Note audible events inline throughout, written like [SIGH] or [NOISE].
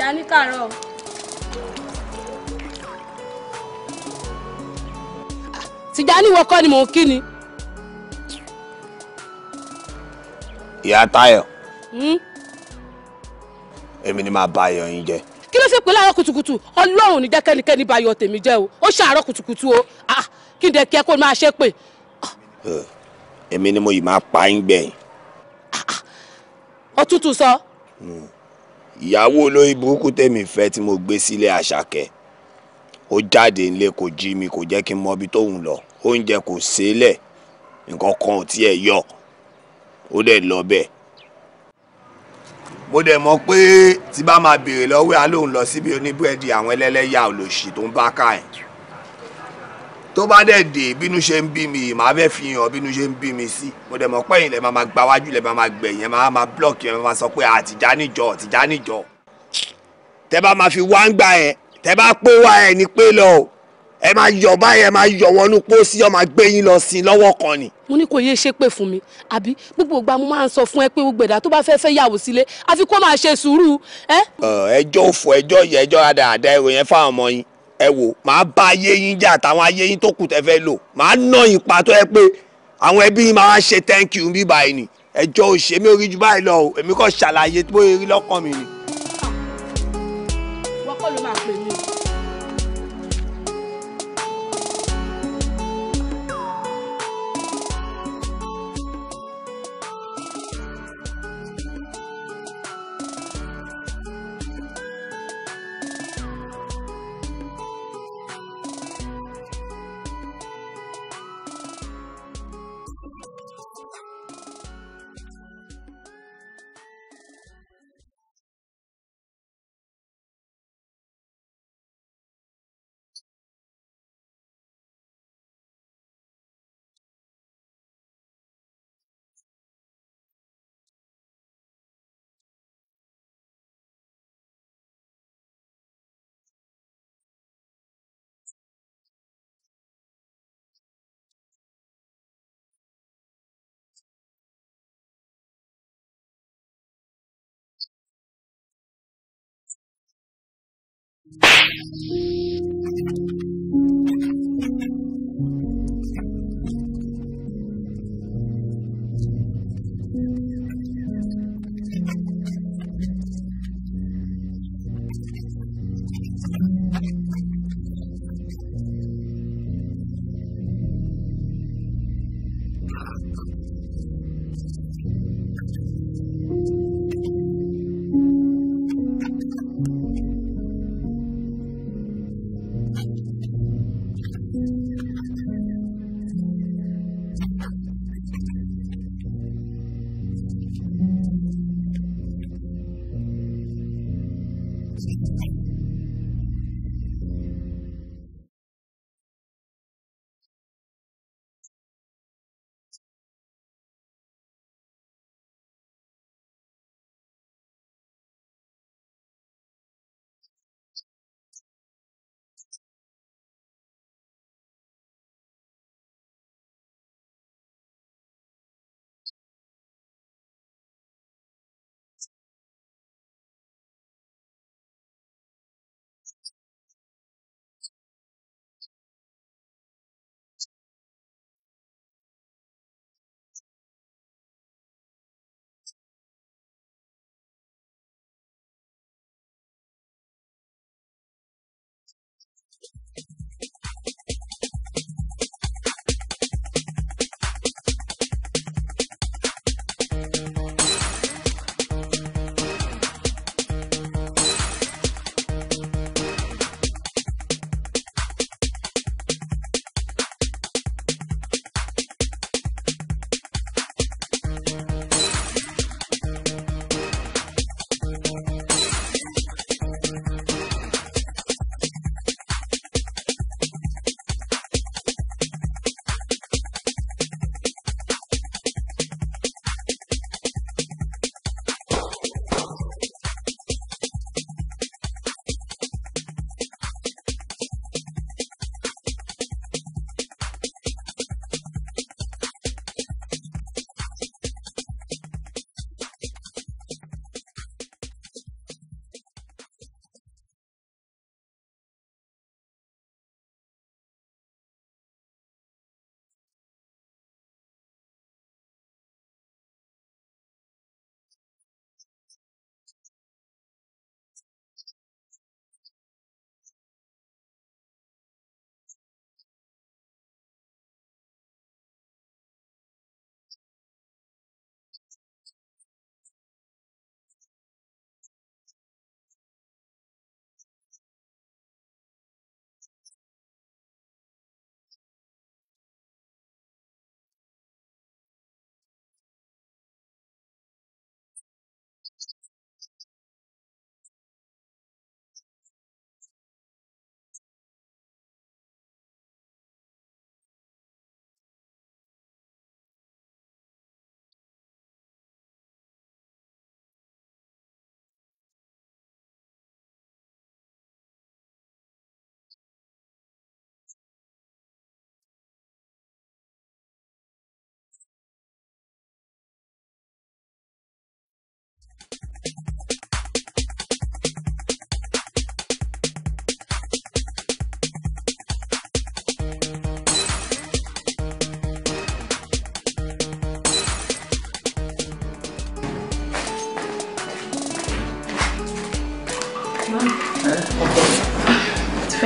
dání kàárọ̀. Tìjání ìwọ kọ́ ni mò ń kí ni. Ìyá Táyọ̀. Hmm? Èmi ni màá bá ayọ̀ yín jẹ. Kí ló ṣe pé láàárọ̀ kùtùkùtù? Ọlọ́run ò ní jẹ́ kẹ́nikẹ́ni bá ayọ̀ tèmi jẹ́ o. Ó ṣàárọ̀ kùtùkùtù o. Ah, kí n dẹ̀ kí ẹ kó máa ṣépè. Èmi ni mo yìí máa pa yín gbẹ̀yìn. Ah, ah, Ọ̀tútù sọ. Hmm ìyàwó olórí burúkú tèmi fẹ́ tí mo gbé sílé àṣàkẹ́ ó jáde nílé kò jí mi kò jẹ́ kí n mọ ibi tóun lọ oúnjẹ kò ṣẹlẹ̀ nǹkan kan ò tiẹ̀ yọ ó dẹ̀ lọ bẹ́ẹ̀. mo dẹ̀ mọ̀ pé tí bá máa béèrè lọ́wọ́ àlóhùn lọ síbi oníbúrẹ́dì àwọn ẹlẹ́lẹ́yà olóṣì tó ń bá ká ẹ̀ tó bá dẹ̀ dé bínú ṣe ń bí mi màá fẹ́ fi hàn bínú ṣe ń bí mi sí mo dẹ̀ mọ̀ pé ẹ̀yin lẹ̀ máa ma gba wájú lẹ̀ máa ma gbẹ̀yìn máa ma blọ́ọ̀kì ẹ̀ máa sọ pé àtijá níjọ àtijá níjọ tẹ́ bá ma fi wá ń gbà ẹ̀ tẹ́ bá pé wá ẹ̀ ní pé lọ o ẹ máa yọ báyìí ẹ máa yọ wọnú pósí ọ máa gbé yín lọ sí i lọ́wọ́ kan ni. mo ní kò yé ṣe pé fún mi àbí gbogbo ìgbà mo máa ń sọ fún ẹ pé gbogbo ẹ̀dá tó bá fẹ́ fẹ́ yàwó sílé àfi máa ṣe sùúrù. ẹjọ́ òfò ẹjọ́ yẹ ẹjọ́ àdáadáa èrò fáwọn ọmọ yín ẹ wò màá bá ayé yín jà àtàwọn ayé yín tó kù tẹ́ fẹ́ lò màá ná ipa tó yẹ pé àwọn ẹbí yín máa ṣe thank you bíbá yìí ni ẹjọ́ òṣèmí orí ju báyìí lọ o èmi kò ṣàlàyé bóyá rí lọ́kàn mi ni. Thank you.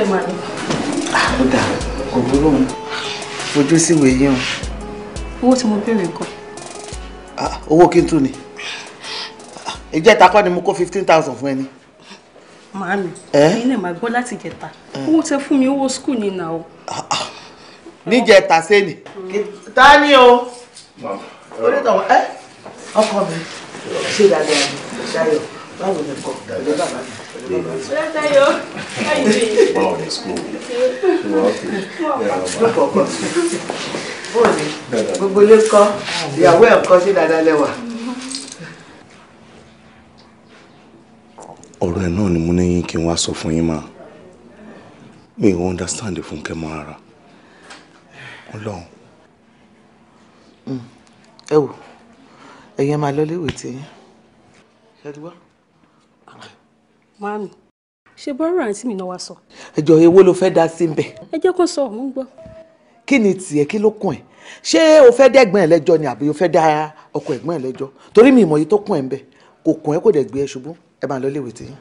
bẹ́ẹ̀ mà ní. àbúdà kò burú mu ojú sí ìwé yín o. owó tí mo béèrè kọ. Ah, owó kí n tún ni ìjẹta kọ́ ni mo kó fifteen thousand fún ẹ ni. màámi ẹ̀yin lè máa gbọ́ láti jẹta owó tẹ fún mi owó skul ni nà o. Ah, ah. níjẹta sẹ́ni. ta ni o. onítọ̀wọ̀ ẹ ọkọ mi ṣé ìdálẹ́ àná ṣayọ báwo ni kò lè bàbá mi babies. wow, it's cool. Gbogbo ilé kọ́, ìyàwó ẹ̀ kọ́ sí dáadáa lẹ́wà. Ọ̀rọ̀ ẹ̀ náà ni mo ní kí n wá sọ fún yín máa. Mi ò understand Fúnkẹ́ mọ́ ara. Ọlọ́run. Mm. Ẹ wò, ẹ̀yin máa lọ léwèé tí yín. Ṣé ẹ ti wá? màámi ṣe bọ́rọ̀ àǹtí mi náà wá sọ. ẹjọ èwo ló fẹ́ dá sí nbẹ. ẹ jẹ́ kó sọ mò ń gbọ́. kí ni tiẹ̀ kí ló kún ẹ̀ ṣé o fẹ́ dẹ́gbọ́n ẹ̀ lẹ́jọ́ ni àbí o fẹ́ dá ọkọ ẹ̀gbọ́n ẹ̀ lẹ́jọ́ torí mi ìmọ̀ yìí tó kún ẹ̀ ń bẹ̀ kò kún ẹ̀ kò dẹ̀ gbé ẹ ṣubú ẹ máa lọ léwe tì í.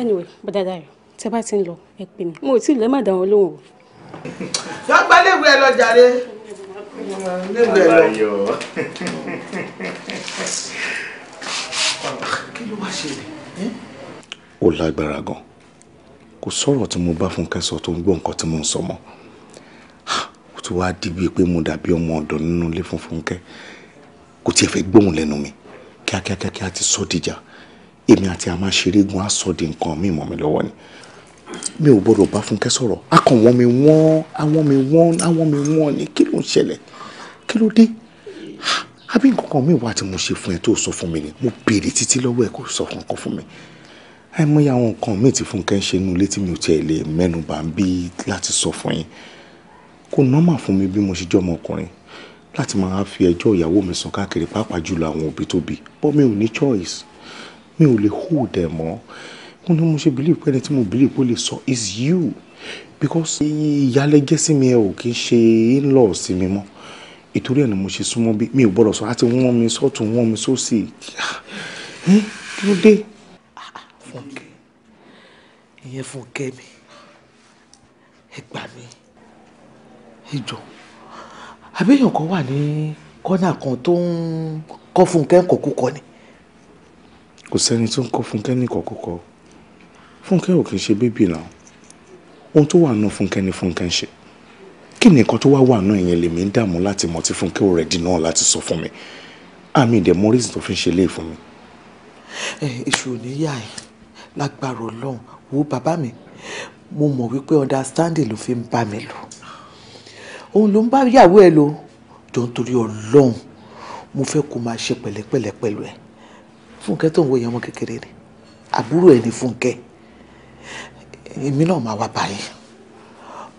anyway bàdàdà rẹ tẹ bá ti ń lọ ẹ pè mí mo ò tí ì lẹ́ má dá wọn lóhùn o. dọ́gba léwu ẹ lọ jàre. kí ló wá ṣe lè ó lágbára gan kò sọ̀rọ̀ tí mo bá Fúnkẹ́ sọ tó ń gbọ́ nǹkan tí mo ń sọ mọ́ ó ti wá di bíi pé mo dàbí ọmọ ọ̀dọ̀ nínú ilé fún Fúnkẹ́ kò tiẹ̀ fẹ́ gbóhùn lẹ́nu mi kíákíákíá ti sọ dìjà èmi àti àmà ṣerégun á sọ di nǹkan mi mọ̀ mi lọ́wọ́ ni mi ò gbọ́dọ̀ bá Fúnkẹ́ sọ̀rọ̀ akàn wọ́n mi wọ́n àwọn mi wọ́n àwọn mi wọ́n ni kí ló ń ṣẹlẹ̀ kí ló dé àbí nǹkan kan mi wà tí mo ṣe fún ẹ tó sọ fún mi ni mo béèrè títí lọ́wọ́ ẹ kó sọ nǹkan fún mi àìmọye àwọn nǹkan míì tí Fúnkẹ́ ń ṣe inú ilé tí mi ò tiẹ̀ lè mẹ́nuba ń bí láti sọ fún yín kò nọ́mà fún mi bí mo ṣe jẹ́ ọmọkùnrin láti máa fi ẹjọ́ ìyàwó mi sùn káàkiri pàápàá jùlọ àwọn òbí tó bí but mi ò ní choice mi ò lè hold ẹ̀ mọ́ mo ní mo ṣe believe pé ẹni tí mo believe pé ó lè sọ is you because ìyálẹ́jẹ́ sí mi ẹ ò kí ń ṣe in-law sí mi mọ́ ìtorí ẹ̀ ni mo ṣe súnmọ́ bí mi ò gbọ́dọ̀ sọ àti wọ́n mi sọ́ọ̀tún wọ́n mi sósì ah, kí ló dé fúnkẹ́ ìyẹn fúnkẹ́ mi ẹ gbà mí ẹ jọ àbẹ́yàn kan wà ní kọ́nà kan tó ń kọ́ fúnkẹ́ ń kọ̀kúkọ ni. kò sẹ́ni tó ń kọ́ fúnkẹ́ ní kọ̀kúkọ fúnkẹ́ ò kì í ṣe bébì náà ohun tó wà nù fúnkẹ́ ni fúnkẹ́ ń ṣe kí ni nǹkan tó wá wà náà ìyẹn lèmi ń dààmú láti mọ̀ tí fúnkẹ́ ò rẹ̀dí náà láti sọ fún mi àmì ìdẹ̀mọ́rìsì tó fi ń ṣe léè fún mi. ẹ ìṣòro ní yà ẹ́ lágbára ọlọ́run wo bàbá mi mo mọ̀ wípé understanding ló fi ń bá mi lò òun ló ń bá yàwó ẹ lò jọ nítorí ọlọ́run mo fẹ́ kó máa ṣe pẹ̀lẹ́pẹ̀lẹ́ pẹ̀lú ẹ fúnkẹ́ tó ń wo ìyẹn ọmọ kékeré ni àbúrò ẹ ní fúnkẹ́ èmi náà máa wá bá yín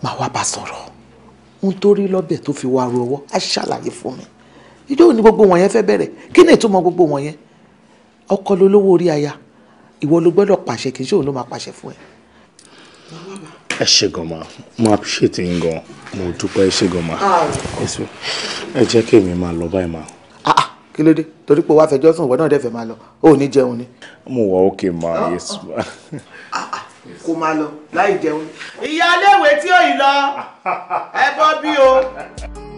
máa wá bá sọ̀rọ̀ ohun lọ́bẹ̀ tó fi wá ru ọwọ́ á ṣàlàyé fún mi ìjọ òní gbogbo wọn yẹn fẹ́ bẹ̀rẹ̀ kí ni ìtumọ̀ gbogbo wọn yẹn ọkọ lolówó orí aya ìwọ ló gbọ́dọ̀ pàṣẹ kì í ṣe òun ló máa pàṣẹ fún ẹ. ẹ ṣe gan ma mo appreciate yín gan mo dúpẹ́ ẹ ṣe gan ma ah. ẹ jẹ́ kí èmi máa lọ báyìí ma. Ah, ah. kí ló dé torí pé wàá fẹjọ́ sùn ìwọ náà dẹ́fẹ̀ máa lọ ó ní jẹun ni. mo wà ókè ma yéṣu ma. kó máa lọ láì jẹun. ìyá aléwé tí ò ì lọ ẹ bọ́ bí o.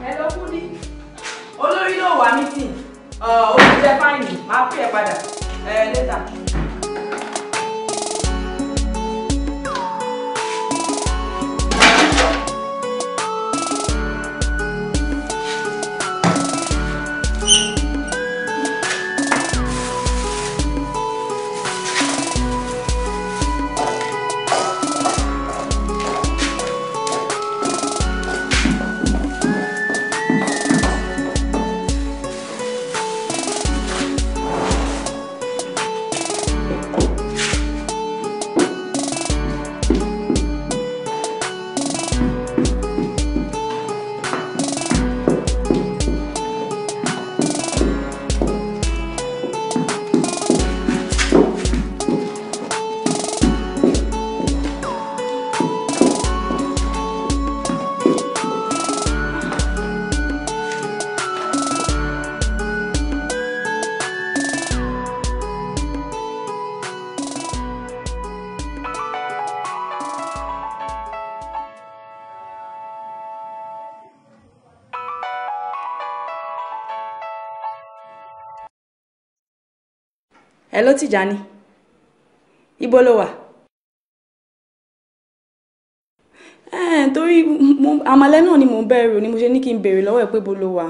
Hello, Kudi. Olórí ló wà mítìn. Uh, ó ti jẹ fáìnì, máa pè é padà. Ẹ uh, lẹ́tà. hello Tijani ibo ló wà. torí àmàlẹ́ náà ni mò ń bẹ̀rù ni mo ṣe ní kí n béèrè lọ́wọ́ ẹ̀ pé bó ló wà.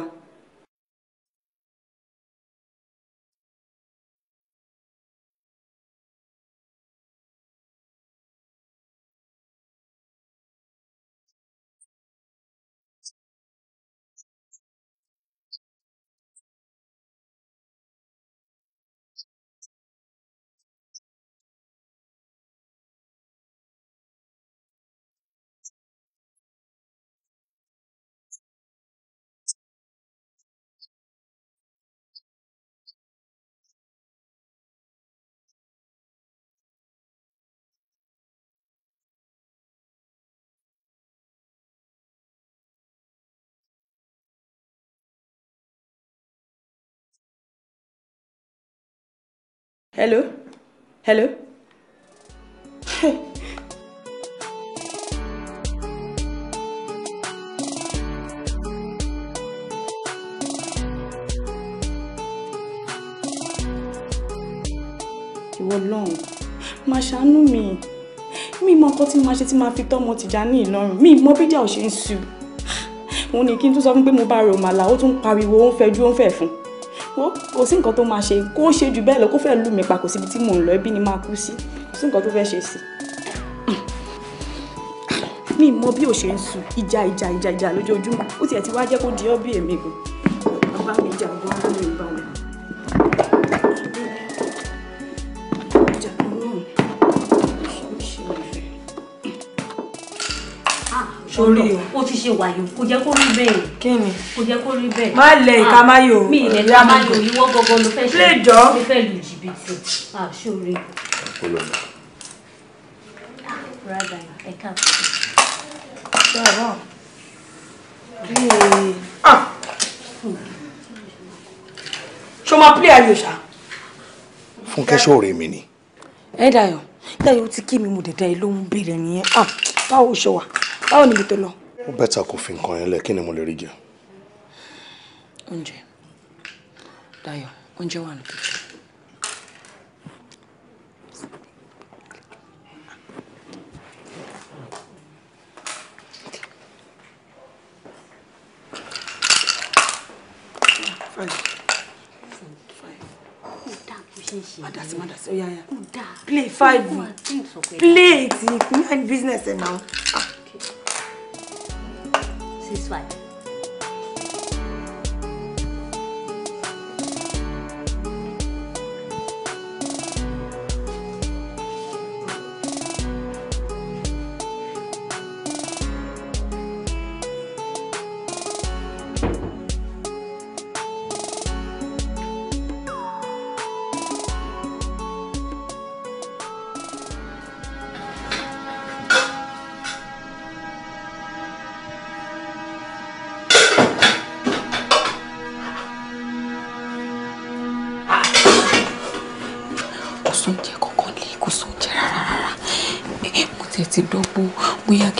hello hello. ìwọ lọ́hùn máa ṣàánú mi mi mọ nǹkan tí mo máa ṣe tí máa fi tọ́mọ Tìjání Ìlọrin mi mọ bíjà ò ṣe ń sùn òun ni kí n tún sọ fún pé mo bá rò màlà ó tún pariwo ó ń fẹjú ó ń fẹ̀ fún wo kò sí nǹkan tó máa ṣe kó ṣe jù bẹ́ẹ̀ lọ kó fẹ́ lù mí pa kò síbi tí mò ń lọ ẹbí ni máa kú sí kò sí nǹkan tó fẹ́ ṣe sí mi mọ bí ò ṣe ń sùn ìjà ìjà ìjà ìjà lójoojúmọ́ ó tiẹ̀ ti wá jẹ́ kó di ọ́ bí èmi gan bàbá mi jà gan. sórí o ó ti ṣe wàyò kò jẹ́ kó rí bẹ́ẹ̀ kí ni kò jẹ́ kó rí bẹ́ẹ̀ má lẹ ìka máyò ah, mi ilẹ̀ ìka máyò ìwọ gọgọ ló fẹ́ ṣe ló fẹ́ lu jìbìtì àṣọre. rádà ẹ̀ka sọ̀rọ̀ ṣo máa pílẹ̀ ayò ṣá. fúnkẹ́ ṣọ́ọ̀rẹ́ mi ni. ẹ dayọ̀ dayọ̀ ó ti kí mi mo dẹ̀ da ẹ lóhun béèrè nìyẹn ah, báwo ṣe wà báwo níbi tó lọ. ó bẹ́tà kò fi nǹkan yẹn lẹ̀ kí ni mo lè rí jẹ. oúnjẹ Dayọ̀ oúnjẹ wà ní kejì. madasi madasi oya oh, ya play five play ti ìpínlẹ̀ business ẹ̀ náà. this one.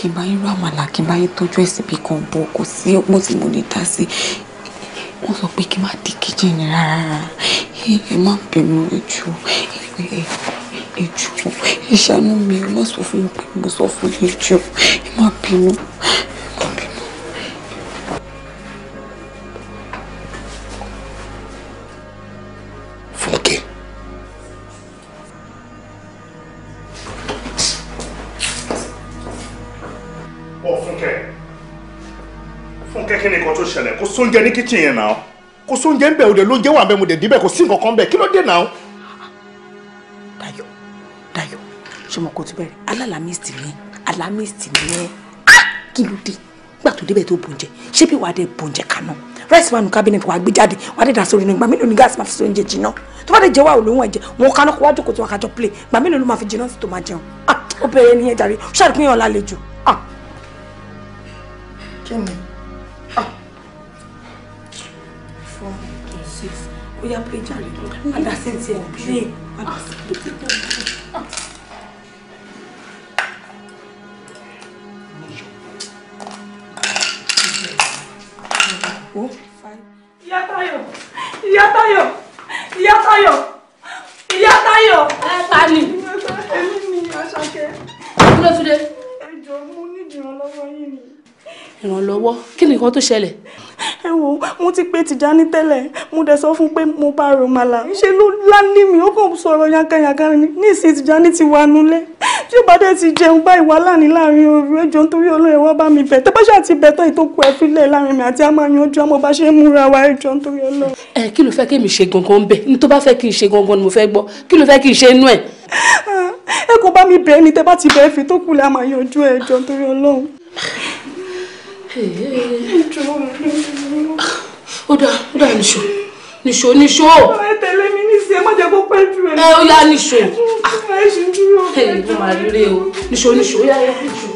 kí n bá yín rọ àmàlà kí n bá yín tọ́jú ẹ̀ síbi kan bọ̀ kò sí ọ̀pọ̀ tí mo lè dá sí wọ́n sọ pé kí n má di kíjìnì rárá ẹ má bínú ẹjọ́ ẹjọ́ ẹ ṣàánú mi ẹ má sọ fún mi pé mo sọ fún ẹjọ́ ẹ má bínú. sóúnjẹ ní kíchìn yẹn náà kò sóúnjẹ ń bẹ̀ òde ló jẹ́ wà bẹ́ẹ̀ mo dẹ̀ díbẹ̀ kò sí nǹkan kan bẹ́ẹ̀ kí ló dé náà. Dayọ̀ Dayọ̀ ṣe mọ kó ti bẹ̀rẹ̀ alálàmísì ni alámísì ni ẹ ah! kí ló dé gbà tó débẹ̀ tó bòǹjẹ ṣé bí wàá dé bòǹjẹ kaná rice wà nù cabinet wàá gbé jáde wàá dé dà sórí inú ìgbà mélòó ni gáàsì máa fi sóúnjẹ jiná tó bá dé jẹ wàá olóhùn ẹ̀jẹ̀ wọn kaná kó wájú kò tí wọn kájọ play ìgbà mélòó ló máa fi jiná sí tó máa jẹun ah! ó bẹ̀rẹ̀ nìyẹn jàre ṣáà rí pé yàn lálejò. Ah! kí ni ó yá pé jàre adásí tiẹ̀ pé adásí tó ti pọ̀ jù. Ìyá Táyọ̀! Ìyá Táyọ̀! Ìyá ìrànlọ́wọ́ kí ni nǹkan tó ṣẹlẹ̀. ẹ wo mo ti pè Tìjání tẹ́lẹ̀ mo dẹ̀ sọ fún pé mo bá romala ṣe ló lálé mi ó kàn sọ̀rọ̀ yankanyankan ni nísìnyí Tìjání ti wà nulẹ̀ tí ó bá dẹ̀ ti jẹun báyìí wà láàrin láàrin òru ẹjọ́ nítorí olóyè wọ́n bá mi bẹ̀ tó bá ṣáà ti bẹ̀ tán ìtókù ẹ fílẹ̀ láàrin mi àti àmà yanjú àmọ́ bá ṣe ń múra wa ẹjọ́ nítorí olóyè. ẹ kí ló fẹ́ kí mi ṣe gangan bẹ̀ ní tó bá fẹ́ kí n ṣe gangan ni mo fẹ́ gbọ́ kí ló fẹ́ kí n ṣe inú ẹ̀. ẹ kò bá mi bẹ̀ ẹni tẹ́ bá ti bẹ̀ fi tó kù lẹ́ àmà yanjú ẹjọ́ nítorí olóhùn ó dá ó dá níṣó níṣó níṣó. ẹ tẹ̀lé mi ní sí ẹ má jẹ́ kó pẹ́ jù ẹ. ẹ ó yá níṣó. ẹ ṣe dúró. ẹ ìbọn màá rí rè o níṣó níṣó ó yá yá níṣó.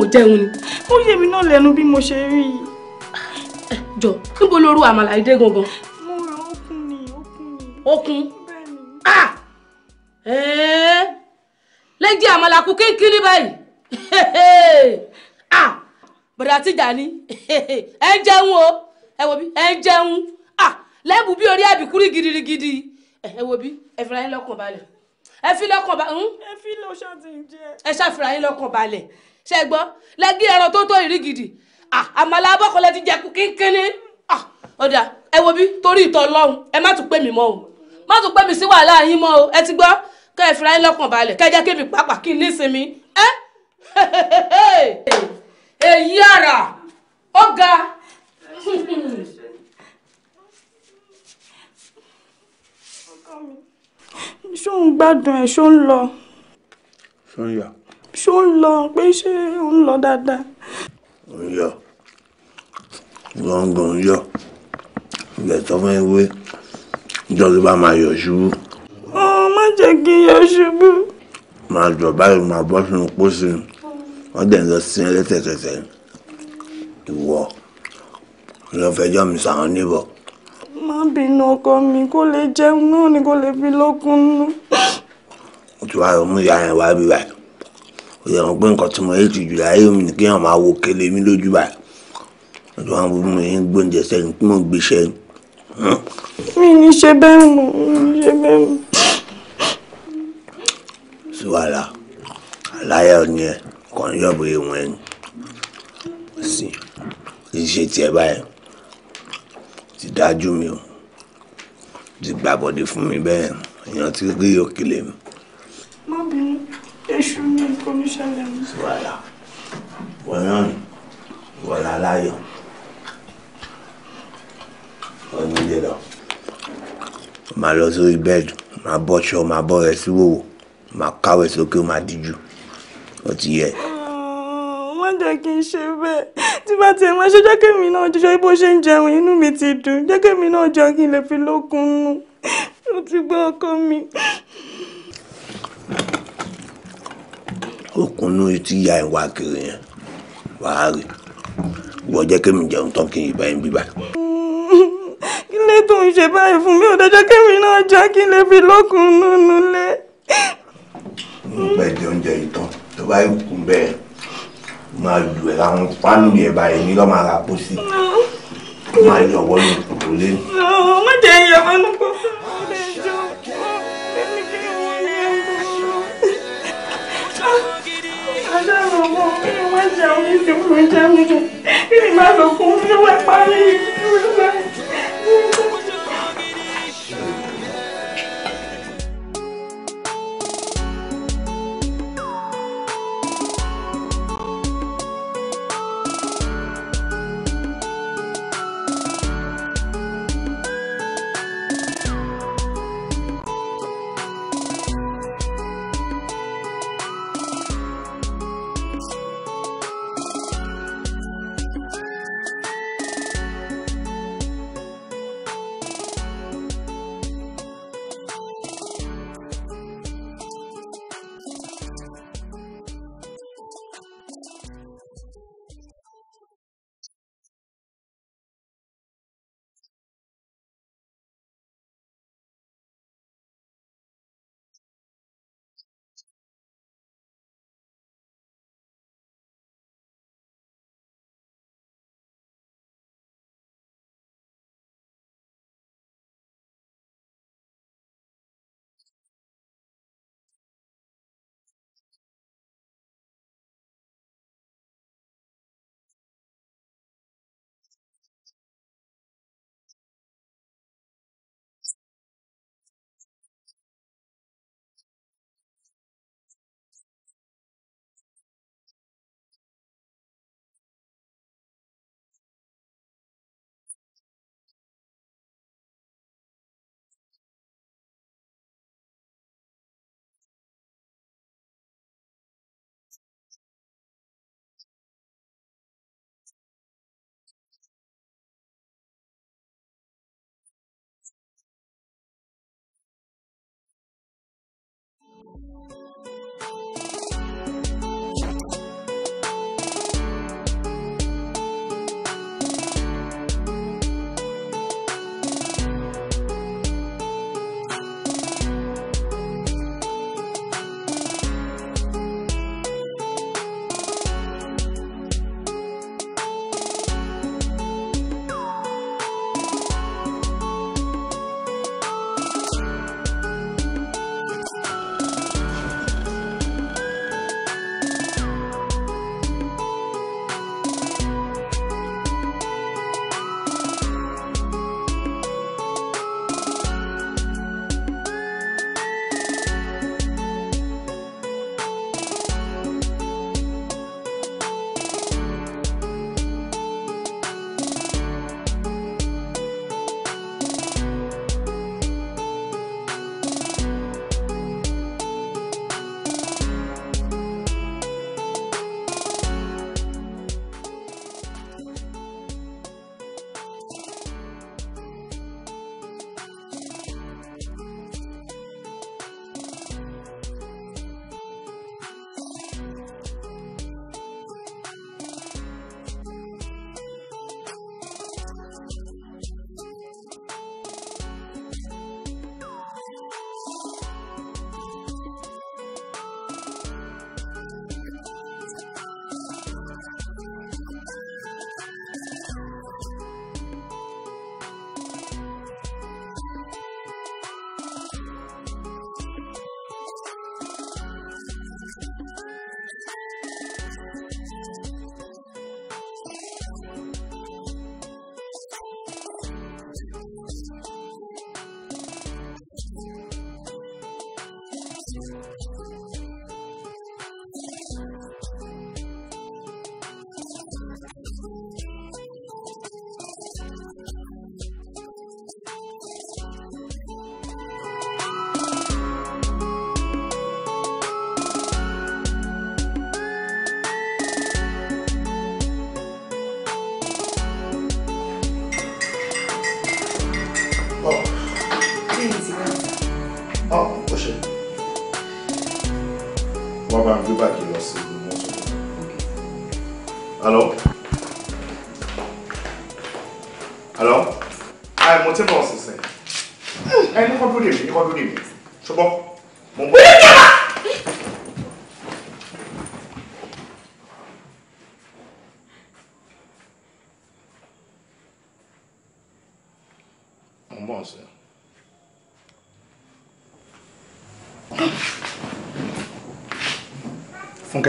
ò jẹun ni. ó yé mi náà lẹ́nu bí mo ṣe rí i. jọ níbo ló àmàlà ìdè gangan. mo rò okun ni okun ni. okun. bẹ́ẹ̀ni. lẹ́jẹ̀ àmàlà kú kínkínní báyìí. bọ̀dà tíjà ni ẹ jẹun o ẹ wo bí ẹ ń jẹun lẹ́bù bí orí àbíkúrí gidigidi ẹ wo bí ẹ fira yín lọ́kàn balẹ̀ ẹ fi lọ́kàn balẹ̀. Hm? ẹ fi lọ́ṣà ti ẹ ṣàfihàn yín lọ́kàn balẹ̀ ṣe gbọ́ lẹ́gí ẹran tó tó ìrígidì ah, àmàlà abọ́kọ̀lẹ́ ti jẹ́kù kínkínní ọ̀dà ah, ẹ wo bí torí ìtọ́ lọ́hùn ẹ má tún pè mí mọ́ o má tún pè mí sí wàhálà yín mọ́ o ẹ ti gbọ́ kẹ́ ẹ fira yín lọ́kàn balẹ̀ kẹ́ ẹ jẹ́ kémi pàápàá kí n nísinmi ẹ́ [LAUGHS] èyí àrà ó ga. ṣó ń gbádùn ẹ̀ ṣó ń lọ. ṣó ṣó ń lọ pé ṣé ó ń lọ dáadáa. ń yọ gbọ̀ngàn ń yọ ilẹ̀ tó fẹ́ wé ìjọ tó bá máa yọ̀ ṣubú. ọ má jẹ́ kí n yọ̀ ṣubú. máa jọ báyìí máa bọ́ sínú pósí wọ́n dẹ̀ ń lọ sí ẹlẹ́tẹ̀tẹ̀tẹ̀ ìwọ lọ fẹjọ́ mi sàwọn níbọ̀. má bínú ọkọ mi kó lè jẹun náà ni kó lè fi lókun nú. o ti wá lọ mú ìyá yẹn wá bí báyìí ìyẹn pé nǹkan tí mo yé ti jù láyé mi ni kéèyàn máa wo kele mi lójú báyìí ọjọ́ àwọn gbogbo mi ń gbóúnjẹ sẹ́yìn tí mò ń gbé sẹ́yìn. mi ní ṣe bẹ́ẹ̀ mọ̀ mi ní ṣe bẹ́ẹ̀ mọ̀. sí wàhálà aláyà ni ẹ kàn yọ̀ bóyá wọn ẹ̀ sí kì í ṣe tiẹ̀ báyìí ti dájú mi o ti gbàbọ̀dé fún mi bẹ́ẹ̀ èèyàn ti rí òkèlè mi èṣù ni kò ní ṣẹlẹ̀ mi. wàhálà wọ̀nyán ni wọ̀là láyọ̀ ọdún ilé lọ. màá lọ sórí bẹ́ẹ̀dì màá bọ́ṣọ màá bọ́ rẹ̀ sí wòwò màá káwẹ̀ sókè màá díjú ó ti yẹ. wọ́n jẹ́ kí n ṣe bẹ́ẹ̀ tí bá tiẹ̀ máa ṣe jẹ́kẹ́ mi náà jẹ́ bó ṣe ń jẹun inú mi ti dùn jẹ́kẹ́ mi náà jẹun kí n lè mi. òkùnnú etí ya ẹ̀ wá kiri yẹn wàá rí wọ́n jẹ́ kémi jẹun tán kí n yìnbọn yín bíbá. kí lè tó ń ṣe báyìí fún mi ò dájọ́ kémi náà já kí lè fi lọ́kùn nínú ilé. mo pẹ́ jẹ oúnjẹ yìí tán tó bá yìí kún bẹ́ẹ̀ máa lù ẹ̀ láwọn fánù yẹn báyìí ní lọ́ọ́ máa ra pósí máa yọ̀wọ́ ní kòkòrò lé. má jẹ́ ìyàwó ní kòkòrò lé. ọmọ mi wá jẹ àwọn ìṣègùn ìjẹun ìjẹun kí ni màá lọ fún mi wá parí ìṣègùn ìjẹun. Thank you.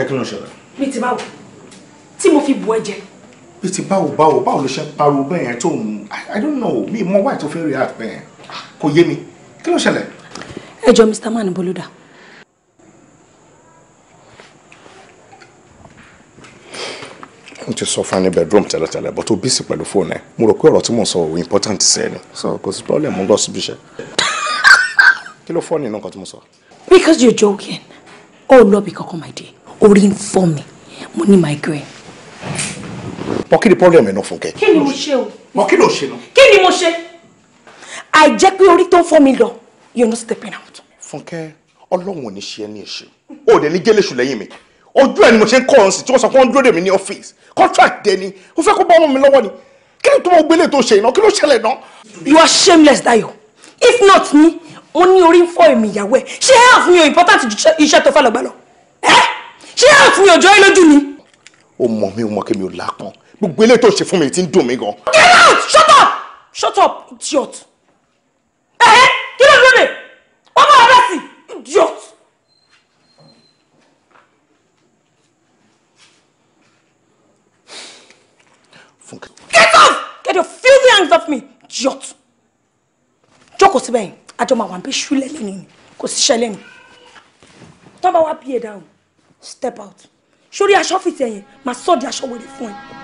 Fúnkẹ́ kí ló ń ṣẹlẹ̀. bí ti báwo tí mo fi bu ẹ jẹ. bí ti báwo báwo báwo ló ṣe ń pariwo bẹ́ẹ̀ yẹn tó ń i don't know mi mọ wáyé tó fi ń react bẹ́ẹ̀ yẹn ah, kò yé mi kí ló ń ṣẹlẹ̀. ẹ jọ Mr. Man boloda. mo ti sọ fún ẹ ní bedroom tẹ́lẹ̀tẹ́lẹ̀ bọ́ tó bísí pẹ̀lú fóònù ẹ̀ mo rò pé ọ̀rọ̀ tí mo sọ ò important sí ẹ ni so kò sí problem mo ń lọ síbi iṣẹ́ [LAUGHS] kí ló fọ́ nínú nǹkan tí mo sọ. because you're joking ó lọ bí kankan my dear orí ń fọ́ mi mo ní migraine. mo kí ni problem ẹ̀ náà Fúnkẹ́. kí ni mo ṣe o. mo kí ni o ṣe náà. kí ni mo ṣe. àìjẹ́ pé orí tó ń fọ́ mi lọ you no stepping out. Fúnkẹ́ ọlọ́run ò ní ṣe ẹ́ ní èṣe o ò dẹ̀ ní jẹ́lẹ̀ṣù lẹ́yìn mi ojú ẹ̀ ni mo ṣe ń kọ́ ọ̀hún sí tí wọ́n sọ pé wọ́n dúró ní ọ́fíìsì contract dẹ ni ó fẹ́ kó bá ọmọ mi lọ́wọ́ ni kí ló tó mọ gbélé tó ṣe iná kí ló ṣẹlẹ̀ náà. you are shameless Dayo if not me mo ní orí ń fọ́ èmi ìyàwó ẹ ṣé ẹ àfihàn important iṣẹ́ tó fẹ́ lọ́gbà lọ ṣé àfún òjò yín lójú ni. ó mọ mi ó mọ kí mi ò lápọn gbogbo eléyìí tó ṣe fún mi ti ń dùn mí gan. get out shut up shut up idiot. ẹ eh, ẹ eh, kí ló dé wọn bá ọdọ sí idiot. get off get your filthy hands off me idiot. jókòó síbẹ̀ yìí àjọ màwọn àbí ṣúlẹ̀ lẹ́nu ni kò síṣẹ́ lẹ́nu tọ́ bá wá bí ẹ̀ dáhùn step out sórí aṣọ fìtì ẹ̀yìn máa sọ di aṣọ wèrè fún ẹ.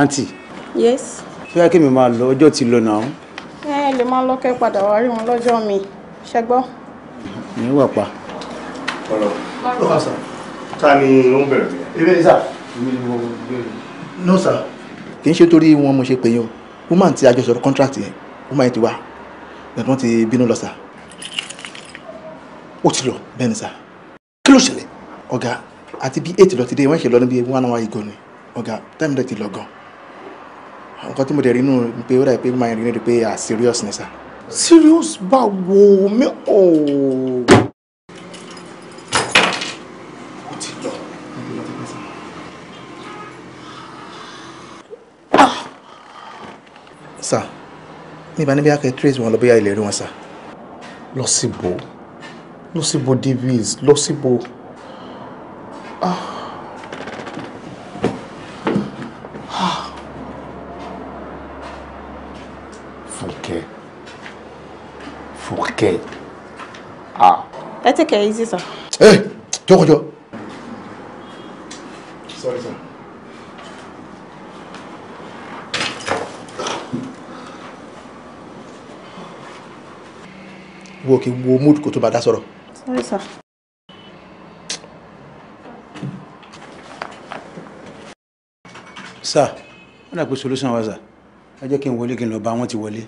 àǹtì. yes. fẹ́ kí mi máa lọ ọjọ́ ti lọ náà. ẹ lè máa lọ kẹ́ padà wá rí wọn lọ́jọ́ mi ṣe gbọ́. mi wà pa. ọ̀rọ̀ ló wà sá. ta ni ó ń bẹ̀rẹ̀ mi. ebe sá. èmi ni mo bẹ̀rẹ̀. no sir. kì í ṣe torí wọn mo ṣe pè yín o woman ti àjọṣọ̀rọ̀ contract yẹn woman yẹn ti wá ẹ̀gbọ́n ti bínú lọ sá ó ti lọ bẹ́ẹ̀ ni sá kí ló ṣẹlẹ̀ ọ̀gá àti bíi eight lọ ti dé wọ́n ṣe lọ níbi one hour ago ni ọ̀gá time rẹ̀ ti lọ gan nǹkan tí mo dẹ̀ rí nù pé ó dàbí pé máa rí nù pé à ah, serious ni sà. serious báwo mi ò. Oh. ó ti lọ. Ah. sà mi ìbá níbi akẹ́ trace wọn lọ bóyá ilẹ̀ rí wọn sà. lọ síbo lọ síbo davies lọ síbo. Ah. Fouquet.. Fouquet..! Ah. ça eh, take C'est easy, sir. Hey, jókòó où? Sorry, sir. Wo wo mood kó tó Sorry, sir. Sir, a pas solution à ça. ẹ jẹ́ kí n wọlé kí n lọ bá wọn ti wọlé.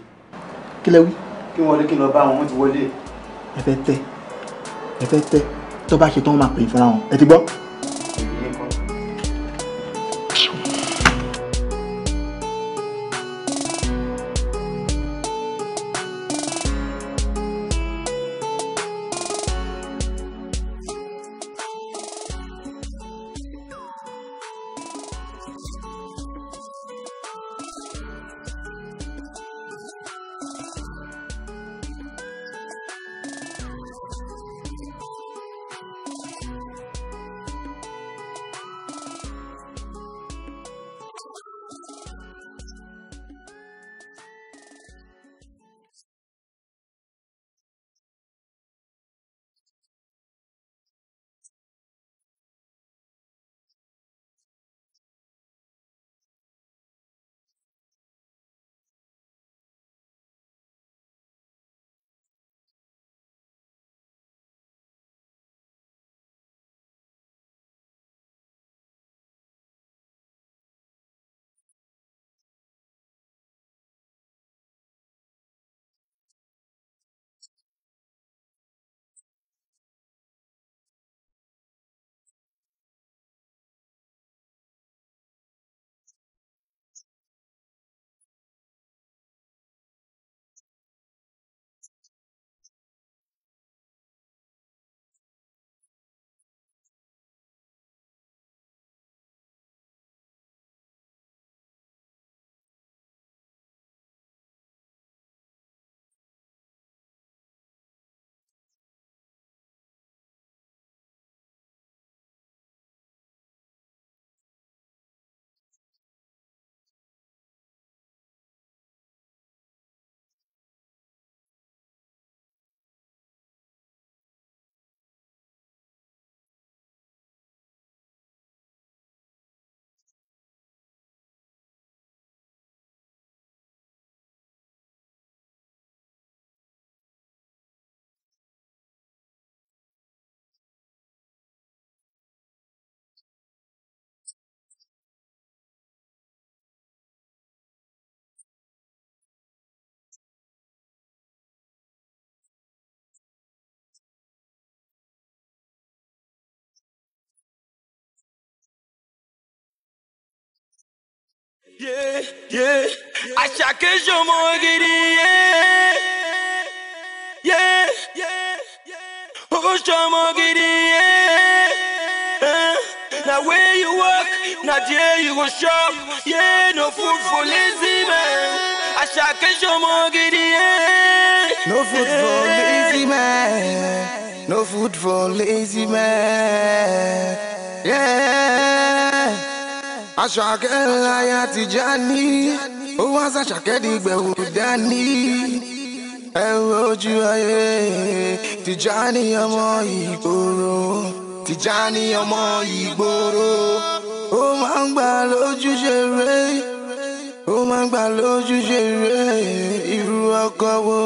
kí lẹ wí. kí n wọlé kí n lọ bá wọn ti wọlé. ẹ fẹ́ tẹ ẹ fẹ́ tẹ tó bá ṣe tán máa pè é fúnra wọn ẹ ti gbọ́. Yeah, yeah. A chaque jour eu morreria. Yeah, yeah, yeah. Hoje eu morreria. Now where you walk, now there you go shop. Yeah, no food for lazy man. A Achar que eu morreria. No food for lazy man. No food for lazy man. Yeah. aṣàkẹ́ láyà Tijani ó wá sàṣàkẹ́ dìgbẹ̀wò dání ẹ̀rọ ojú ayé Tijani ọmọ ìgboro Tijani ọmọ ìgboro ó máa ń gbà lójú ṣeré ó máa ń gbà lójú ṣeré irú ọkọ wo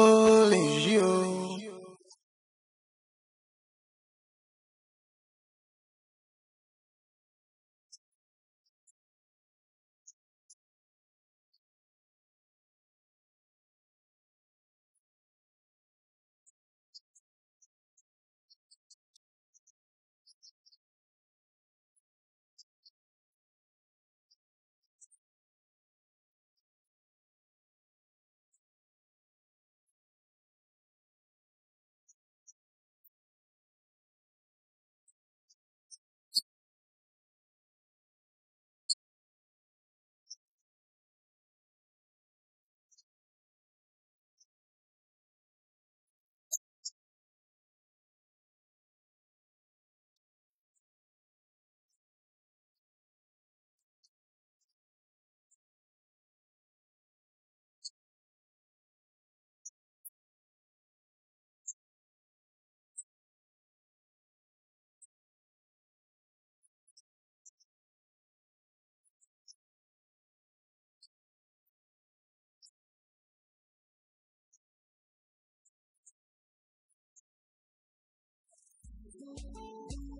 Thank you.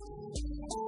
Thank you.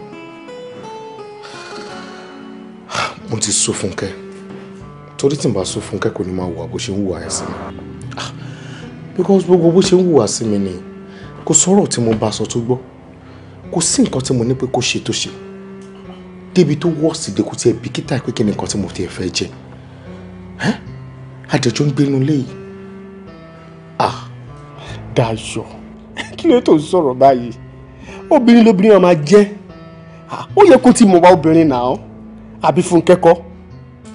mo ti sọ Fúnkẹ́ torí tí n bá sọ Fúnkẹ́ kò ní máa wà bó ṣe ń wùwà ẹ̀ sí mi ah, because gbogbo bó ṣe ń wùwà sí mi ni kò sọ̀rọ̀ tí mo bá sọ tó gbọ́ kò sí nǹkan tí mo ní pé kó ṣe tó ṣe débi tó wọ́ sí de kò tiẹ̀ bìkítà pé kí ni nǹkan tí mo tiẹ̀ fẹ́ jẹ àjọjọ ń gbénu léyìí ah Dayọ̀ [LAUGHS] kí ló tó ń sọ̀rọ̀ báyìí obìnrin lóbìnrin ọmọ jẹ́ ah, ó yẹ kó ti mọ̀ wá obìnrin náà àbí fúnkẹ́ kọ́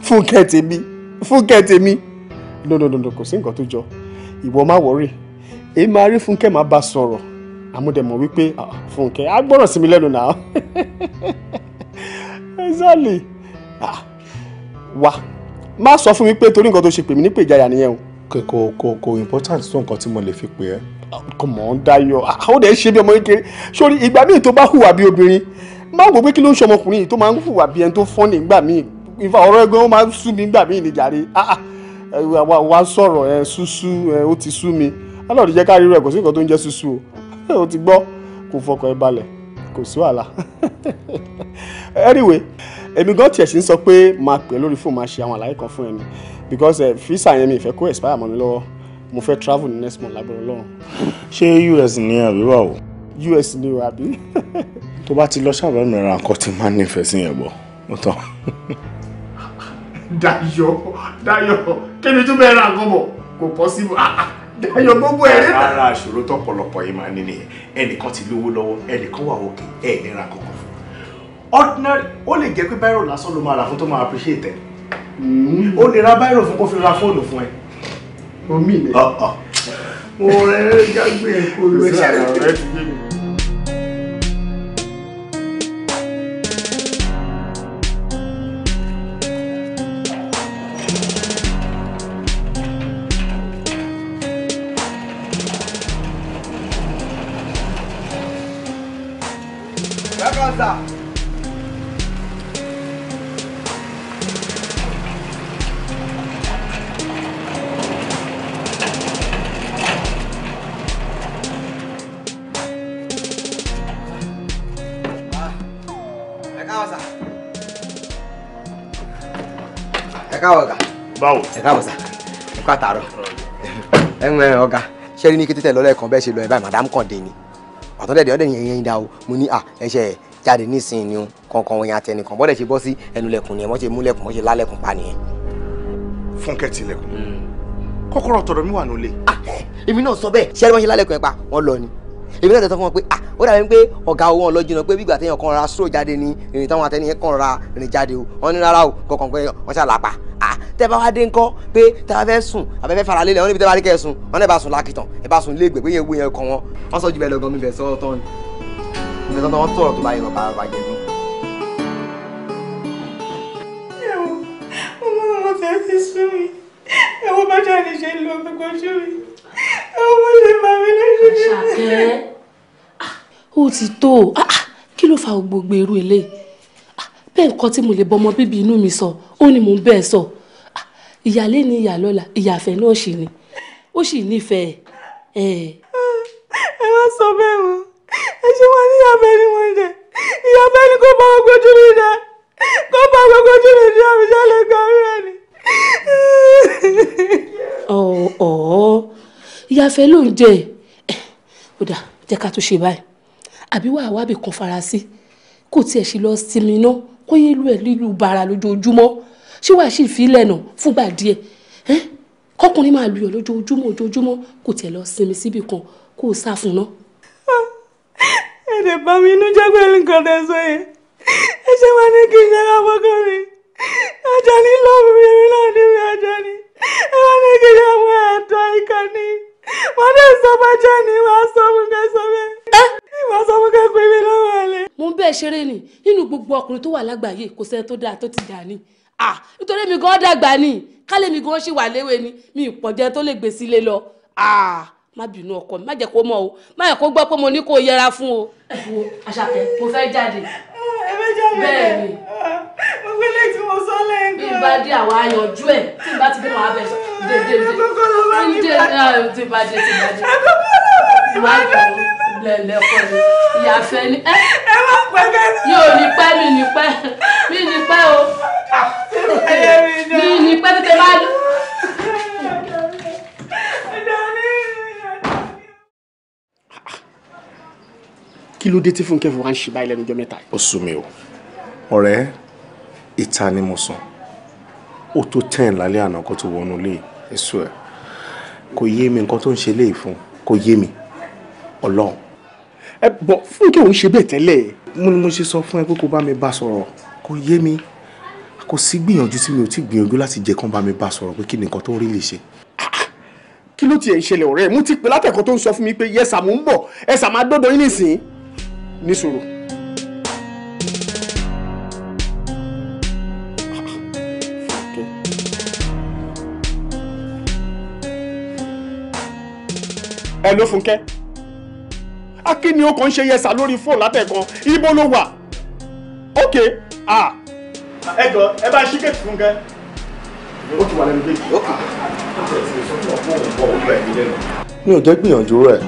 fúnkẹ́ tèmi fúnkẹ́ tèmi no no no no kò sí nǹkan tó jọ ìwọ má wọrí èyí máa rí fúnkẹ́ máa bá sọ̀rọ̀ àmúdẹ̀mọ̀ wípé ah, ah, fúnkẹ́ á gbọ́rọ̀ sí mi lẹ́nu náà [LAUGHS] exactly ah, wá má sọ fún mi pé torí nǹkan tó ṣe pè mí nípè ìjayà nìyẹn o. kò kò kò important tó nǹkan tí mo lè fi pè ẹ́. kò mọ̀ ń dayọ̀ àwọn ọ̀dẹ̀ ṣe bí ọmọ kékeré sórí ìgbà míì tó bá hùwà bí obìnrin máa wò pé kí ló ń ṣọmọkùnrin yìí tó máa ń hùwà bí ẹni tó fọ́n ní gbà míì ìfà ọ̀rọ̀ ẹgbẹ́ wọn máa ń sú mi gbà míì ní jàre ah, ah. wàá sọ̀rọ̀ ẹ ṣúṣú ẹ ó ti sú mi alọ́ọ̀dì jẹ́ ká rí rẹ̀ kò sí nǹkan tó ń jẹ́ ṣúṣú o [LAUGHS] ó ti gbọ́ kò fọkàn ẹ balẹ̀ kò sí wàhálà [LAUGHS] anyway èmi gan tiẹ̀ sì ń sọ pé máa pè lórí fóònù máa ṣe àwọn àlàyé kan fún ẹni because fisa yẹn mi ìfẹ́ kó expire mọ́ mi lọ́wọ́ mo fẹ́ travel ní next month lágbára Ọlọ́run. ṣé US ní àbí wà o. US ni o àbí. tó bá ti lọ ṣàbẹ̀ mìíràn nǹkan ti máa nífẹ̀ẹ́ sí yẹn bọ̀ ó tán. Dayọ̀ Dayọ̀ kí tún bẹ́ẹ̀ ra nǹkan bọ̀ kò possible ah, ah, Dayo gbogbo ẹ̀rí. ara àṣòro tọ̀pọ̀lọpọ̀ yìí máa ní nìyẹn ẹnìkan ti lówó lọ́wọ́ ẹnìkan wà òkè ẹ ní ra kankan fún ordinary ó lè jẹ́ pé báírò lásán ló máa rà fún tó máa appreciate ẹ hmm. ó lè ra báírò fún kó fi ra fóònù fún ẹ. omi ni mo rẹ jágbe kó lóṣà rẹ. kátàárọ̀ ẹ̀wọ̀n ọ̀gá ṣẹ́rí ní kété tẹ̀ lọ́lọ́ ẹ̀kan bẹ́ẹ̀ ṣe lọ ẹ̀ báyìí madam kàn dé ni ọ̀tọ́dẹ̀dẹ̀ ọ̀dẹ̀ yẹn yẹn dá o mo ní à ẹ̀ṣẹ̀ jáde nísìnyí ni kankan òyìn àtẹnìkan bọ́dẹ̀ ṣe bọ́ sí ẹnulẹ̀kùn ni ẹ̀ mọ́ ṣe múlẹ̀kùn mọ́ ṣe lálẹ̀kùn pa nìyẹn. fúnkẹ́ tilẹ̀kùn hmm. kọ́kọ́rọ́ tọ̀dọ̀ mi wà nílé. Ah, èmi náà sọ bẹ́ẹ̀ ṣẹ́rí wọ́n ṣe lálẹ̀kùn ẹ̀ pa wọ́n lọ ni èmi náà tẹ̀sán fún wọn pé ah ó dàbí pé ọ̀gá owó ọlọ́jìnà pé bígbà téèyàn kan ra stroke jáde ni ìrìn táwọn atẹ́niyẹn kan ra rìn jáde o wọ́n ní rárá o kọ̀ọ̀kan pé wọ́n ṣàlàpà Ah, tẹ́ bá wá dé ńkọ́ pé tẹ́ bá fẹ́ sùn àbẹ fẹ́ fara lélẹ̀ wọn níbi tẹ́ bá rí kẹ́ sùn wọn náà bá sùn lákìtàn ẹ bá sùn ilé pé yẹn wo yẹn kọ wọn wọn sọ jù bẹ́ẹ̀ lọ́gán mi bẹ̀ sọ́ọ́ tán ni mi bẹ̀ sọ́ọ́ tán tó bá yẹn lọ bá bá jẹ mí. ọmọ ọmọ tẹ ti sún mi ẹwọ bá jà ṣe lu ọmọ ojú mi ẹwọ lè má mi lójú mi. ṣàkẹ́ ah, ó ti tó ah, kí ló fa gbogbo èrú eléyìí bẹ́ẹ̀ nǹkan tí mo lè bọ ọmọ bíbí inú mi sọ ó ní mò ń bẹ́ẹ̀ sọ ah, ìyálé ni ìyàlọ́la ìyàfẹ́ náà ṣì ni ó sì nífẹ̀ẹ́ ẹ. ẹ má sọ bẹ́ẹ̀ mọ́ ẹ ṣe wá ní ìyàfẹ́ ni mo jẹ ìyàfẹ́ ni kò bá gbogbo ojú mi jẹ kò bá gbogbo ojú mi jẹ àbí jálẹ̀ gbàrú ẹ̀ ni. ọ̀ọ́ ìyàfẹ́ ló ń jẹ eh, ó dà jẹ́ ká tún ṣe báyìí àbí wàá wábì kan fara sí kò tiẹ̀ ṣe lọ sinmi náà kó yé lu ẹ̀ lílu bara lójoojúmọ́ ṣé wàá sì fi ilẹ̀ nà fúngbà díẹ̀ kọkùnrin máa lu ẹ̀ lójoojúmọ́ ojoojúmọ́ kò tiẹ̀ lọ sinmi síbì kan kó o sá fún náà. ẹ̀dẹ̀ bá mi inú jẹ́ pẹ̀lú nǹkan tẹ̀ sọ yẹn ẹ ṣe wá ní kí n yẹra fọ́kọ́ mi Àjàní lọ́ọ̀bù mi èmi náà ní mi Àjàní ẹ wá ní kí n yẹra mọ́ ẹ̀dọ́ ìkànnì wọ́n dẹ̀ sọ bàjẹ́ ni wàá sọ fún kẹ́ sọ bẹ́ẹ̀. wàá sọ fún kẹ́ pé mi lọ́wọ́ ẹ̀lẹ́. mo ń bẹ́ẹ̀ ṣeré ni nínú gbogbo ọkùnrin tó wà lágbàáyé kò sẹ́ni tó dáa tó ti dà ní. nítorí mi gan dàgbà ni kálẹ̀ mi gan ṣì wà léwe ni mi ìpọ̀jẹ́ tó lè gbé sílé lọ. ah má bínú ọkọ mi má jẹ́ kó mọ̀ o má yẹ kó gbọ́ pé mo ní kó yẹra fún o. wo Àṣàkẹ́ mo fẹ́ jáde lọ́jọ́ bẹ̀rẹ̀. bẹ́ẹ̀ni gbogbo ilé tí mo sọ lẹ́ẹ̀kan. ìbàdí àwa yanjú ẹ̀ tí n bá ti dé wàá bẹ̀ sọ dédé dé àkókò ló bá mi bá ti bàjẹ́ ti bàjẹ́ àkókò ló bá mi bá lẹ̀lẹ̀ kọ́ ni ìyàfẹ́ ni ẹ ẹ má pẹ́ bẹ́ẹ̀ yóò ní pẹ́ mi ní pẹ́ mi ní pẹ́ o ah, mi ní pẹ́ tètè má lọ. Ah. kí ló dé tí fúnkẹ́ fún wa ń ṣe báyìí lẹ́nu ọjọ́ mẹ́ta. ó sú o ọ̀rẹ́ ìta ni mo sùn ó tó ten lálẹ́ àná kó tó wọnú lé èso ẹ̀ kò yé mi nǹkan tó ń ṣe léyìí fún kò yé mi ọlọ́run. ẹ bọ fúnkẹ́ òun ṣe bẹ́ẹ̀ tẹ́lẹ̀. mo ní mo ṣe sọ fún ẹ pé kó bá mi bá sọ̀rọ̀ kò yé mi kò sí gbìyànjú tí mi ò ti gbìyànjú láti jẹ́ kán bá mi bá sọ̀rọ̀ pé kí ni tó ń rí lè ṣe ah, ah. kí ló tiẹ̀ ń ṣẹlẹ̀ ọ̀rẹ́ mo ti pè látẹ̀kọ́ tó ń sọ fún mi pé yẹ́sà mò ń bọ̀ ẹ̀sà máa dọ́dọ̀ yín nísìnyí níṣòro. ẹ ló Fúnkẹ́ akíni ó kàn ń ṣe yẹsà lórí fóònù látẹ̀kan ibo ló wà ókè à. ẹ jọ ẹ bá ṣí kéèkì Fúnkẹ́ ó ti wà lẹ́nu bẹ́ẹ̀ kí ókè mi ò jẹ́ gbìyànjú rẹ̀.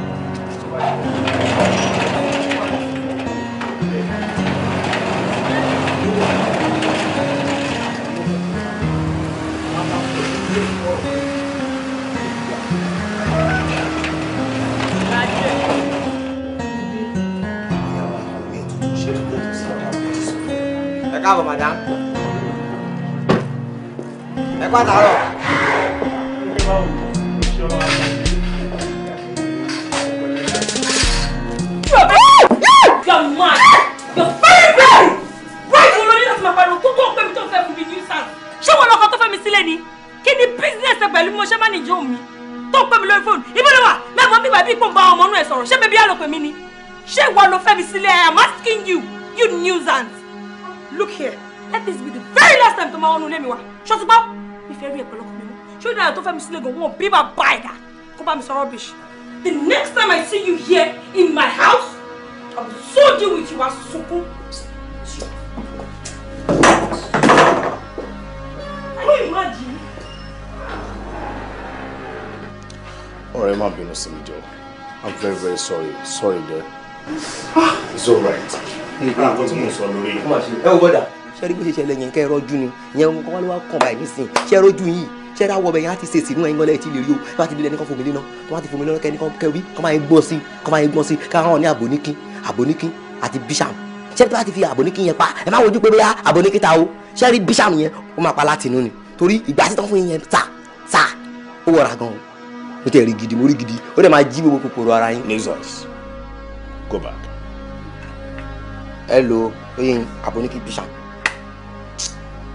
káàbọ̀ madam ẹ kú àtàárọ̀. You're mad! You're very bad! Why do you know that my father tó tó pé mi tó fẹ́ fún mi ní sàn? Ṣé wọn lọkọ tó fẹ́ mi sílẹ̀ ni? Kí ni business pẹ̀lú mo ṣe máa nìjọ mi? Tó pé mi lórí fóònù, ibi ló wà, mẹ́fọ̀ọ́ bíbá bí pòǹbà ọmọ inú ẹ̀ sọ̀rọ̀, ṣé bẹ́bí àlọ́ pè mí ni? Ṣé ìwọ ló fẹ́ mi sílẹ̀? I am asking you, you nuisance! look here let this be the very last time to máa wọnú ilé mi wá ṣó ti gbọ́ mi fẹ́ rí ẹ̀pẹ̀lọ́kọ̀ mi mú ṣé ìdáyà tó fẹ́ mi sílẹ̀ gan wọn bí bá bá ẹ̀dá kó bá mi sọ rubbish the next time I see you here in my house I will so deal with you as sunkún. Can you imagine? ọ̀rẹ́ má bínú sí mi jọ I'm very very sorry sorry there it's all right nǹkan tí mo sọ lórí ẹ wò bọ́dà ṣẹ́rí bó ṣe ṣẹlẹ̀ yẹn kẹ́ ẹ rọ́jú ni yẹn wọn kọ́ wá ló wá kàn báyìí nísìnyí ṣẹ́ rọ́jú yìí ṣẹ́rí àwọ̀ ọbẹ̀ yẹn á ti ṣe sínú ẹ̀yìn ọlẹ́yìn tí lè rí o tó bá ti dilẹ̀ ní kọ́ fòmí lẹ́nà tó bá ti fòmí lẹ́nà kẹ́ni kẹ́ wí kọ́ máa ń gbọ́n sí kọ́ máa ń gbọ́n sí káwọn ní àbóníkín àbóníkín àti bíṣàm ṣẹ́rí tó bá ti fi àbóníkín yẹn pa ẹ má wojú pé bóyá àbóníkín ta o ṣẹ́rí bíṣàm yẹn ó máa pa láti inú ni torí ìgbà tí tán fún yẹn ta ta ó wọra gan-an mo tẹ̀ rí gidi mo rí gidi ó dẹ̀ máa jí gbogbo kòkòrò ara yín. Go back. Hello, Oyin, Aboniki Bishan.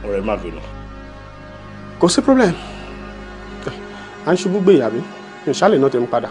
Ọ̀rẹ́ má bínú. Kò sí problem. À Shubu ṣubú gbé ìyàbí, mi ò ṣálè náà tẹ̀ ń padà.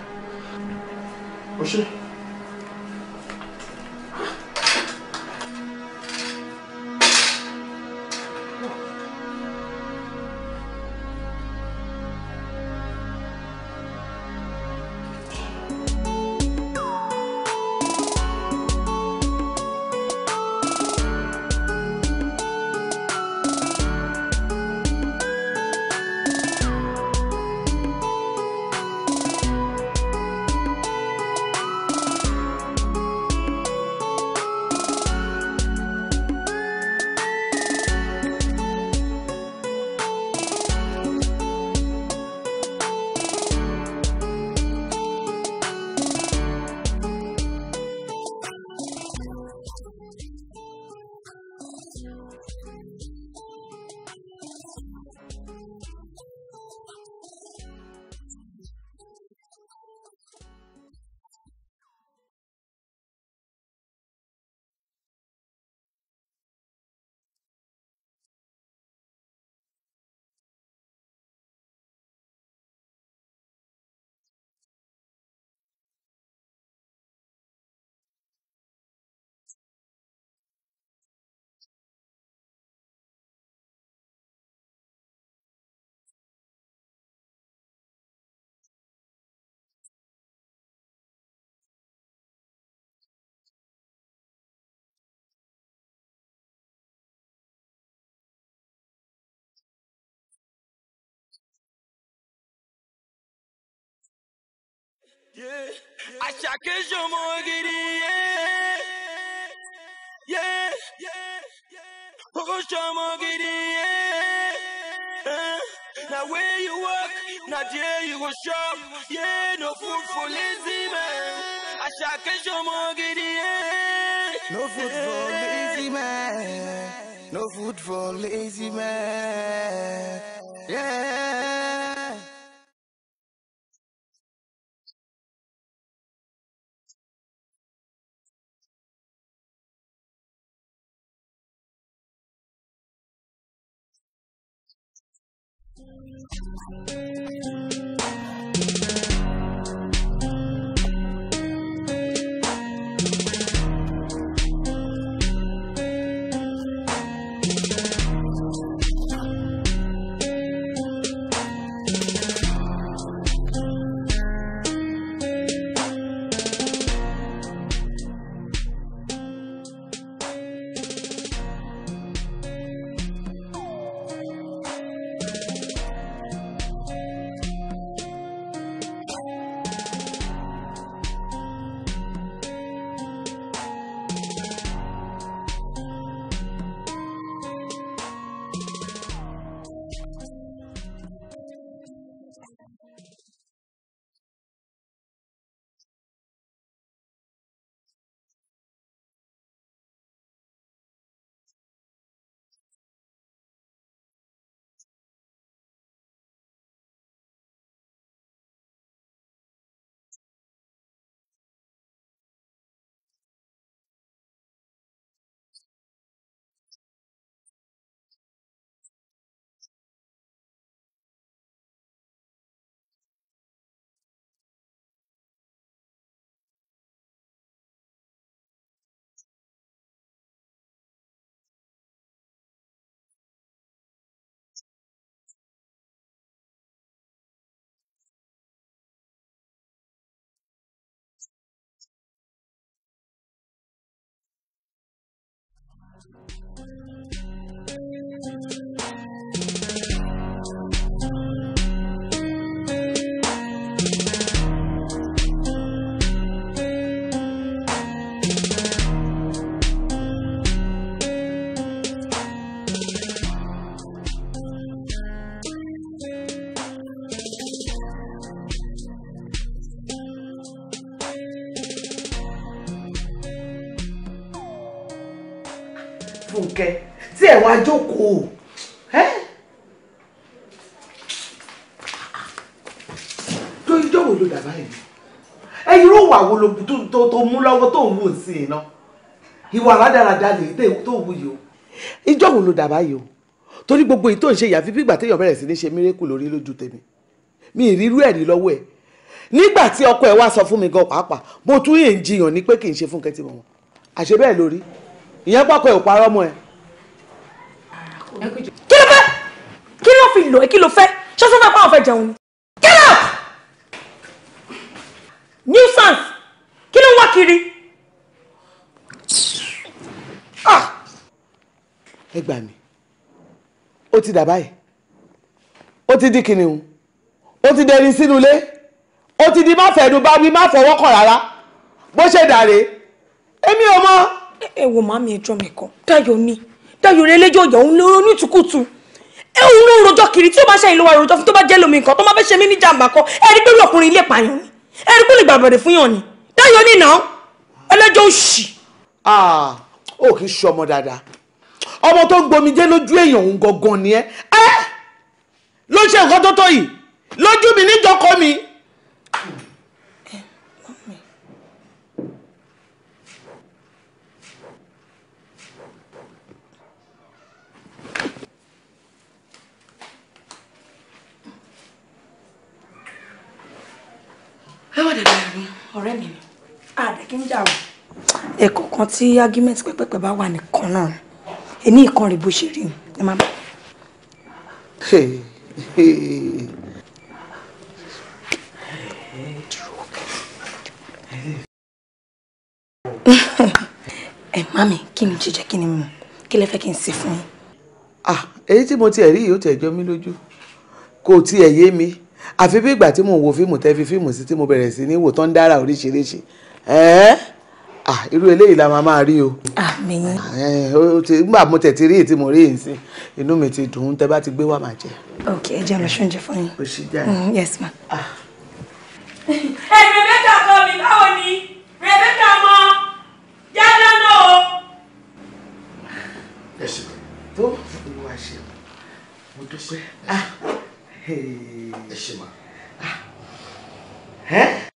yeah, yeah. gidi. Ó ṣọmọ yeah? Na where you walk, na there you go shop. Yeah, no food for lazy man. I your ṣọmọ yeah. No food for lazy man. No food for lazy man. Yeah. Bye. Thank you. wá jókòó ẹ́ tó ijó wo ló dàbá yìí ẹ irú òwà wo ló tó mú lọ́wọ́ tó ń wò sí iná ìwà rádaràda lè tó wù yìí o ijó wo ló dàbá yìí o torí gbogbo èyí tó ń ṣe ìyàfi bí ìgbà téèyàn bẹ̀rẹ̀ sí ní ṣe mírèkù lórí lójú tèmi mi ì rírú ẹ̀rí lọ́wọ́ ẹ̀ nígbà tí ọkọ ẹ̀ wá sọ fún mi gan pàápàá mo tún yìí ń jiyàn ní pé kì í ṣe fún kẹ́tì mọ́ àṣẹ bẹ́ẹ̀ lórí ìyẹn pọ́kọ ẹ̀ ò parọ́ mọ́ ẹ kí ló fẹ́ kí ló fi lò ẹ́ kí ló fẹ́ ṣé sọ́fẹ́ pàwọn fẹ́ jẹun ni. get out nuisance kí ló ń wá kiri. Ah! ẹ gbà mí ó ti dà báyìí ó ti di kìnìún ó ti dẹni sínú ilé ó ti di má fẹ̀ẹ́dùn bá wí má fọwọ́ kàn rárá bó ṣe dà rèé èmi ò mọ. ẹ wo màmí ẹjọ́ mi kan Táyọ̀ ni Dayọ̀ rẹ lẹ́jọ́ ọ̀yà òun lóró ní ìtukùtù ẹ e ló ń rojọ́ kiri tí ó bá ṣàyìn ló wà rojọ́ fún tó bá jẹ́ lómi nǹkan tó máa fẹ́ ṣe mí ní jàǹbá kan ẹ rí ọkùnrin ilé pààyàn ni ẹ rí pé lè gbàgbọ́dẹ̀ fún yàn ni Dayọ̀ nìna ẹlẹ́jọ́ òṣì. ó kì í ṣe ọmọ dáadáa ọmọ tó ń gbomijé lójú èèyàn òun gangan ni ẹ e. eh! ló ṣe nǹkan tó tó yìí lójú mi níjọkọ mi káwọn dàda ẹ̀rù ọ̀rẹ́ mi ni. àdè kí n dà wọ. ẹ̀kọ́ kan tí argument pẹ́pẹ́pẹ́ bá wà nìkan náà èmi ìkan rè bó ṣe rí mi ẹ má bà. [LAUGHS] ẹ má mi kí ni jíjẹ kí ni mu kí lẹ fẹ́ kí n ṣe fún yín. ah èyí tí mo tiẹ̀ rí yìí ó tiẹ̀ jọ mí lójú kò tiẹ̀ yé mi àfi bí ìgbà tí mò ń wo fíìmù tẹ́ fi fíìmù sí tí mo bẹ̀rẹ̀ sí ní wò tán dára oríṣiríṣi ẹ̀ẹ́ ah irú eléyìí la máa máa rí o. àmì. nígbà mo tẹ̀tí rí ètí mo rí yìí sí inú mi ti dùn ún tẹ́ bá ti gbé wá máa jẹ. ok ẹ jẹ́ lọ ṣoúnjẹ fún yín. o ṣì jẹ́ ẹ. Mm, yes ma. ẹ Rebecca kọ mi báwo ni Rebecca mọ já lọ́nà o. ẹ ṣe tó ìwà ṣe mo dúpẹ́ ẹ ṣe mà. Ah.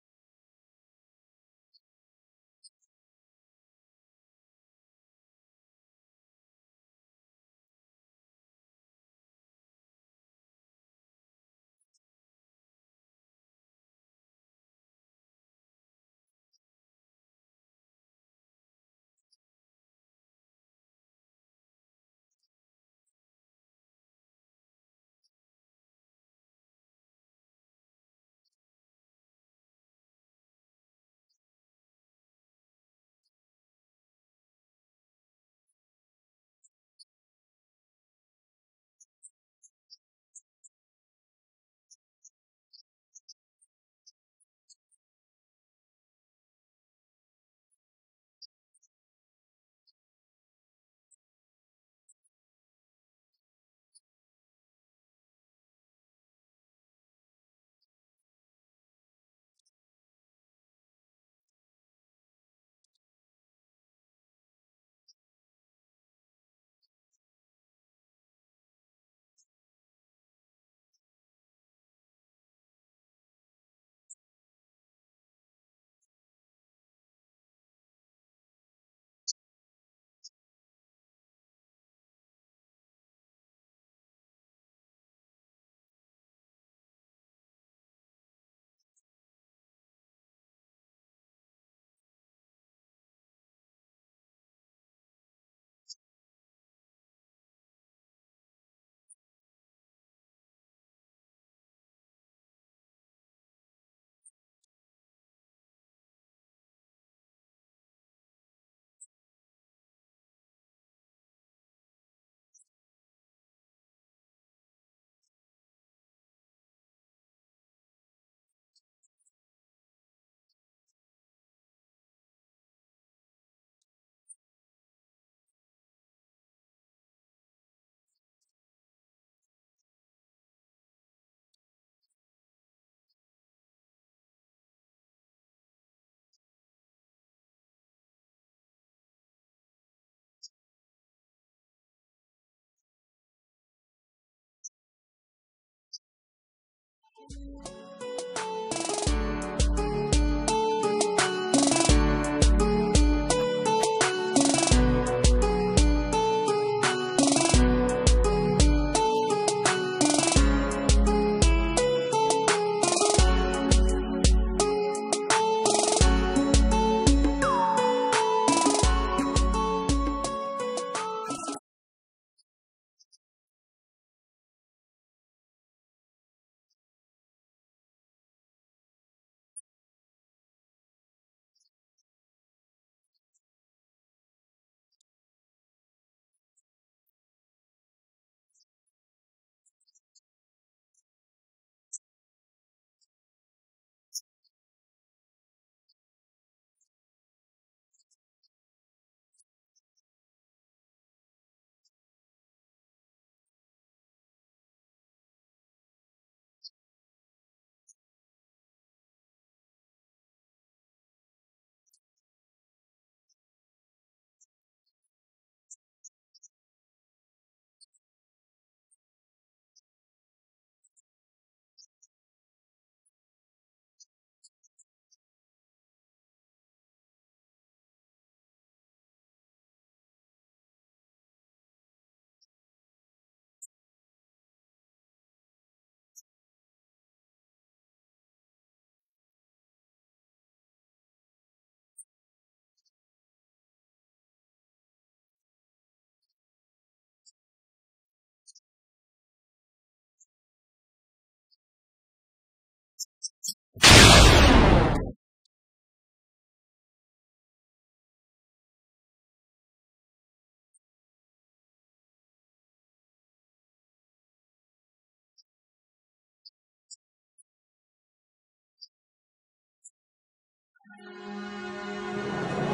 Thank you.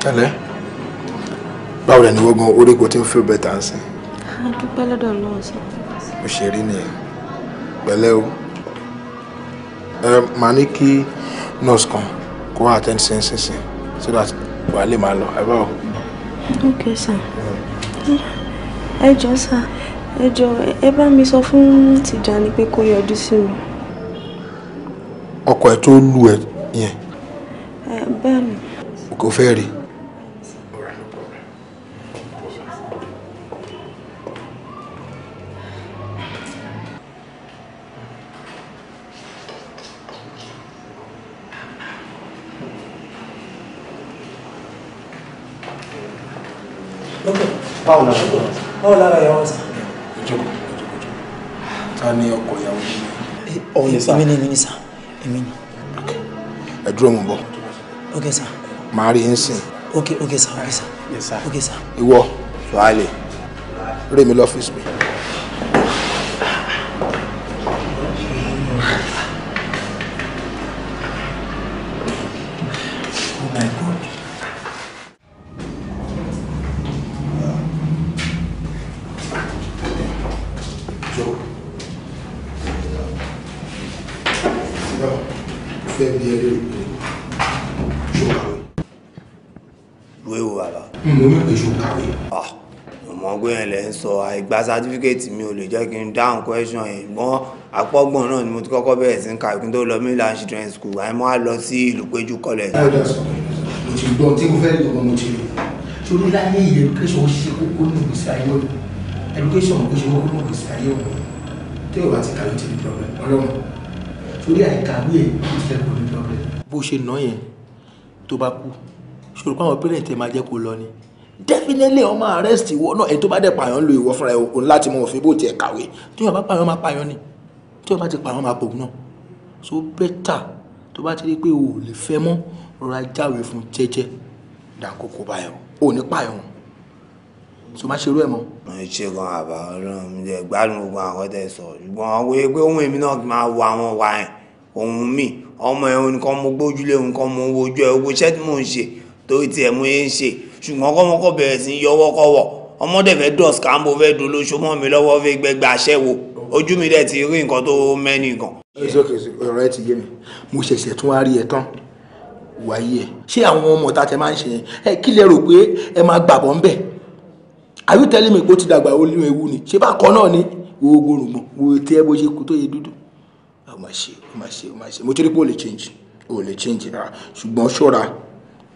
ẹlẹ báwo lẹni wọgbọn orígun tí ń feel better ń sìn. a dúpẹ́ lọ́dọ̀ lọ́wọ́ sọ. mo ṣe rí nìyẹn pẹ̀lẹ́ o ẹ máa ní kí nurse kan kó wá attend sínsìnsìn so that wàá lè máa lọ ẹ bá o. ok sir ẹ jọ sir ẹ jọ ẹ bá mi sọ fún Tìjàní pé kó yọjú sí mi. ọkọ ẹ tó lù ẹ yẹn bẹ́ẹ̀ ni. kò fẹ́ rí. báwo lára ìyàwó báwo lára ìyàwó sá. ìjókòó ìjókòó ta ni ọkọ ìyàwó yìí. ọ̀hún eh, oh, èmi ẹ dúró mo bọ̀ okay sir. màá rí yín okay okay sir okay sir. yes sir. okay sir. You ìwọ sọ àlè rèmi lọ́fíìsì me. Certificate mi ò lè jẹ́ kí n dáhùn question yìí gbọ́n àpọ́gbọ̀n náà ni mo ti kọ́kọ́ bẹ̀rẹ̀ sí ń ka ìpín tó lọ mainland children school àìmọ́ á lọ sí Ìlúpéjú college. mo ti gbọ́n tí mo fẹ́ lọ mo ti lò torí láyé ìyẹn education ṣe kókó ní ìgbésí ayé ọ̀dọ̀ education kò ṣe kókó ní ìgbésí ayé ọ̀dọ̀ tí ò bá ti kàwé ti di problem ọlọ́run torí àìkàwé ẹ̀ kò ṣe kókó ní problem. bó ṣe ná yẹn tó bá kú ṣòro pé àwọn pẹ́rẹ́ǹtì máa jẹ́ kó lọ ni definitely wọ́n máa arrest ìwọ náà èyí tó bá dẹ̀ pààyàn lu ìwọ fúnra òun láti mọ òfin bó tiẹ̀ kàwé tí wọ́n bá pààyàn máa pààyàn ni tí wọ́n bá ti pààyàn máa pòun náà so better tó bá ti rí pé o ò lè fẹ́ mọ́ rọra jáwé fún jẹ́jẹ́ dàkókò báyọ̀ ò ní pààyàn so má ṣe irú ẹ̀ mọ́. mo ń ṣe kan àbá Ọlọ́run mi jẹ gbádùn gbogbo àwọn tẹ sọ ṣùgbọ́n àwọn pé ohun èmi náà máa wọ àwọn wa yẹn ohun mi ọmọ ẹ nǹkan mo gbójúlé nǹkan mo wojú ẹ gbogbo iṣẹ́ tí mò ń ṣe torí tiẹ̀ mo yẹn ń ṣe ṣùgbọ́n kọ́mọkọ́ bẹ̀rẹ̀ sí yọwọ́ kọ́wọ́ ọmọdé fẹ́ dọ̀s káàmbó fẹ́ dolóṣó mọ́ mi lọ́wọ́ fẹ́ gbẹgbẹ aṣẹ́wó ojú mi dẹ̀ ti rí nǹkan tó mẹ́ni gan. ọ̀rọ̀ ẹ ti yé mi mo ṣẹ̀ṣẹ̀ tún wá rí ẹ tán wáyé ẹ ṣé àwọn ọmọ ọ̀tá tẹ máa ń ṣe yẹn ẹ kí lẹ rò pé ẹ máa gbàbọ̀ ń bẹ̀ are you telling me pé ó ti dàgbà ó léwu ewu ni ṣé bá kọ́ náà ni gbogbo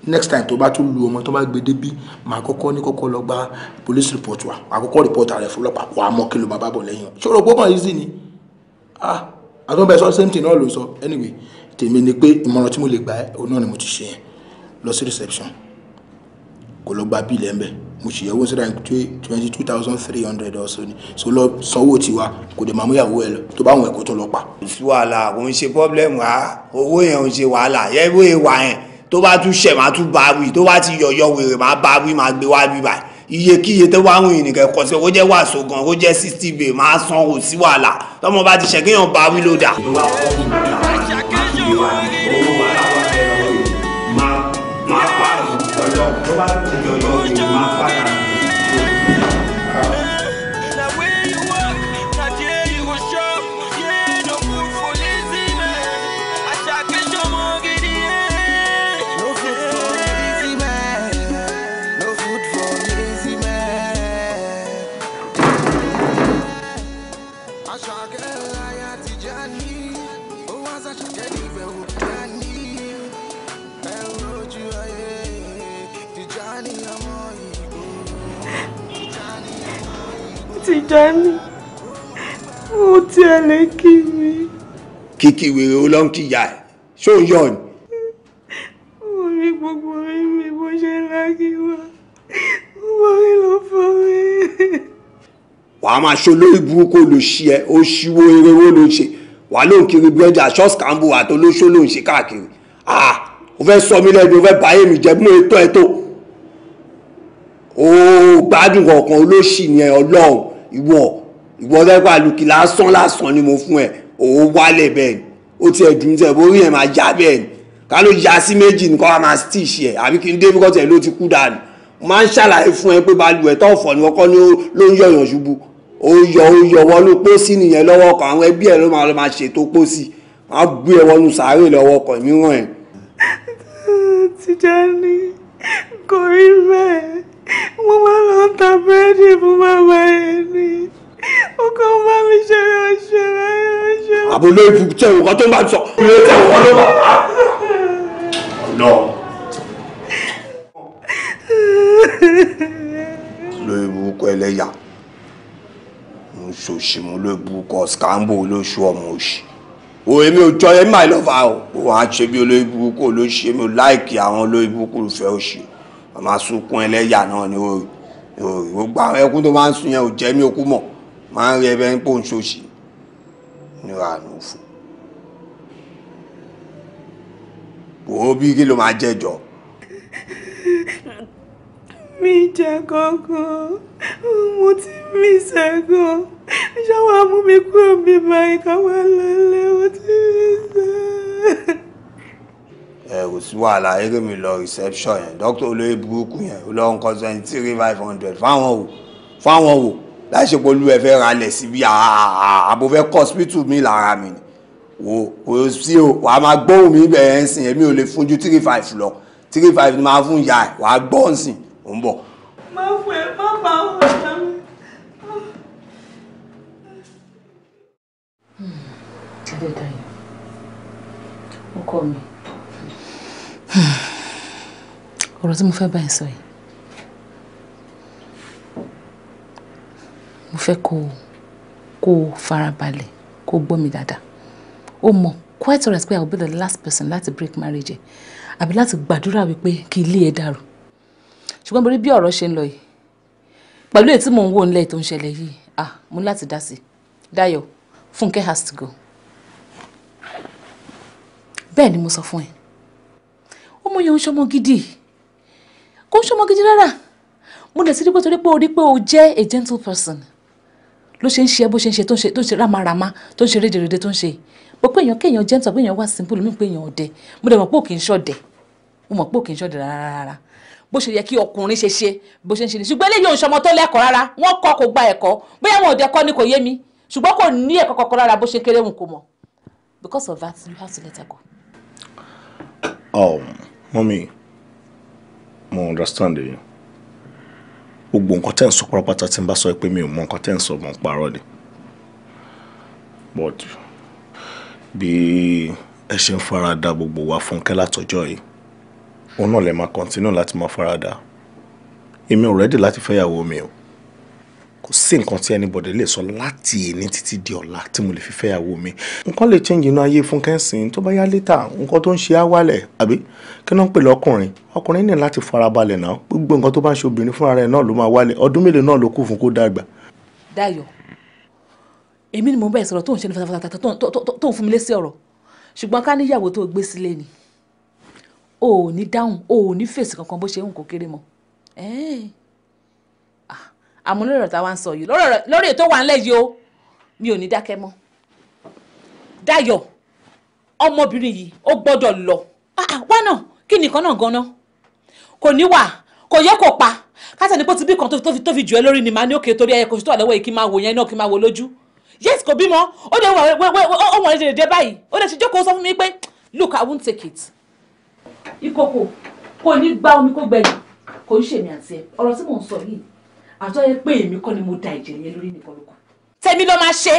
next time tó bá tún lu ọmọ tó bá gbé débí màá kọ́kọ́ ní kọ́kọ́ lọ gba police report wa àkọ́kọ́ report ààrẹ fọlọ́pàá wàá mọ kí ló bá bá bọ̀ lẹ́yìn ṣòro gbọ́kàn yìí sì ni ah àtúntò sọ same thing náà ló sọ anyway tèmi ni pé ìmọ̀ràn tí mo lè gbà ẹ́ òun náà ni mo ti ṣe yẹn lọ sí reception kò lọ gba bíìlì ẹ̀ ń bẹ̀ mo sì yẹwò síra twenty two thousand three hundred ọ̀sán ni so lọ sanwó tiwa kò dé máa mú ìyàwó ẹ lọ tó bá wọn ẹ̀kọ́ tó lọ pa. kò sí wàhálà tó bá tún ṣẹ̀ máa tún bá wí tó bá ti yọ̀yọ̀ wèrè máa bá wí máa gbé wá wí báyìí iyekíye tó bá ń rìn nìkan kọ sí owó jẹ́ wàásù gan owó jẹ́ sixty bay máa san kò sí wàhálà tọmọ bá ti ṣẹ̀kíyàn bá wí ló dà. Bye. dání mo ti ẹ̀ lè kí mi. kíkì wèrè ó lọ́n ti yà ẹ́ ṣó yọ ni. mo rí gbogbo orí mi bó ṣe ń lági wá mo rí lọ fọ́ mi. wàá máa ṣe olórí burúkú olùṣí ẹ ó ṣíwó eré wo ló ń ṣe wà ló ń kiri búrẹ́dì àṣọ scambo àtolóṣó ló ń ṣe káàkiri ah o fẹ́ sọ mí lẹ́nu o fẹ́ bá èmi jẹ́ mú ètò ẹ̀ tó o gbádùn kọ̀ọ̀kan olóṣì ni ẹ ọlọ́run ìwọ ìwọ dẹ́pẹ́ àlùkì lásán lásán ni mo fún ẹ òwò wálẹ̀ bẹ́ẹ̀ ni ó tiẹ̀ dùn tẹ̀ borí ẹ̀ máa já bẹ́ẹ̀ ni ká ló ya sí méjì nǹkan wa máa stitch ẹ̀ àbí kí n dé bíkọ́ tẹ̀ ló ti kú dànù máa ń ṣàlàyé fún ẹ pé balùwẹ̀ tó fọ̀ ni wọ́n kọ́ ni ló ń yọ̀yàn ṣubú ó yọ ó yọ wọ́n ló pósí nìyẹn lọ́wọ́ kan àwọn ẹbí ẹ̀ ló máa lọ máa ṣètò pósí wọ́n á gbé ẹ wọnú sàárè lọ́wọ́ kan mìíràn ẹ̀. Tijani kò rí bẹ́ẹ̀ mo máa lọ ta búrẹ́dì fún bàbá yẹn ni ó kàn bá mi ṣe ọṣẹ ọṣẹ. àbúlé ìfúkútẹ́ ìwọ̀n tó ń bá sọ. ìwé tẹ̀ wọ́n ló bá a. lọ. lórí burúkú ẹlẹ́yà mo ṣòṣì mo lórí burúkú ọ̀sìkàǹbò olóṣù ọmọ òṣì òye mi ò jọ ẹ máa lọ́fà o wàá ṣe bí olóyè burúkú olóṣèlú láìkì àwọn olóyè burúkú fẹ́ òṣèlú màmá sunkún ẹlẹ́yà náà ni òòrì òòrì gbogbo àwọn ẹkún tó máa ń sun yẹn ò jẹ́ mí okú mọ̀ máa ń rí ẹbẹ ń pò ń ṣòṣì níra àánú fún wò bí kí ló máa jẹjọ. mi jẹ kankan mo ti mi sẹ́gun ṣáwọn amúmi kúrò mi báyìí káwọn lọ́lẹ́ mo ti mi ẹ eh, kò sí wàhálà eré mi lọ reception yẹn dókítà olóyè burúkú yẹn olóhùn consent three five hundred fáwọn wò fáwọn wò láì ṣe polú ẹ fẹ́ ra lẹ̀ síbi àbò fẹ́ kọ́ hospital mi lára mi ni wò kò sí o wà á máa gbóhùn mi bẹ̀rẹ̀ ń sìn èmi ò lè fún ju three five lọ three five ni máa fún ìyá ẹ wà á gbọ́ ń sìn ò ń bọ̀. má fún ẹ hmm. mi. [SIGHS] ọ̀rọ̀ tí mo fẹ́ bá ẹ sọ yìí mo fẹ́ kó kó farabalẹ̀ kó gbọ́ mi dáadáa ó mọ̀ quite honest pé i will be the last person láti break marriage ẹ àbí láti gbàdúrà wípé kí ilé ẹ dàrú ṣùgbọ́n mo rí bí ọ̀rọ̀ ṣe ń lọ yìí pẹ̀lú èyí tí mò ń wò nílẹ̀ tó ń ṣẹlẹ̀ yìí ah mo ní láti dá sí Dayọ̀ Fúnkẹ́ has to go bẹ́ẹ̀ ni mo sọ fún ẹ ọmọ yẹn ń gidi kò ń gidi rárá mo lè sí pé torí pé o rí pé o jẹ́ a gentle person ló ṣe ń ṣe bó ṣe ń ṣe tó ń ṣe tó ń ṣe rámarama tó ń ṣe rédèrèdè tó ń ṣe mo pé èèyàn kéèyàn gentle pé èèyàn wà simple mi pé èèyàn ọ̀dẹ mo dẹ̀ mọ̀ pé ò kì í mo mọ̀ pé ò kì í rárá bó ṣe yẹ kí ọkùnrin ṣe ṣe bó ṣe ń ṣe ni ṣùgbọ́n eléyìí òun ṣọmọ tó lẹ́kọ̀ọ́ rárá wọ́n kọ́ kó gba ẹ̀kọ́ bóyá wọn ò ni kò yé mi ṣùgbọ́n kò ní ẹ̀kọ́ kankan rárá bó ṣe kéré òun kò mọ̀ because of that you have to let her go. Um, mọ́mí mo understand yìí gbogbo nǹkan tẹ́ ń sọ pátápátá tí n bá sọ pé mi ò mọ nǹkan tẹ́ ń sọ mọ̀ ń parọ́ ni but bí ẹ ṣe ń farada gbogbo wa fúnkẹ́ látọjọ́ yìí òun náà lè máa continue láti máa farada èmi ò rẹ́dì láti fẹ́yàwó mi o kò sí nǹkan tí anybody lè sọ láti èní títí di ọ̀la tí mo lè fi fẹ́ ìyàwó mi nǹkan lè change inú ayé fún kẹ́sìn tó bá yá létà nǹkan tó ń ṣe á wálẹ̀ àbí kí náà ń pè lọ́kùnrin ọkùnrin ní láti farabalẹ̀ náà gbogbo nǹkan tó bá ń ṣe obìnrin fúnra rẹ̀ náà ló máa wálẹ̀ ọdún mélòó náà ló kù fún kó dàgbà. Dayọ̀ èmi ni mo bẹ̀rẹ̀ sọ̀rọ̀ tó ń ṣe ní fatafata tó ń fún mi lé o ò ní dáhùn o ò ní àmọ́ lórí ọ̀rọ̀ táwa ń sọ yìí lórí ètò wà ńlẹ̀ yìí o mi ò ní dákẹ́ mọ́ Dayọ̀ ọmọbìnrin yìí ó gbọ́dọ̀ lọ ah, ah, wá náà kí nìkan náà gan-an kò ní wà kò yẹ kó pa kátà ní pé tibí kan tó fi jù ẹ lórí ni màá ní òkè torí ẹyẹ kò sí tó wà lọ́wọ́ yìí kí n máa wò yẹn náà kí n máa wò lójú yes kò bímọ ó dẹ̀ wọ̀n ẹ̀ dẹ̀ báyìí ó dẹ̀ ṣe jókòó sọ fún mi pé look i won't take it. ìkòkò kò ní gbá omi kó gbẹ̀yìn kò ń ṣèmí àti ẹ ọ̀rọ̀ tí mò ń sọ yìí àtọ́ yẹ pé èmi kọ́ ni mo da ìjẹ́ yẹn lórí nìkan lóko. tèmi ló máa ṣe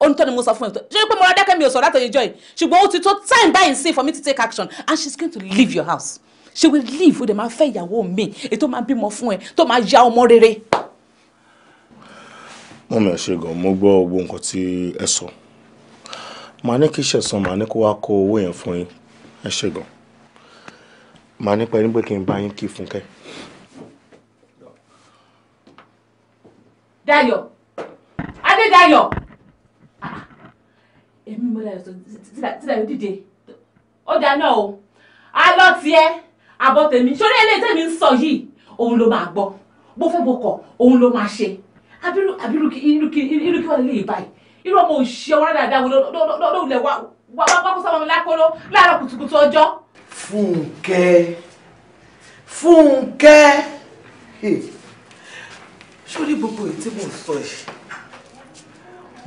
ohun tó ni mo sọ fún ẹ tó ṣe pé mo rádákẹ́ mi ò sọ látọ̀ yẹjọ́ yìí ṣùgbọ́n ó ti tó time báyìí sí for me to take action and she's going to leave your house she will leave ó dẹ̀ máa fẹ́ ìyàwó mi èyí tó máa bímọ fún ẹ tó máa ya ọmọ rere. mo mẹ́ ṣe gan mo gbọ́ gbogbo nǹkan tí ẹ sọ màá ní kí ṣẹ̀sán màá ní kó wá kó owó yẹn fún yín ẹ ṣe gan màá nípa ẹni pé kí n bá yín kí fúnkẹ́. Dayọ̀ Adédayọ̀ èmi mo Dayọ̀ tí Dayọ̀ dìde ó dáná o alọ́ tiẹ̀ àbọ̀ tèmi sórí eléyìí tèmi ń sọ yìí òun ló máa gbọ́ bó fẹ́ bó kọ̀ òun ló máa ṣe abiru abiru kí irú kí irú kí wọ́n lè báyìí irú ọmọ òṣìṣẹ́ wọn dáadáa wo lọ́dọ̀ọ́lẹ̀ wá wá wá kó sábà mi lákòrò láàárọ̀ kùtùkùtù ọjọ́. Fúnkẹ́ Fúnkẹ́. Hey sórí gbogbo èyí tí mò ń sọ yìí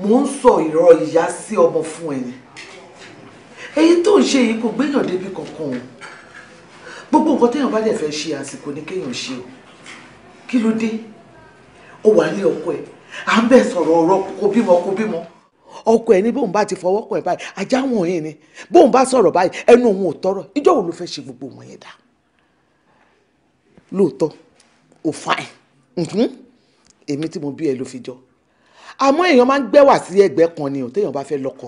mò ń sọ ìrọ ìyá sí ọmọ fún ẹni èyí tó ń ṣe yìí kò gbéyàn débi kankan o gbogbo nǹkan téèyàn bá dẹ̀ fẹ́ ṣe àsìkò ni kéèyàn ṣe o kí ló dé ó wà ní ọkọ ẹ à ń bẹ̀ sọ̀rọ̀ ọ̀rọ̀ kó bímọ kó bímọ ọkọ ẹ ní bóun bá ti fọwọ́ kọ ẹ báyìí ajá wọn yẹn ni bóun bá sọ̀rọ̀ báyìí ẹnu òun ò tọrọ ìjọ wo ló fẹ́ ṣe gbogbo wọn yẹn dá lóòótọ́ ò fáìn èmi tí mo bí ẹ ló fi jọ àmọ́ èèyàn máa ń gbẹ́wà sí ẹgbẹ́ kan ni o téèyàn bá fẹ́ lọ́kọ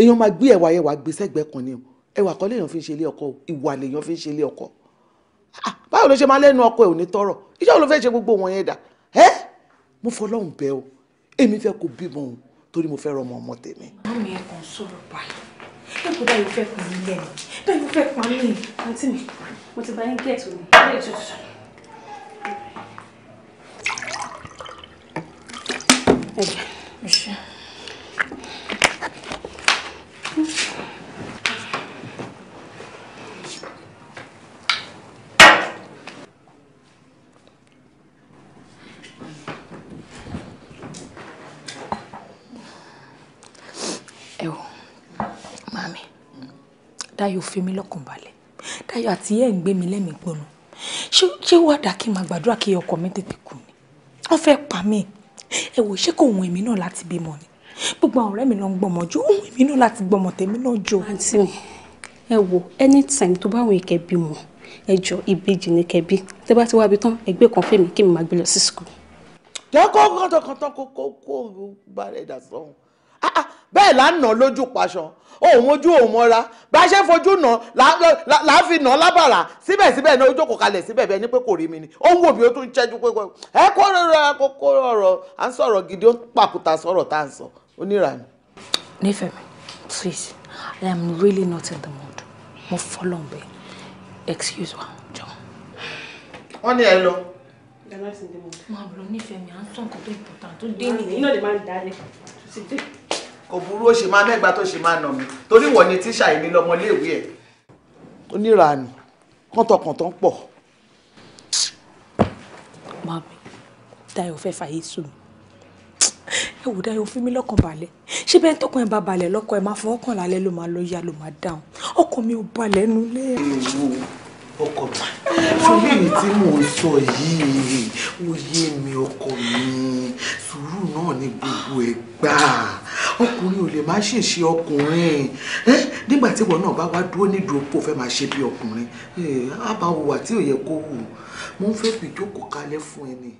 èèyàn máa gbé ẹ̀wà ẹ̀wà gbé sẹ́gbẹ́ kan ni o ẹ̀wà kọ́ léèyàn fi ń ṣe ilé ọkọ o ìwà lèèyàn fi ń ṣe ilé ọkọ ah, báwo ló ṣe máa lẹ́nu ọkọ ẹ̀ ò ní tọrọ iṣẹ́ ló fẹ́ ṣe gbogbo wọn yẹn dà ẹ́ mo fọlọ́hún bẹ́ o èmi fẹ́ kó bímọ o torí mo fẹ́ rọmọ ọmọ tèmi. mọ́mí ẹ kàn sọ̀rọ̀ báyìí ẹ kò báyìí fẹ́ pa pa mí àǹtí Dáyọ̀ fi mí lọ́kàn balẹ̀ Dáyọ̀ àti ẹ̀ ń gbé mi lẹ́mìí gbóná ṣé se dà kí n máa gbàdúrà kí ọkọ mi tètè kú ni wọ́n fẹ́ pa mí ẹ wò ṣé kò hun èmi náà láti bímọ ni gbogbo àwọn ọ̀rẹ́ mi ló ń gbọ́mọ jù ohun èmi náà láti gbọ́mọ tèmi náà jò. àǹtí mi ẹ wò anytime tó bá wọn ìkẹ́ bímọ ẹ jọ ìbejì ní kẹbí tẹ bá ti wá ibi tán ẹgbẹ́ kan fèmí kí mi máa gbé lọ sí school. jẹ́ kó kọ́tọ̀kọ́tọ̀ kó kó kó balẹ̀ dà sọ́hun bẹ́ẹ̀ là ń nà lójú paṣọ òun ojú òun mọ́ra bá ṣe fojú nà láà fi nà lábàrà síbẹ̀síbẹ̀ náà ojú kò kalẹ̀ síbẹ̀ bẹ́ẹ̀ ni pé kò rí mi ni ó ń wò mí ó tún ṣẹ́jú pé ẹ kó rọra kókó ọ̀rọ̀ à ń sọ̀rọ̀ gidi ó ń pàkúta sọ̀rọ̀ tá à ń sọ onírànú. nífẹ̀ẹ́ mi please I am really not in the mood mo fọlọ́ bẹ́ẹ̀ excuse me, John. wọ́n ní ẹ lọ. Màá lọ nífẹ̀ẹ́ mi, à ń sọ tó important tó dé nìyí. Iná lè máa ń dé kò burú ó ṣe máa mẹ́gbàá tó ṣe máa nà mí torí wọ̀ ni tíṣà èmi lọmọléèwé ẹ̀. oníranù kọ́ńtọ̀kọ̀ńtọ̀ ń pọ̀. mami Dayọ̀ fẹ́ fàyè sùn mi ẹ wò Dayọ̀ fi mí lọ́kàn balẹ̀ ṣé bẹ́ẹ̀ tọkàn ẹ bá balẹ̀ lọ́kọ ẹ máa fọwọ́ kàn lálẹ́ ló máa lọ yá ló máa dáhùn ọkọ mi ò balẹ̀ nulẹ̀. èèwọ̀ ọkọ máa sórí èyí tí mò ń sọ yìí ó yé mi ọkọ mi sùúrù náà ni gbogbo ẹ gbà ọkùnrin ò lè má ṣèṣe ọkùnrin nígbà tí ìwọ náà bá wá dúró nídùú pò fẹ́ máa ṣe bí ọkùnrin á bá tí ò yẹ kó wù mo ń fẹ́ fìjókòó kalẹ̀ fún ẹ ni.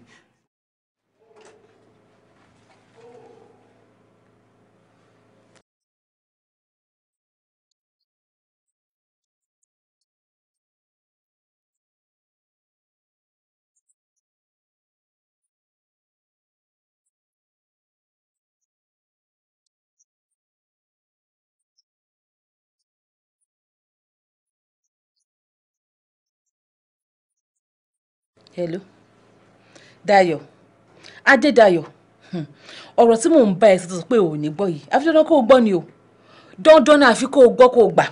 hello Dayọ̀ Adédayọ̀ hmm. ọ̀rọ̀ tí mò ń bá ẹ sọ pé ò ní gbọ́ yìí àfi dandan kó o gbọ́ ni o dandan náà àfi kó o gbọ́ kó o gbà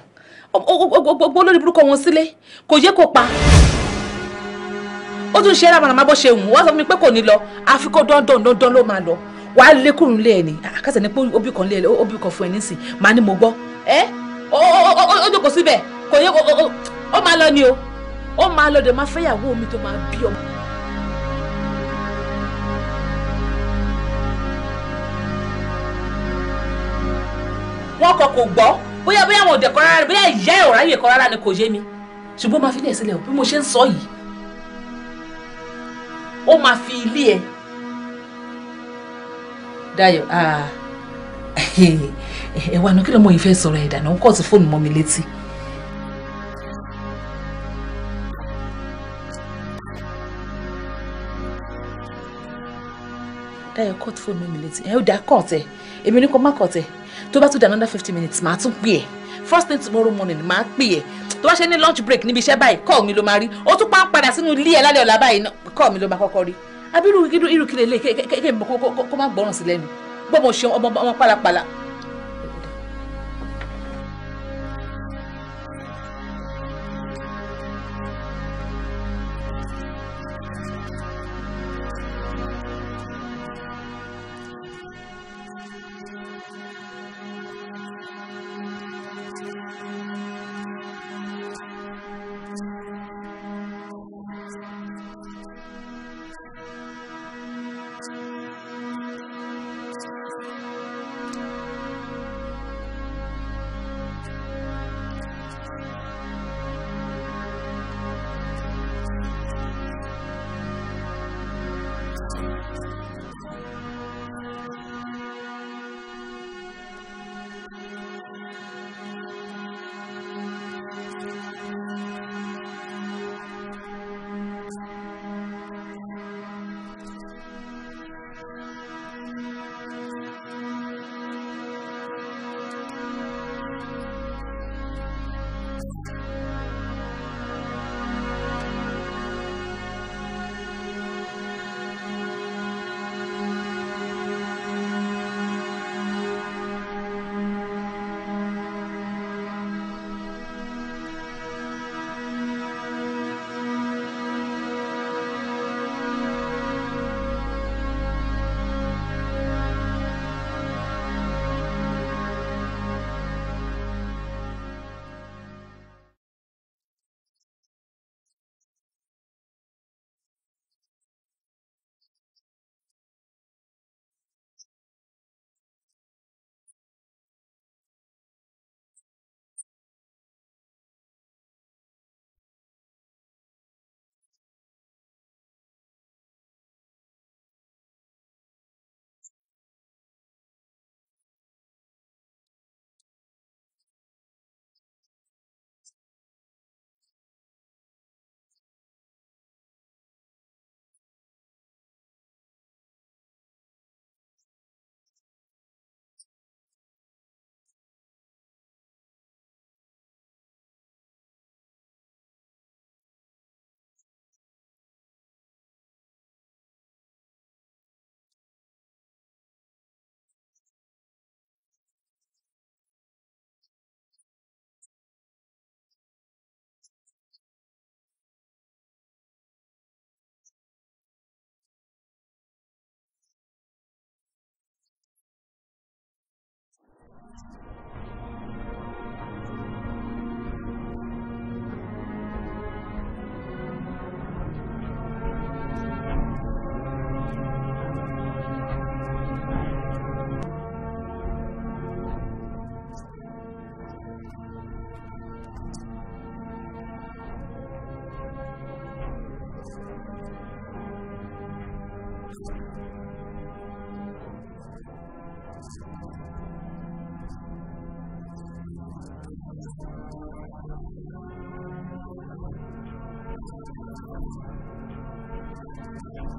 gbogbo olórí burúkọ wọn sílé kò yẹ kó pa ó tún ṣe rábàrà máa bọ́ ṣe wù wá sọ fún mi pé kò ní lọ àfi kó dandan dandan ló máa lọ wàá lékùrún lé ẹ ní àkàtà ni pé obì kan lé ẹ obì kan fún ẹ nísìn màá ní mo gbọ́ ẹ ó jókòó síbẹ̀ kò yẹ ó máa lọ ni o ó máa lọ dé máa fẹ́yàwó mi tó máa bí ọmọ. wọn kọ kò gbọ́ bóyá bóyá wọn ò dẹ̀ kọ́ rárá bóyá ìyá ẹ̀ ò ráyè kọ́ rárá ni kò yé mi ṣùgbọ́n máa fi ilé ẹ̀ sílẹ̀ bí mo ṣe ń sọ yìí ó máa fi ilé ẹ̀ Dayọ̀ ah, [LAUGHS] ẹ wà nù kí ló mọ ìfẹ́ sọ̀rọ̀ ẹ̀dà náà ó kọ́ ti fóònù mọ́ mi létí. Táyọ̀ cut phone mi létí ẹ ó dá court? ẹ èmi ní kó má court. ẹ tó bá tún dá another fifty minutes màá tún pè ẹ first thing tomorrow morning màá pè ẹ tó bá ṣe ní lunch break níbi iṣẹ́ báyìí call mi ló máa rí ó tún pa ń padà sínú ilé ẹ lálẹ́ ọ̀la báyìí call mi ló máa kọ́kọ́ rí abirú irú kí lè lè kéèké kó má gbọ́ràn sí lẹ́nu gbọ́mọ̀ ṣeun ọmọ pálapàla Thank you.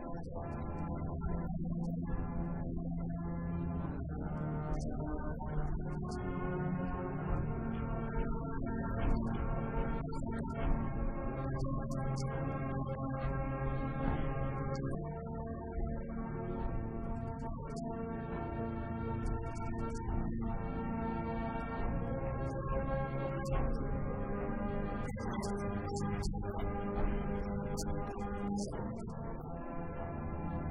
Ha, ha! Oh ho!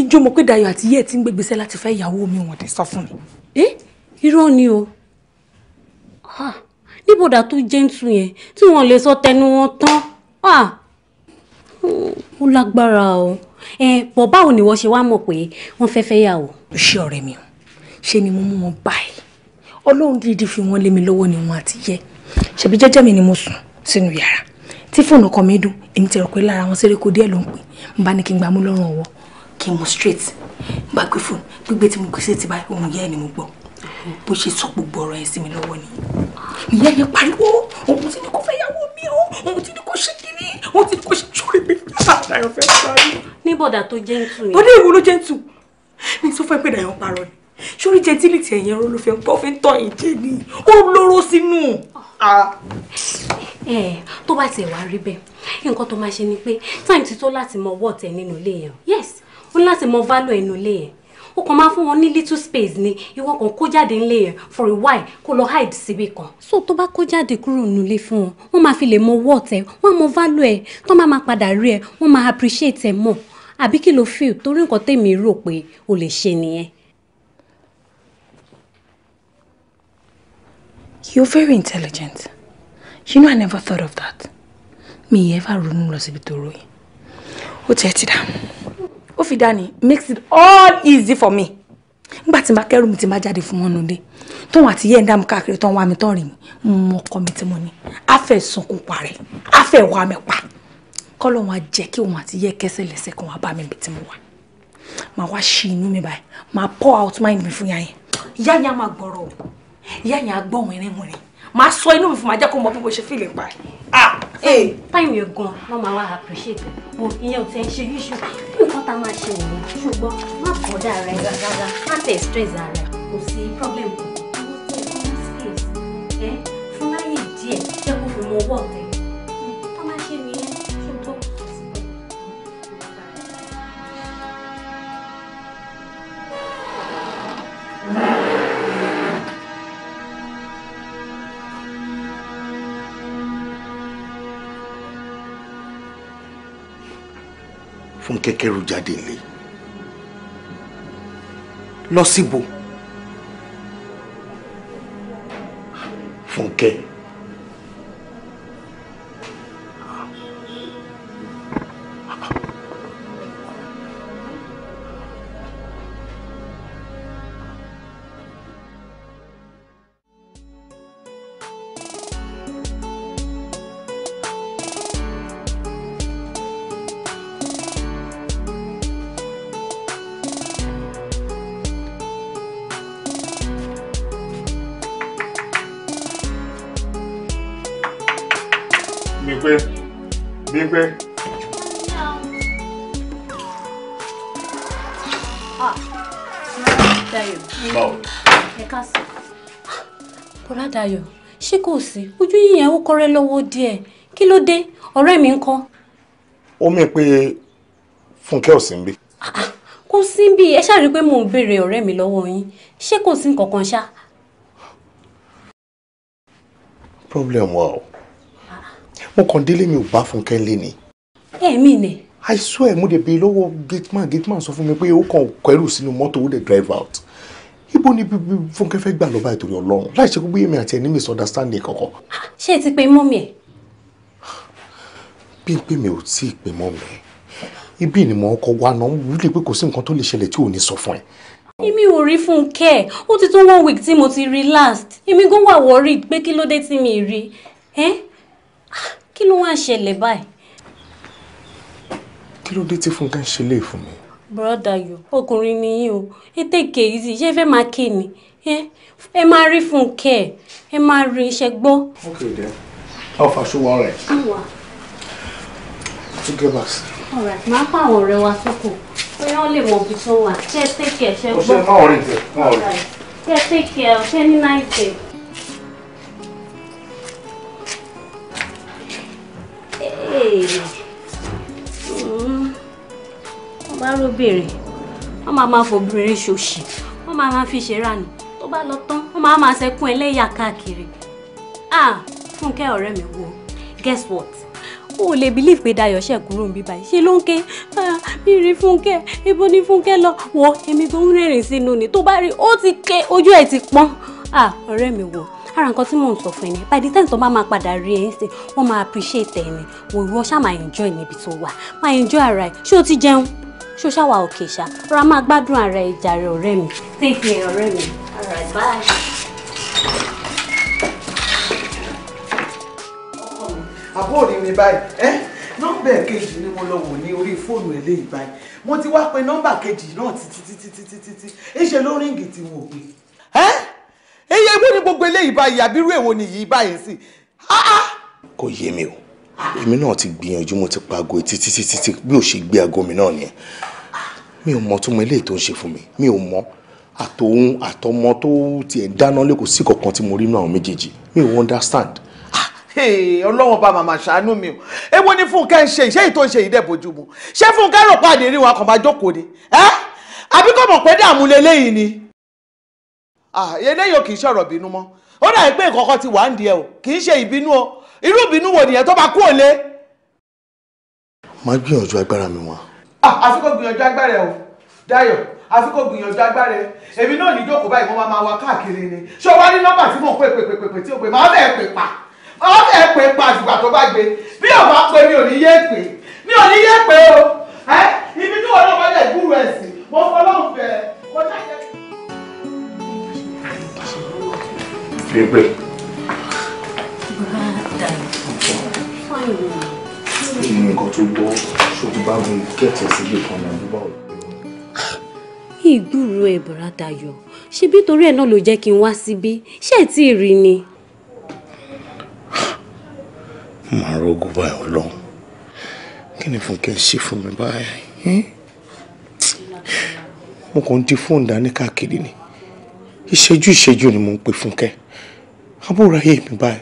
ìjọ mọ̀ pé Dayọ̀ àti yẹ́ ti ń gbégbèsẹ́ láti fẹ́ ìyàwó mi wọ́n ti sọ fún mi. ẹ irọ́ ni o níbòdà tó jẹ́ǹtù yẹn tí wọ́n lè sọ tẹnu wọn tán ó lágbára o bọ̀ báwo ni wọ́n ṣe wá mọ̀ pé wọ́n fẹ́ fẹ́ yàwó. ṣé ọ̀rẹ́ mi o ṣe ni mo mú wọn báyìí ọlọ́run dídí fi wọ́n lé mi lọ́wọ́ ni wọ́n àti yẹ ṣebí jẹ́jẹ́ mi ni mo sùn sínú yàrá tí fóònù ọkọ mi dùn èmi ti rò pé lára wọn ṣeré kó díẹ̀ ló ń pè ń bá ní kí n gbà mú lọ́rùn ọwọ́ kí n mú straight gbàgbé fóònù gbígbé tí mo gbé sí ti báyìí ohun yẹ́ ni mo gbọ́ bó ṣe sọ gbogbo ọ̀rọ̀ ẹ̀ sí mi lọ́wọ́ ni ìyá yẹn pariwo òun ti ní kó fẹ́ yàwó mi o òun ti ní kó ṣe kiri òun ti ní kó ṣe jọ́rí mi àtàyàn fẹ́ parí. ní bọ̀dà tó gentle yẹn. bọ́dà ìwo ló gentle mi sọ fẹ́ pé dàyàn parọ́ ni sórí gentility ẹ̀yẹn ró ló fẹ́ pọ́ fi ń tọ́ yín jẹ́ ni ó lóró sínú. Ah. Ah. ẹ tó bá tiẹ̀ wá rí bẹ́ẹ̀ nǹkan tó máa ṣe ni pé time ti tó láti mọ wọ́ọ̀tẹ̀ nínú ilé yẹn yes ó láti mọ value ẹnu ilé yẹn ó kàn máa fún wọn ní little space ni ìwọ kan kó jáde ńlé yẹn for a while kó lọ hide síbi kan. so tó bá kó jáde kúrò nílé fún wọn wọn máa fi lè mọ worth wọn á mọ value ẹ tó máa máa padà rí ẹ wọn máa appreciate ẹ mọ àbí kí lo feel torí nǹkan tèmi rò pé o lè ṣe nìyẹn. You're very intelligent. You know I never thought of that. Mi ever ronú lọ síbi tó ròyìn. Ó tiẹ̀ ti dá ó fi dání makes it all easy for me nígbà tí máa kẹ́rù mi ti máa jáde fún wọn nulẹ̀ tóun àti yẹ́ ń dá mi káàkiri tóun wá mi tán rìn mí mo ọkọ mi tí mo ní a fẹ́ sunkún parẹ́ a fẹ́ wá mi pa kọ́lọ́hún á jẹ́ kí òun àti yẹ́ kẹsẹ̀ lẹ́sẹ̀ kan wá bá mi bí tí mo wà máa wá ṣí inú mi báyìí máa pour out mind mi fún yá yẹn yá yẹn á máa gbọ́rọ̀ ìyá yẹn á gbọ́ wìnrìn wìnrìn máa sọ inú mi fún máa jẹ́ kó mọ bí mo ṣe feel pa ah eh, eh. time yẹn gan wọ́n máa wá appreciate mo ìyẹn ò tẹ́ ń ṣe yíṣu bí nǹkan tá máa ṣe òun ṣùgbọ́n má bọ̀dá rẹ̀ gàgàgà má tẹ̀ stress rẹ̀ kò sí problem kò tó ní space fún láyè díẹ̀ jẹ́ kó fi mọ owó fún kékeré jáde nílé lọ síbo fúnkẹ́. sí ojú yíyan ó kọ́rẹ́ lọ́wọ́ díẹ̀ kí ló dé ọ̀rẹ́ mi ń kọ́. ó mì pé fúnkẹ́ ò sí ń bí. Ah, kò sí bí ẹ ṣáà rí i pé mò ń béèrè ọ̀rẹ́ mi lọ́wọ́ yín ṣé kò sí nǹkan ṣá. problem wa o mo kàn délé mi ò bá fúnkẹ́ lé ni. ẹ̀mí ni. I swear mo dẹ̀ bi lọ́wọ́ gateman gateman sọ fún mi pé ó kàn kẹ́rù sínú mọ́tò ó dẹ̀ drive out ibo ni fúnkẹ́ fẹ́ gbà lọ́ba ìtòrí ọlọ́run láì ṣe gbogbo èmi àti ẹni misunderstanding kankan. ṣé ẹ ti pe mọ́mì ẹ̀. bí n pè mí ò tí ì pe mọ́mì ẹ̀ ibi ni mo kọ wa náà mo rí pé kò sí nǹkan tó lè ṣẹlẹ̀ tí ò ní sọ fún ẹ. èmi ò rí fúnkẹ́ ó ti tó one week tí mo ti rí last èmi gan wà worried pé kí ló dé tí mi rí ẹ kí ló wá ṣẹlẹ̀ báyìí. kí ló dé tí fúnkẹ́ ń ṣe léè fún mi broda yo ọkùnrin ni yín o ẹ tèké yìí sì ṣé ẹ fẹ́ máa ké ni ẹ máa rí Fúnkẹ́ ẹ máa rí iṣẹ́ gbọ́. okay then how far ṣe wọ́n rẹ̀. to get back. alright máa pa àwọn ọ̀rẹ́ wa sóko bóyá wọ́n lè mọ ibi tó wà ṣé ẹ tèké ẹ ṣe gbọ́. ọṣẹ máa rí ìtẹ máa rí. ṣé ẹ ọṣẹ ní náà ìtẹ. Hey. Mm wá róbèrè wọ́n máa máa fòbìnrin ṣòṣì wọ́n máa máa fi ṣèrànù tó bá lọ tán wọ́n máa máa ṣẹkún ẹlẹ́yà káàkiri ah fúnkẹ́ ọ̀rẹ́ mi wo guess what o ò lè believe pé Dayọ̀ ṣe kúrò níbí báyìí ṣe ló ń ké bí rí Fúnkẹ́ ibo ni Fúnkẹ́ lọ wọ èmi gan ń rẹ́rìn sínú ni tó bá rí ó ti ké ojú ẹ̀ ti pọ́n ọ̀rẹ́ mi wò ara nǹkan tí mò ń sọ fún ẹni by the time tó bá máa padà rí ẹ̀yìn sí wọ́n máa appreciate ẹni wò ìwọ ṣáà máa enjoy níbi tó wà máa enjoy ara ẹ̀ ṣé o ti jẹun ṣó ṣàwà òkè ṣá rọra máa gbádùn ara ẹ jàre ọ̀rẹ́ mi. take care ọ̀rẹ́ mi. all right bye. àbúrò ni mi báyìí ẹ nọ́mbà kejì ni mo lọ wò ní orí fóònù eléyìí báyìí mo ti wá pe nọ́mbà kejì náà títí títí títí títí ìṣe ló ríǹgì tí mo gbé. ẹ iye ewu ni gbogbo eléyìí báyìí àbírú èwo ni yìí báyìí sí. kò yé mi o èmi náà ti gbìyànjú mo ti paago títí títí bí ó ṣe gbé aago mi náà nìyẹn mi ò mọ túmọ̀ eléyìí tó ń ṣe fún mi mi ò mọ àtòun àtọmọ tó tiẹ̀ dáná lé kò sí kankan tí mo rí nínú àwọn méjèèjì mi ò understand. Ah, ọlọ́wọ́n bá màmá ṣàánú mi o èwo ni fúnkẹ́ ń ṣe ìṣe yìí tó ń ṣe yìí dẹ̀ bójú mu ṣé fúnkẹ́ rò pàdé rí wọn kàn máa jókòó ni àbí kò mọ̀ pé dààmú leléyìí ni ah, eléyìí ò kì í ṣọ̀rọ̀ bínú mọ́ ó dà pé ìkọ̀kọ̀ ti wà ń di ẹ o kì í ṣe ìbínú o irú ìbínú wo nìyẹn tó bá kú òlé. máa gbìyànjú agbára mi wọn. Ah, àfikò gbìyànjú agbára ẹ o Dayọ̀ àfikò gbìyànjú agbára ẹ èmi náà ní báyìí máa ni ṣé o wá ní nọ́mbà tí mò ń pè pè pè pè tí o pè máa bẹ̀ẹ́ pè pa máa bẹ̀ẹ́ pè pa tó gbé bí o bá mi ò ní yé mi ò o ibi tí wọn náà mo ṣojú bá mi kẹ̀tẹ̀ síbi kan ní àdúgbò ọ̀la. ìgbúrò ẹ̀ bọ̀rá dayọ̀ ṣebí torí ẹ̀ náà ló jẹ́ kí n wá síbí ṣé ẹ̀ tí ì rí ni. màá rogún báyìí ọlọ́run kí ni fúnkẹ́ ṣe fún mi báyìí mo kàn ń di fóònù dání káàkiri ni ìṣẹ́jú ìṣẹ́jú ni mo ń pè fúnkẹ́ abúráyé mi báyìí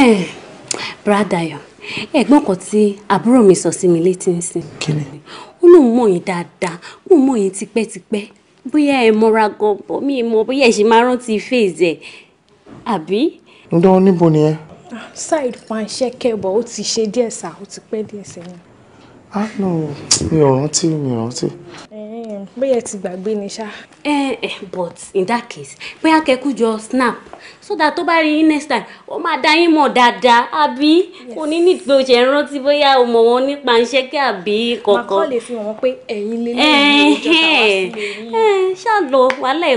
Eh, bradayo ẹ̀gbọ́n kan tí àbúrò mi sọ sí mi létí nísìn. kí ni. ó lóun mọ̀ yín dáadáa mo mọ̀ yín tipẹ́tipẹ́ bóyá ẹ mọra gọbọ mi mọ bóyá ẹ ṣe máa rántí fèèzì àbí. ǹdọ́ níbo ni ẹ. Ah, side fan ṣẹ́kẹ̀ bọ̀ ó ti ṣe díẹ̀ sá ó ti pẹ́ díẹ̀ sẹ́yìn á ah, nà mi ò rántí mi ò rántí. bóyá ẹ ti gbàgbé ni ṣá. ẹ ẹ but in that case bóyá kẹkú jọ snap so that tó bá rí next time ó máa dá yín mọ̀ dáadáa àbí òní ní pé o ṣe ń rántí bóyá o mọ̀ wọn nípa iṣẹ́ kí àbí kọ̀ọ̀kan. màá kọ́ lè fi hàn pé ẹ̀yin lè lè ní ìjọba wá sílé yín. ṣáà lọ wàhálà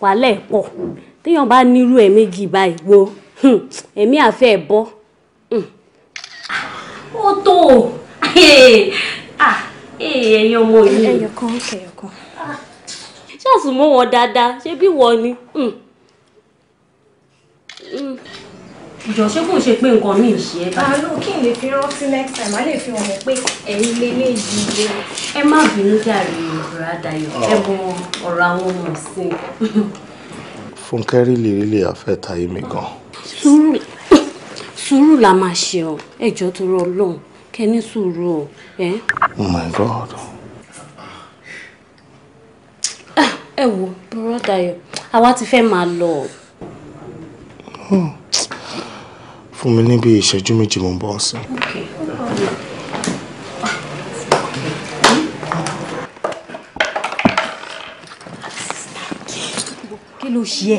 wàhálà ẹ̀ pọ̀ téèyàn bá nírú ẹ̀ méjì báyìí wo ẹ̀mí àfẹ́ ẹ̀ bọ́. Ah, ó tó [LAUGHS] ah, eh, ẹ̀yìn ọmọ yìí. ẹyọ kan ẹyọ kan. Ah, ṣáà sùn mọ́ wọn dáadáa ṣé bí wọ́n ni ìjọ ṣé kò ṣe pé nǹkan mi ì ṣe é bá. àánú ah, kí n lè fi rántí next time má lè fi hàn pé ẹ̀yin lè lè yí ilé. ẹ má bínú jàre ìrora dayọ̀ ah. ẹ mọ ọ̀rọ̀ àwọn ọmọ sí i. Fúnkẹ́ rìlì rìlì àfẹ́ta yìí mi gan. sùúrù sùúrù la máa ṣe ọ ẹjọ tó rọ Ọlọ́run kẹni sùúrù ọ. oh my god. Ah, ẹ wo bùrọ̀dà yọ àwa ti fẹ́ máa lọ. Hmm fún mi níbi ìṣẹ́jú méjì mo ń bọ̀ sí. kí ló ṣe ẹ.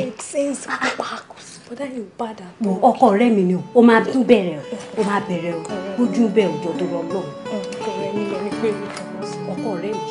Ah, ah, ah, ọkọ rẹ mi ni o o máa tún bẹ̀rẹ̀ o o máa bẹ̀rẹ̀ o ojú bẹ òjò tó rọ lọ. ọkọ rẹ ọkọ rẹ mi.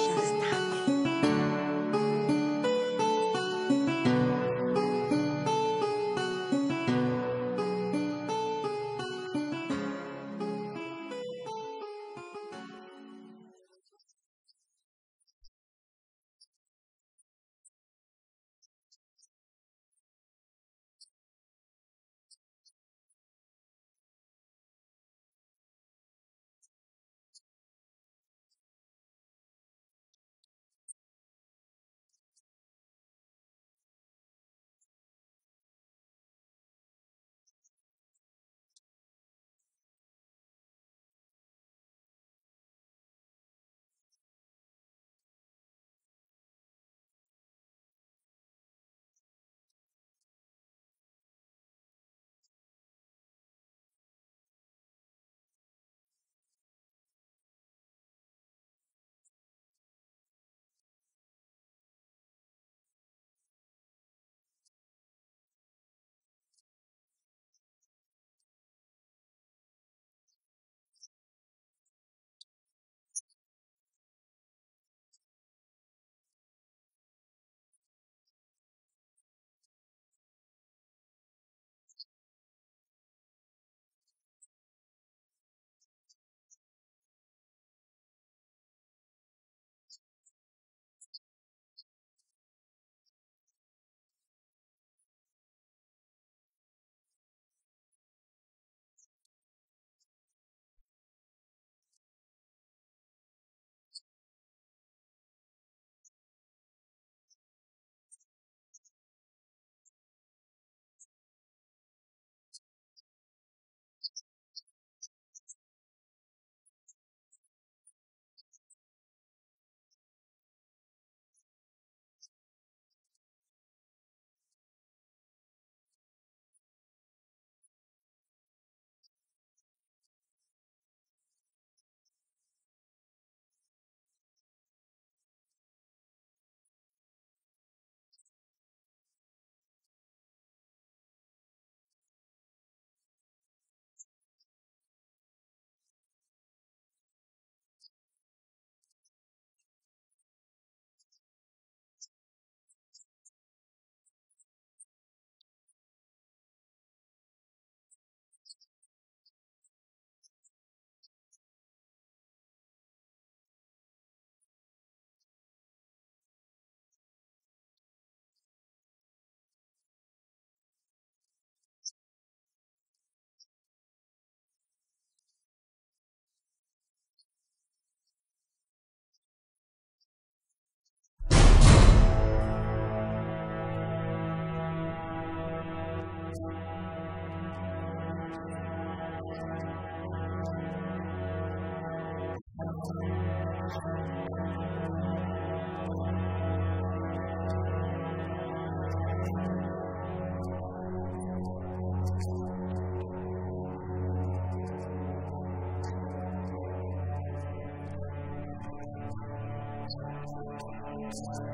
Christ.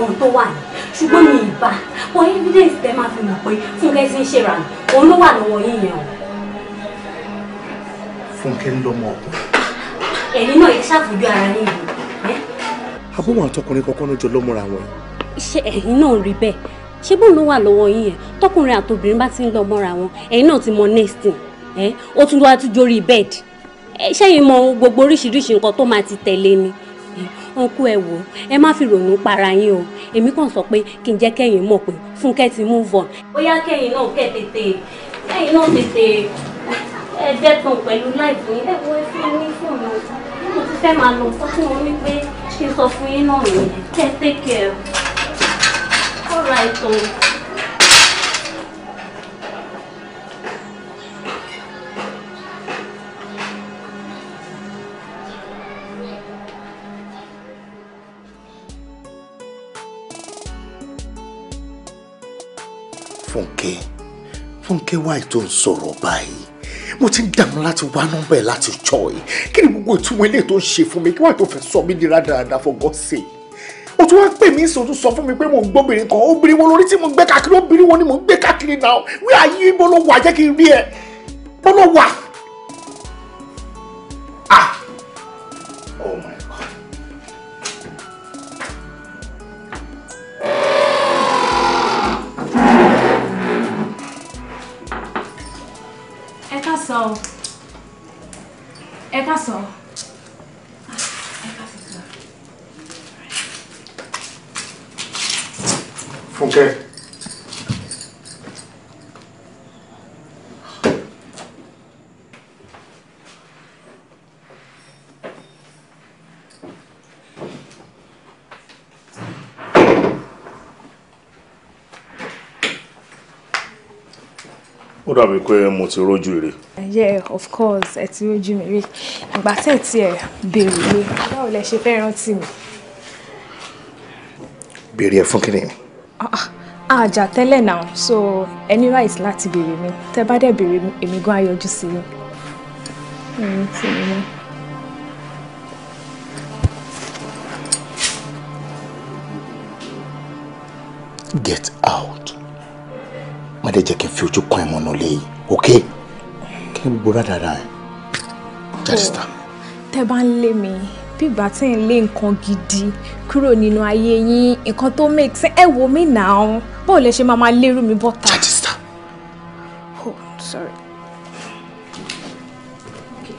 gbọ̀n tó wà ní ṣùgbọ́n mi ìbá wọ evidence tẹ máa fi mọ̀ pé fúnkẹ́ ti ń ṣèrànà òun ló wà lọ́wọ́ yín yẹn o. fúnkẹ́ ń lọ́mọ ọkùnrin. ẹ̀yin náà ẹ ṣàfojú ara yín yìí. abúmọ̀ àtọkùnrin kankan ló jọ lọ́mọra wọn. ṣé ẹ̀yin náà rí bẹ́ẹ̀ ṣé bóun ló wà lọ́wọ́ yín yẹn tọkùnrin àtobìnrin bá ti ń lọ mọ́ra wọn ẹ̀yin náà ti mọ nesting ó tún wá tún jórí bẹ́ẹ̀dì ṣẹ́yìn mọ gbogbo oríṣiríṣi nǹkan tó máa ti tẹ̀lé ni ọ̀nkú ẹ wò ẹ má fi ròyìn para yín o èmi kàn sọ pé kí n jẹ́ kẹ́yìn mọ̀ pé fúnkẹ́ ti move on. bóyá kẹ́yìn náà kẹ́ tètè kẹ́yìn náà tètè ẹ dẹ́tàn pẹ̀lú láìpẹ́ ẹ wo ẹ fún mi fún mi mo ti fẹ́ máa lọ sọ fún wọn wípé kí n sọ fún yín náà nìyẹn kẹ́ take care all right o. fúnkẹ́ fúnkẹ́ wáyé tó ń sọ̀rọ̀ báyìí mo ti ń dààmú láti wá nọ́mbà ẹ̀ láti jọ ẹ̀ kí ni gbogbo ìtumọ̀ eléyìí tó ń ṣe fún mi kí wàá tó fẹ́ sọ mí di rádaràda for God's sake o tún wá pè mí sọ tún sọ fún mi pé mo ń gbóbìnrin kan obìnrin wo lórí tí mo ń gbé káàkiri obìnrin wo ni mo ń gbé káàkiri náà wí ayé ibo ló wà jẹ́ kí n rí ẹ bọ́lọ́ dàbí pé mo ti rójú ire. yeah of course ẹ ti rójú mi rí ìgbà tẹ̀ tí ẹ béèrè mi báwo lẹ ṣe fẹ́ rántí mi. béèrè ẹ fún kíni. àjà ah, ah, tẹ́lẹ̀ náà so ẹni right láti béèrè mi tẹ́ bá dẹ̀ béèrè èmi gan ayọjú sí i. ẹ̀yin tí mi náà. Get out má dẹ̀ jẹ́ kí n fi ojú kan ẹ̀mọ́ nù léyìí ok kí n bora dáadáa ẹ̀ jáde síta. tẹ́ bá ń lé mi bí ìgbà tí ń lé nǹkan gidi kúrò nínú ayé yín nǹkan tó make sense ẹ wò mí nà án báwo lẹ ṣe máa máa lérú mi bọ́ta. jáde síta. oh sorry. Okay.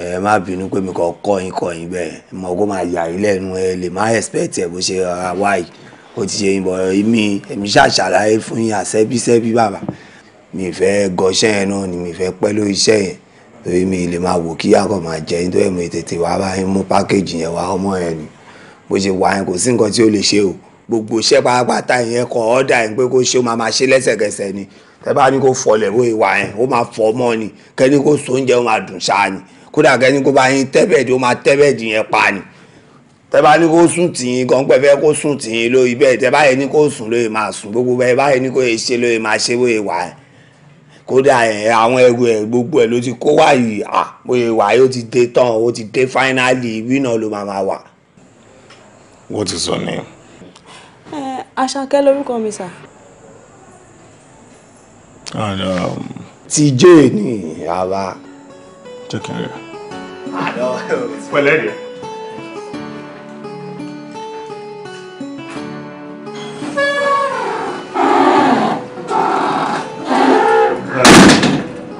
ẹ má bínú pé mi kàn kọ́ yín kọ́ yín bẹ́ẹ̀ mo kó máa yà yín lẹ́nu ẹ lè má expect ẹ bó ṣe ara wá yìí ó ti ṣe yín bọ̀ èmi èmi ṣàṣàlàyé fún yín àṣẹ́bíṣẹ́bí bàbá mi fẹ́ gọṣẹ́ yẹn náà ni mi fẹ́ pẹ́ lórí iṣẹ́ yẹn torí mi lè máa wò kí akọ̀ máa jẹ yín tó yẹ mo tètè wá bá yín mú pákéjì yẹn wá ọmọ yẹn ni bó ṣe wà yẹn kò sí nǹkan tí ó lè ṣe o gbogbo iṣẹ́ pátápátá yẹn kọ ọ́dà yẹn pé kó ṣe ó máa máa ṣe lẹ́sẹ̀kẹsẹ̀ ni tẹ́ bá ní kó fọlẹ̀ wó ìwà yẹn ó máa fọ ọmọ ni kẹ́ni kó so oúnjẹ ó máa dùn ṣáà ni kódà kẹ́ni kó bá yín tẹ́bẹ̀dì ó máa tẹ́bẹ̀dì yẹn pa ni tẹ́bá ní kó sùn tì yín gan pẹ́fẹ́ kó sùn tì yín lórí bẹ́ẹ̀ tẹ́bá yẹn ní kó sùn lóye máa sùn gbogbo bẹ́ẹ̀ bá yẹn ní kó ṣe lóye máa ṣe bóye wà ẹ̀ kódà ẹ̀ àwọn ẹrù ẹ̀ gbogbo ẹ̀ ló ti kó wà yìí à bóye wà yóò ti dé tán ó ti dé fáínálì wínà ló máa máa wà. wọ́n ti sọ ni. ẹ Àṣàkẹ́ mi sà. Um, tíjé ni àwa jẹ́ kí n rí ọ. pẹ̀lẹ́ rí ẹ.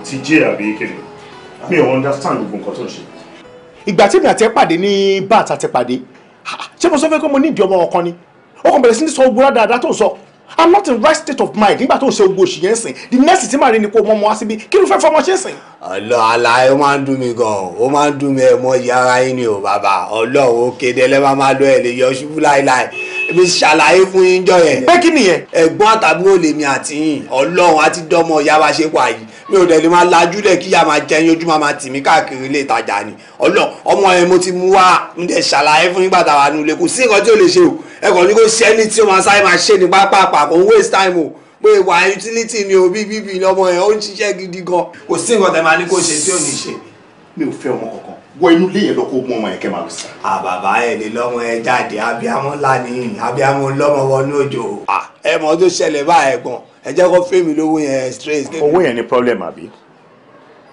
ti jẹ́ àbí kéde mi ò understand gbogbo nǹkan tó ń ṣe. ìgbà tí mi àti ẹ pàdé ní bá àtàtẹ pàdé ṣé mo sọ fẹ́ pé mo ní ìdí ọmọ ọkàn ni ó kàn bẹ̀rẹ̀ sí ní sọ ogun rádaràda tó ń sọ i'm not in right state of mind nígbà tó ń ṣe gbogbo òṣì yẹn sìn the next tí màá rí ni kó mọ ọmọ wá síbi kí ló fẹ́ fọmọ ṣe sìn. ọlọ ala ó máa ń dùn mí gan ó máa ń dùn mí ẹ mọ ìyá yín ni o bàbá ọlọ́run ó kéde ẹlẹ́wàá máa lọ ẹ̀ lè yọ ṣubú láéláé èmi ṣàlàyé fún yín jọ yẹn. pé kí nìyẹn. ẹ̀gbọ́n àtàbúrò lèmi àti yín ọlọ́run àti dọ́mọ ìyá wa ṣe wà yìí mi ò dẹ̀ lè máa lajú lẹ̀ kí ìyá máa jẹun ojú máa máa tì mí káàkiri ilé ìtajà ni ọlọ́run ọmọ yẹn mo ti mú wá mo dẹ̀ ṣàlàyé fún yín gbàtà wà nulẹ̀ kò sí nǹkan tí ò lè ṣe o ẹ kàn ní kó ṣe ẹni tí ó máa sáré máa ṣe ní pápá waste time o pé wà utility ni o bíbí ni ọmọ yẹn ó ń ṣiṣẹ́ gidi gan kò sí nǹkan tẹ̀ máa ní kó ṣe tí ò ní ṣe mi ò fẹ́ ọmọ kọ̀ọ̀kan wọ inú ilé yẹn lọ kó mú ọmọ yẹn kẹ́ máa lọ sí. àbàbà ẹ lè lọmọ ẹ jáde abiyamọ ńlá ni abiyamọ lọmọ wọnú òjò. ẹ mọ tó ṣẹlẹ̀ báyẹn gan ẹ jẹ́ kó fíìmù lówó yẹn straight. owó yẹn ni problem àbí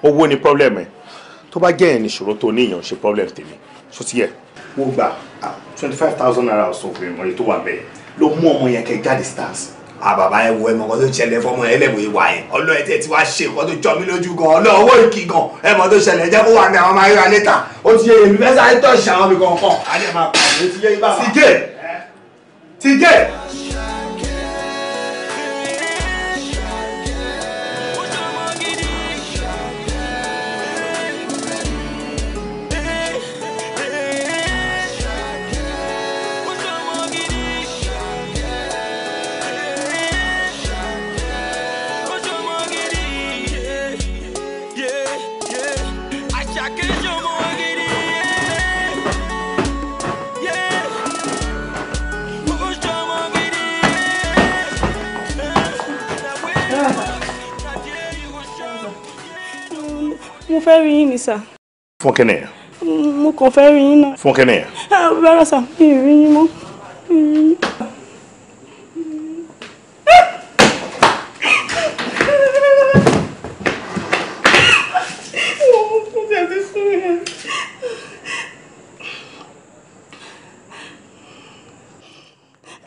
owó ni problem ẹ tó bá jẹ́ yẹn ni ìṣòro tó níyàn ṣe problem tèmi ṣó ti yẹ. wọ́n gba twenty five thousand naira ọ̀sán òfin ìmọ̀ye tó wà bẹ́ẹ̀ ló mú ọmọ yẹn kẹ́ jáde stars à bàbá ẹ wo ẹ mọ nǹkan tó ṣẹlẹ̀ fọmọ ẹ lẹ́wọ̀ ìwà yẹn ọlọ́ ẹ tẹ́ ti wá ṣe nǹkan tó jọ mí lójú gan ọlọ́ ọwọ́ ìkì gan ẹ mọ tó ṣẹlẹ̀ jẹ́ kó wà ní àwọn máa ríra létà ó ti yé èmi fẹ́ sáré tọ́ṣì àwọn ibì kọ̀ọ̀kan á dẹ̀ máa ti yé ibà. tìjẹ́ tìjẹ́. ni sà. fúnkẹ́ mo kàn fẹ́ rí yín náà. fúnkẹ́ nìyẹn. Ah, rárá sà mi ì rí yín mọ́.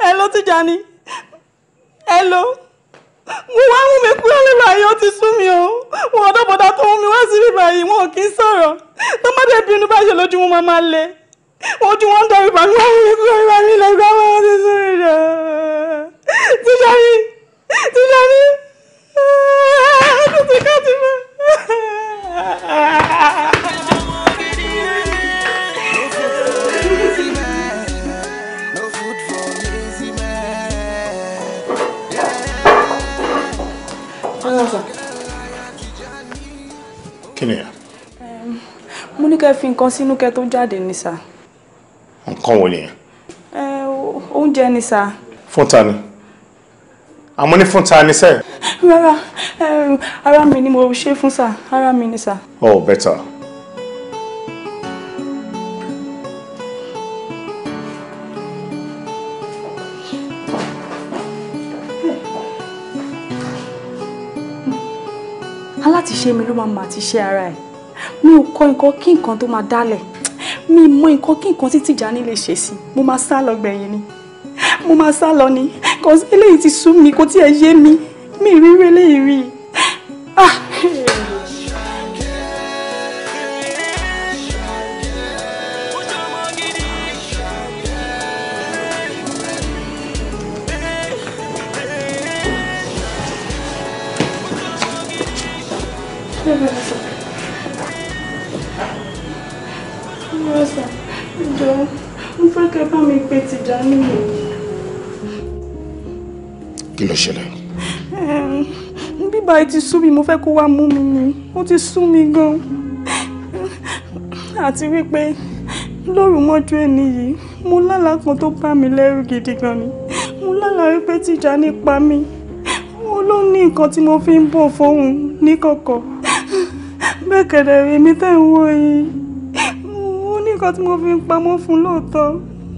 Hello, Tijani. Hello mo wá mú mi kúrò nígbà yìí ó ti sú mi o wọn ọ̀dọ́bọ̀dá tó mú mi wá sí bíbá yìí wọn ò kí ń sọ̀rọ̀ tọ́mọdé bínú báyìí lójú wọn máa máa le ojú wọn ń dọ̀rù bá mi wọ́n mú mi kúrò nígbà mi lẹ́gbẹ́ wọn ó ti sú mi rẹ̀ tíṣà mi tíṣà mi ó ti ká ti mọ́. kí ni yà. mo ní kẹ́ fi nǹkan sínú kẹ́ tó jáde ni sà. nǹkan wo nìyẹn. oúnjẹ ni sà. fún ta ni àmọ́ ní fún ta ni sẹ́ẹ̀. rárá ara mi ni mo ṣe fún sà ara oh better. alátiṣe mi ló máa máa ti ṣe ara ẹ̀ mi ò kọ́ nǹkan kí nǹkan tó máa dálẹ̀ mi mọ nǹkan kí nǹkan tí Tìjání lè ṣe sí mo máa sá lọ gbẹ̀yìn ni mo máa sá lọ ni kò sí eléyìí ti sú mi kò tiẹ̀ yé mi mi rí eléyìí rí ah. [LAUGHS] Rosa, jọ, mo fẹ́ kẹ́ bá mi pé ti dání mi. Kí ló ṣẹlẹ̀? Bíbá ti sú mi, mo fẹ́ kó wá mú mi ni. Ó ti sú mi gan. Àti wípé lóru mọ́jú ẹni yìí, mo lálàá kan tó bá mi lẹ́rù gidi gan ni. Mo lálàá wípé tìjà nípa mi. Ó ló ní nǹkan tí mo fi ń bọ̀ fóun níkọ̀kọ̀ bẹ́ẹ̀ kẹ̀dẹ̀ èmi tẹ̀ ń wò yìí mo ní nǹkan tí mo fi ń pamọ́ fún lóòótọ́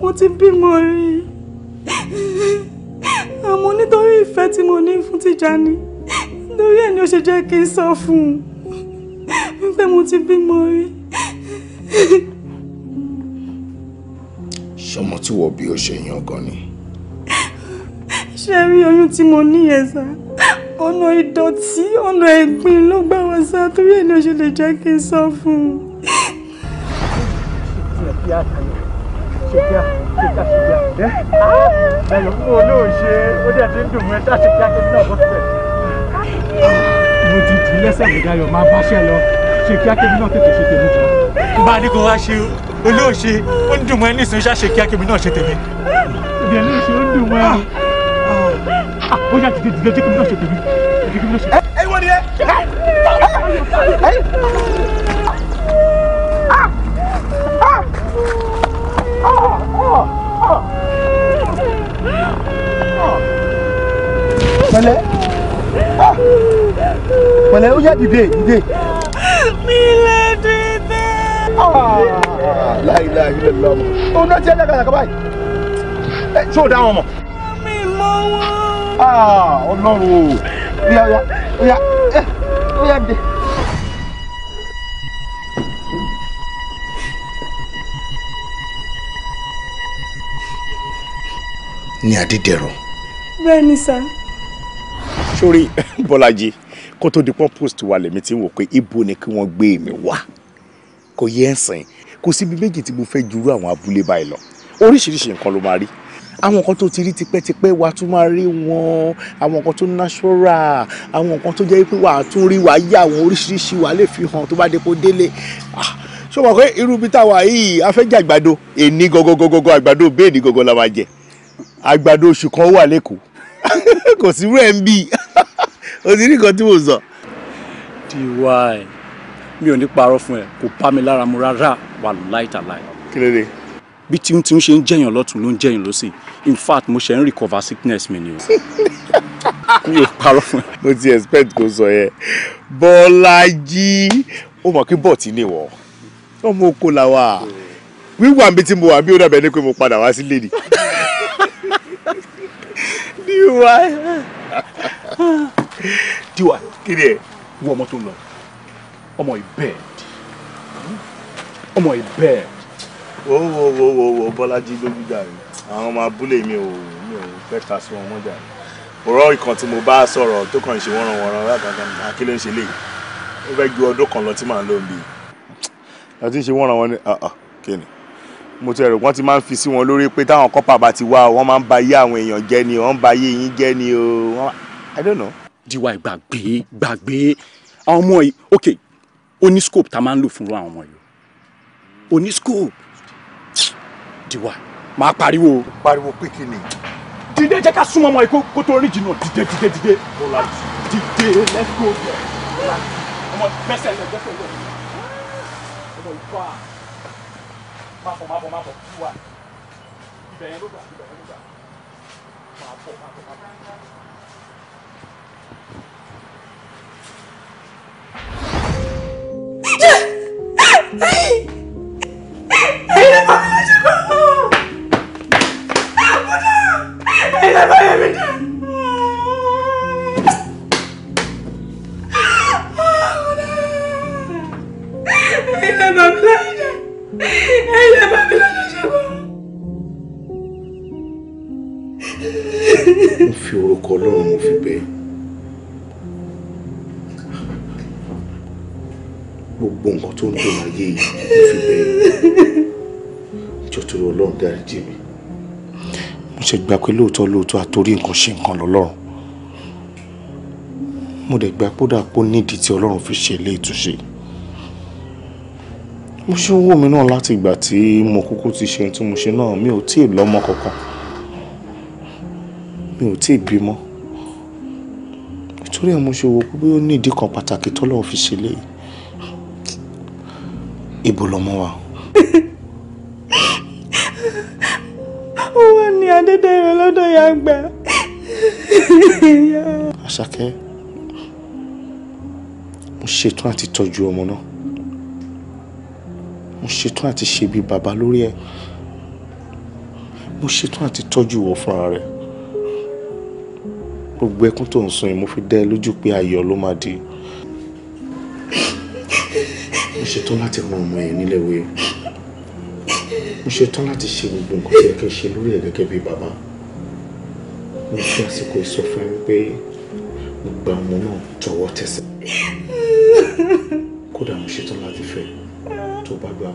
mo ti bímọ rí i àmọ́ nítorí ìfẹ́ tí mo ní fún Tijani nítorí ẹ̀ ni ó ṣe jẹ́ kí n sọ fún un wípé mo ti bímọ rí i. ṣọmọ tí wọ́n bí ó ṣe yan gan ni. ṣé rí oyún tí mo ní yẹn sá ọ̀nà ìdọ̀tí ọ̀nà ẹ̀gbin ló gbà wá sá torí ẹ̀ ní oṣù lè jẹ́ kí n sọ fún un. ẹ̀yọ̀ fún olóòṣe ó dẹ̀ ti ń dùn mọ́ ẹ dá ṣe kí akéwì náà bọ́ síbẹ̀. mo ti tì lẹ́sẹ̀ mi dayọ̀ máa báṣẹ́ lọ ṣe kí akéwì náà tètè ṣe tèmi jọ. bá a ní kó wá ṣe olóòṣe ó ń dùn mọ́ ẹ nísìnyí ṣáṣe kí akéwì náà ṣe tèmi. ìbẹ̀lú ó ń dùn mọ́ ẹ ó yà dìde dìde jẹ́ kí mi náà ṣe tèmi jẹ́ kí mi náà ṣe. ẹ wọ́n ni ẹ. pẹ̀lẹ́ pẹ̀lẹ́ ó yà dìde dìde. mi lè dìde. láìláì lè lọ́mọ. òun náà ti ẹ̀ lẹ́gàdà kọ́ báyìí. ṣé o dá wọn mọ̀. mi mọ wọn. Ah, ọlọ́run o oya oya oya oya de. ní adídẹ̀rọ. bẹ́ẹ̀ ni sá. sórí [LAUGHS] bọ́lájí kó tó di pọ́n post wa lèmi ti ń wò pé ibo ni kí wọ́n gbé mi wá kò yẹ ẹ̀sìn kò síbi méjì tí mo fẹ́ jurú àwọn abúlé báyìí lọ oríṣiríṣi nǹkan ló máa rí àwọn nǹkan tó ti rí tipẹ́tipẹ́ wà tún máa rí wọn àwọn nǹkan tó natural àwọn nǹkan tó jẹ́ pé wà á tún rí wà á yà àwọn oríṣiríṣi wà á lè fi hàn tó bá depo délé ah, ṣé o mọ̀ pé irú bí táwa yìí a àgbàdo èní gọgọgọgọgọ àgbàdo bẹ́ẹ̀ gọgọ la máa jẹ àgbàdo oṣù kan wà lẹ́kọ̀ọ́ [LAUGHS] kò sí rẹ̀ ń bì o ti rí nǹkan tí mo sọ. diwa mi ò ní parọ́ fún ẹ kò pa mi lára mu rárá wà láìtàláì. kí ló dé bí tí tí ń ṣe ń jẹyàn lọ́tún ló ń jẹyàn lọ́sì in fact mo ṣe ń recover sickness mi ni o mi parọ́ fún ẹ. mo ti expect kó sọ yẹn Bọ́lájí ó mọ̀ pé bọ́ọ̀tì lè wọ̀ ọmọ oko la wa wíwà mi tí mo wà bí ó dàbẹ̀ ni pé mo padà wá sílé ni. diwa diwa kí ẹ wọ ọmọ tó ń lọ ọmọ ìbẹ́ẹ̀d ọmọ ìbẹ́ẹ̀d wo wo wo wo wo bọ́lájí lójú jàre àwọn ọmọ abúlé mi ò mi ò fẹ́ ka sí wọn mọ́ jàre ọ̀rọ̀ ìkan tí mo bá sọ̀rọ̀ tó kàn ń ṣe wọ́nranwọ́nran látàkàn kí ló ń ṣe lè ó fẹ́ ju ọdún kan lọ tí màá lò ń bi. àti ṣe wọ́nranwọ́n ni ah, ah, kí ni mo ti rẹ̀ wọ́n ti máa ń fi sí wọn lórí pé táwọn kọ́pà bá ti wá wọ́n máa ń ba ayé àwọn èèyàn jẹ́ ni wọ́n ń ba ayé yín jẹ́ ni o I don't know. diwa gbàgbé gbàgbé àwọn ọmọ yìí ok oní scope tá a máa ń lò fún àwọn ọmọ yìí oní dìde wá máa pariwo. pariwo pé kí ni. dìde jẹ́ ká súnmọ́ ọmọ ikú kó tó rìn jìnnà dìde dìde dìde. dìde let's go there. ọmọ bẹ́sẹ̀ lẹ bẹ́sẹ̀ lẹ. ọmọ ikú a máa bọ̀ máa bọ̀ máa bọ̀ kú wa. ibẹ̀ yẹn ló gbà ibẹ̀ yẹn ló gbà. máa bọ̀ máa bọ̀ máa bọ̀. Hey! ilé báyìí mi jẹ́. ilé bàbá mi jẹ́ ilé bàbá mi jẹ́ bọ́. mo fi orúkọ ọlọ́run mo fi bẹ́ẹ̀. gbogbo nǹkan tó ń dùn ayé yìí mo fi bẹ́ẹ̀. ìjọ tó lọ ọlọ́run dáríjì mi mo ṣe gbà pé lóòótọ́ lóòótọ́ àtòrí nǹkan ṣe nǹkan lọ́lọ́run mo dẹ̀ gbà pé ó dàpọ̀ nídìí tí ọlọ́run fi ṣe ilé ìtúnṣe mo ṣe ń wò mí náà láti ìgbà tí mo kúkú ti ṣe ohun tí mo ṣe náà mi ò tíì lọ́mọ kankan mi ò tíì bímọ nítorí ẹ̀ mo ṣe wò pé ó ní ìdí kan pàtàkì tọ́lọ́run fi ṣe léyìí ibo lọmọ wa. sọ́dọ̀ ìyá àgbà. àṣàkẹ́ mo ṣetán àti tọ́jú ọmọ náà mo ṣetán àti ṣe bí bàbá lórí ẹ̀ mo ṣetán àti tọ́jú wọ fúnra rẹ̀ gbogbo ẹkún tó ń sun yìí mo fi dá ẹ lójú pé ayọ̀ ló máa di mo ṣetán láti ran ọmọ yẹn nílẹ̀ wẹ̀ mo ṣetán láti ṣe gbogbo nǹkan tí ẹ kẹ́ ṣe lórí ẹ̀ gẹ́gẹ́ bí bàbá mo fi àsìkò sọ fún ẹ pé gbogbo àwọn náà tọwọ́ tẹsẹ̀ kódà mo ṣetán láti fẹ́ tó bá gbà.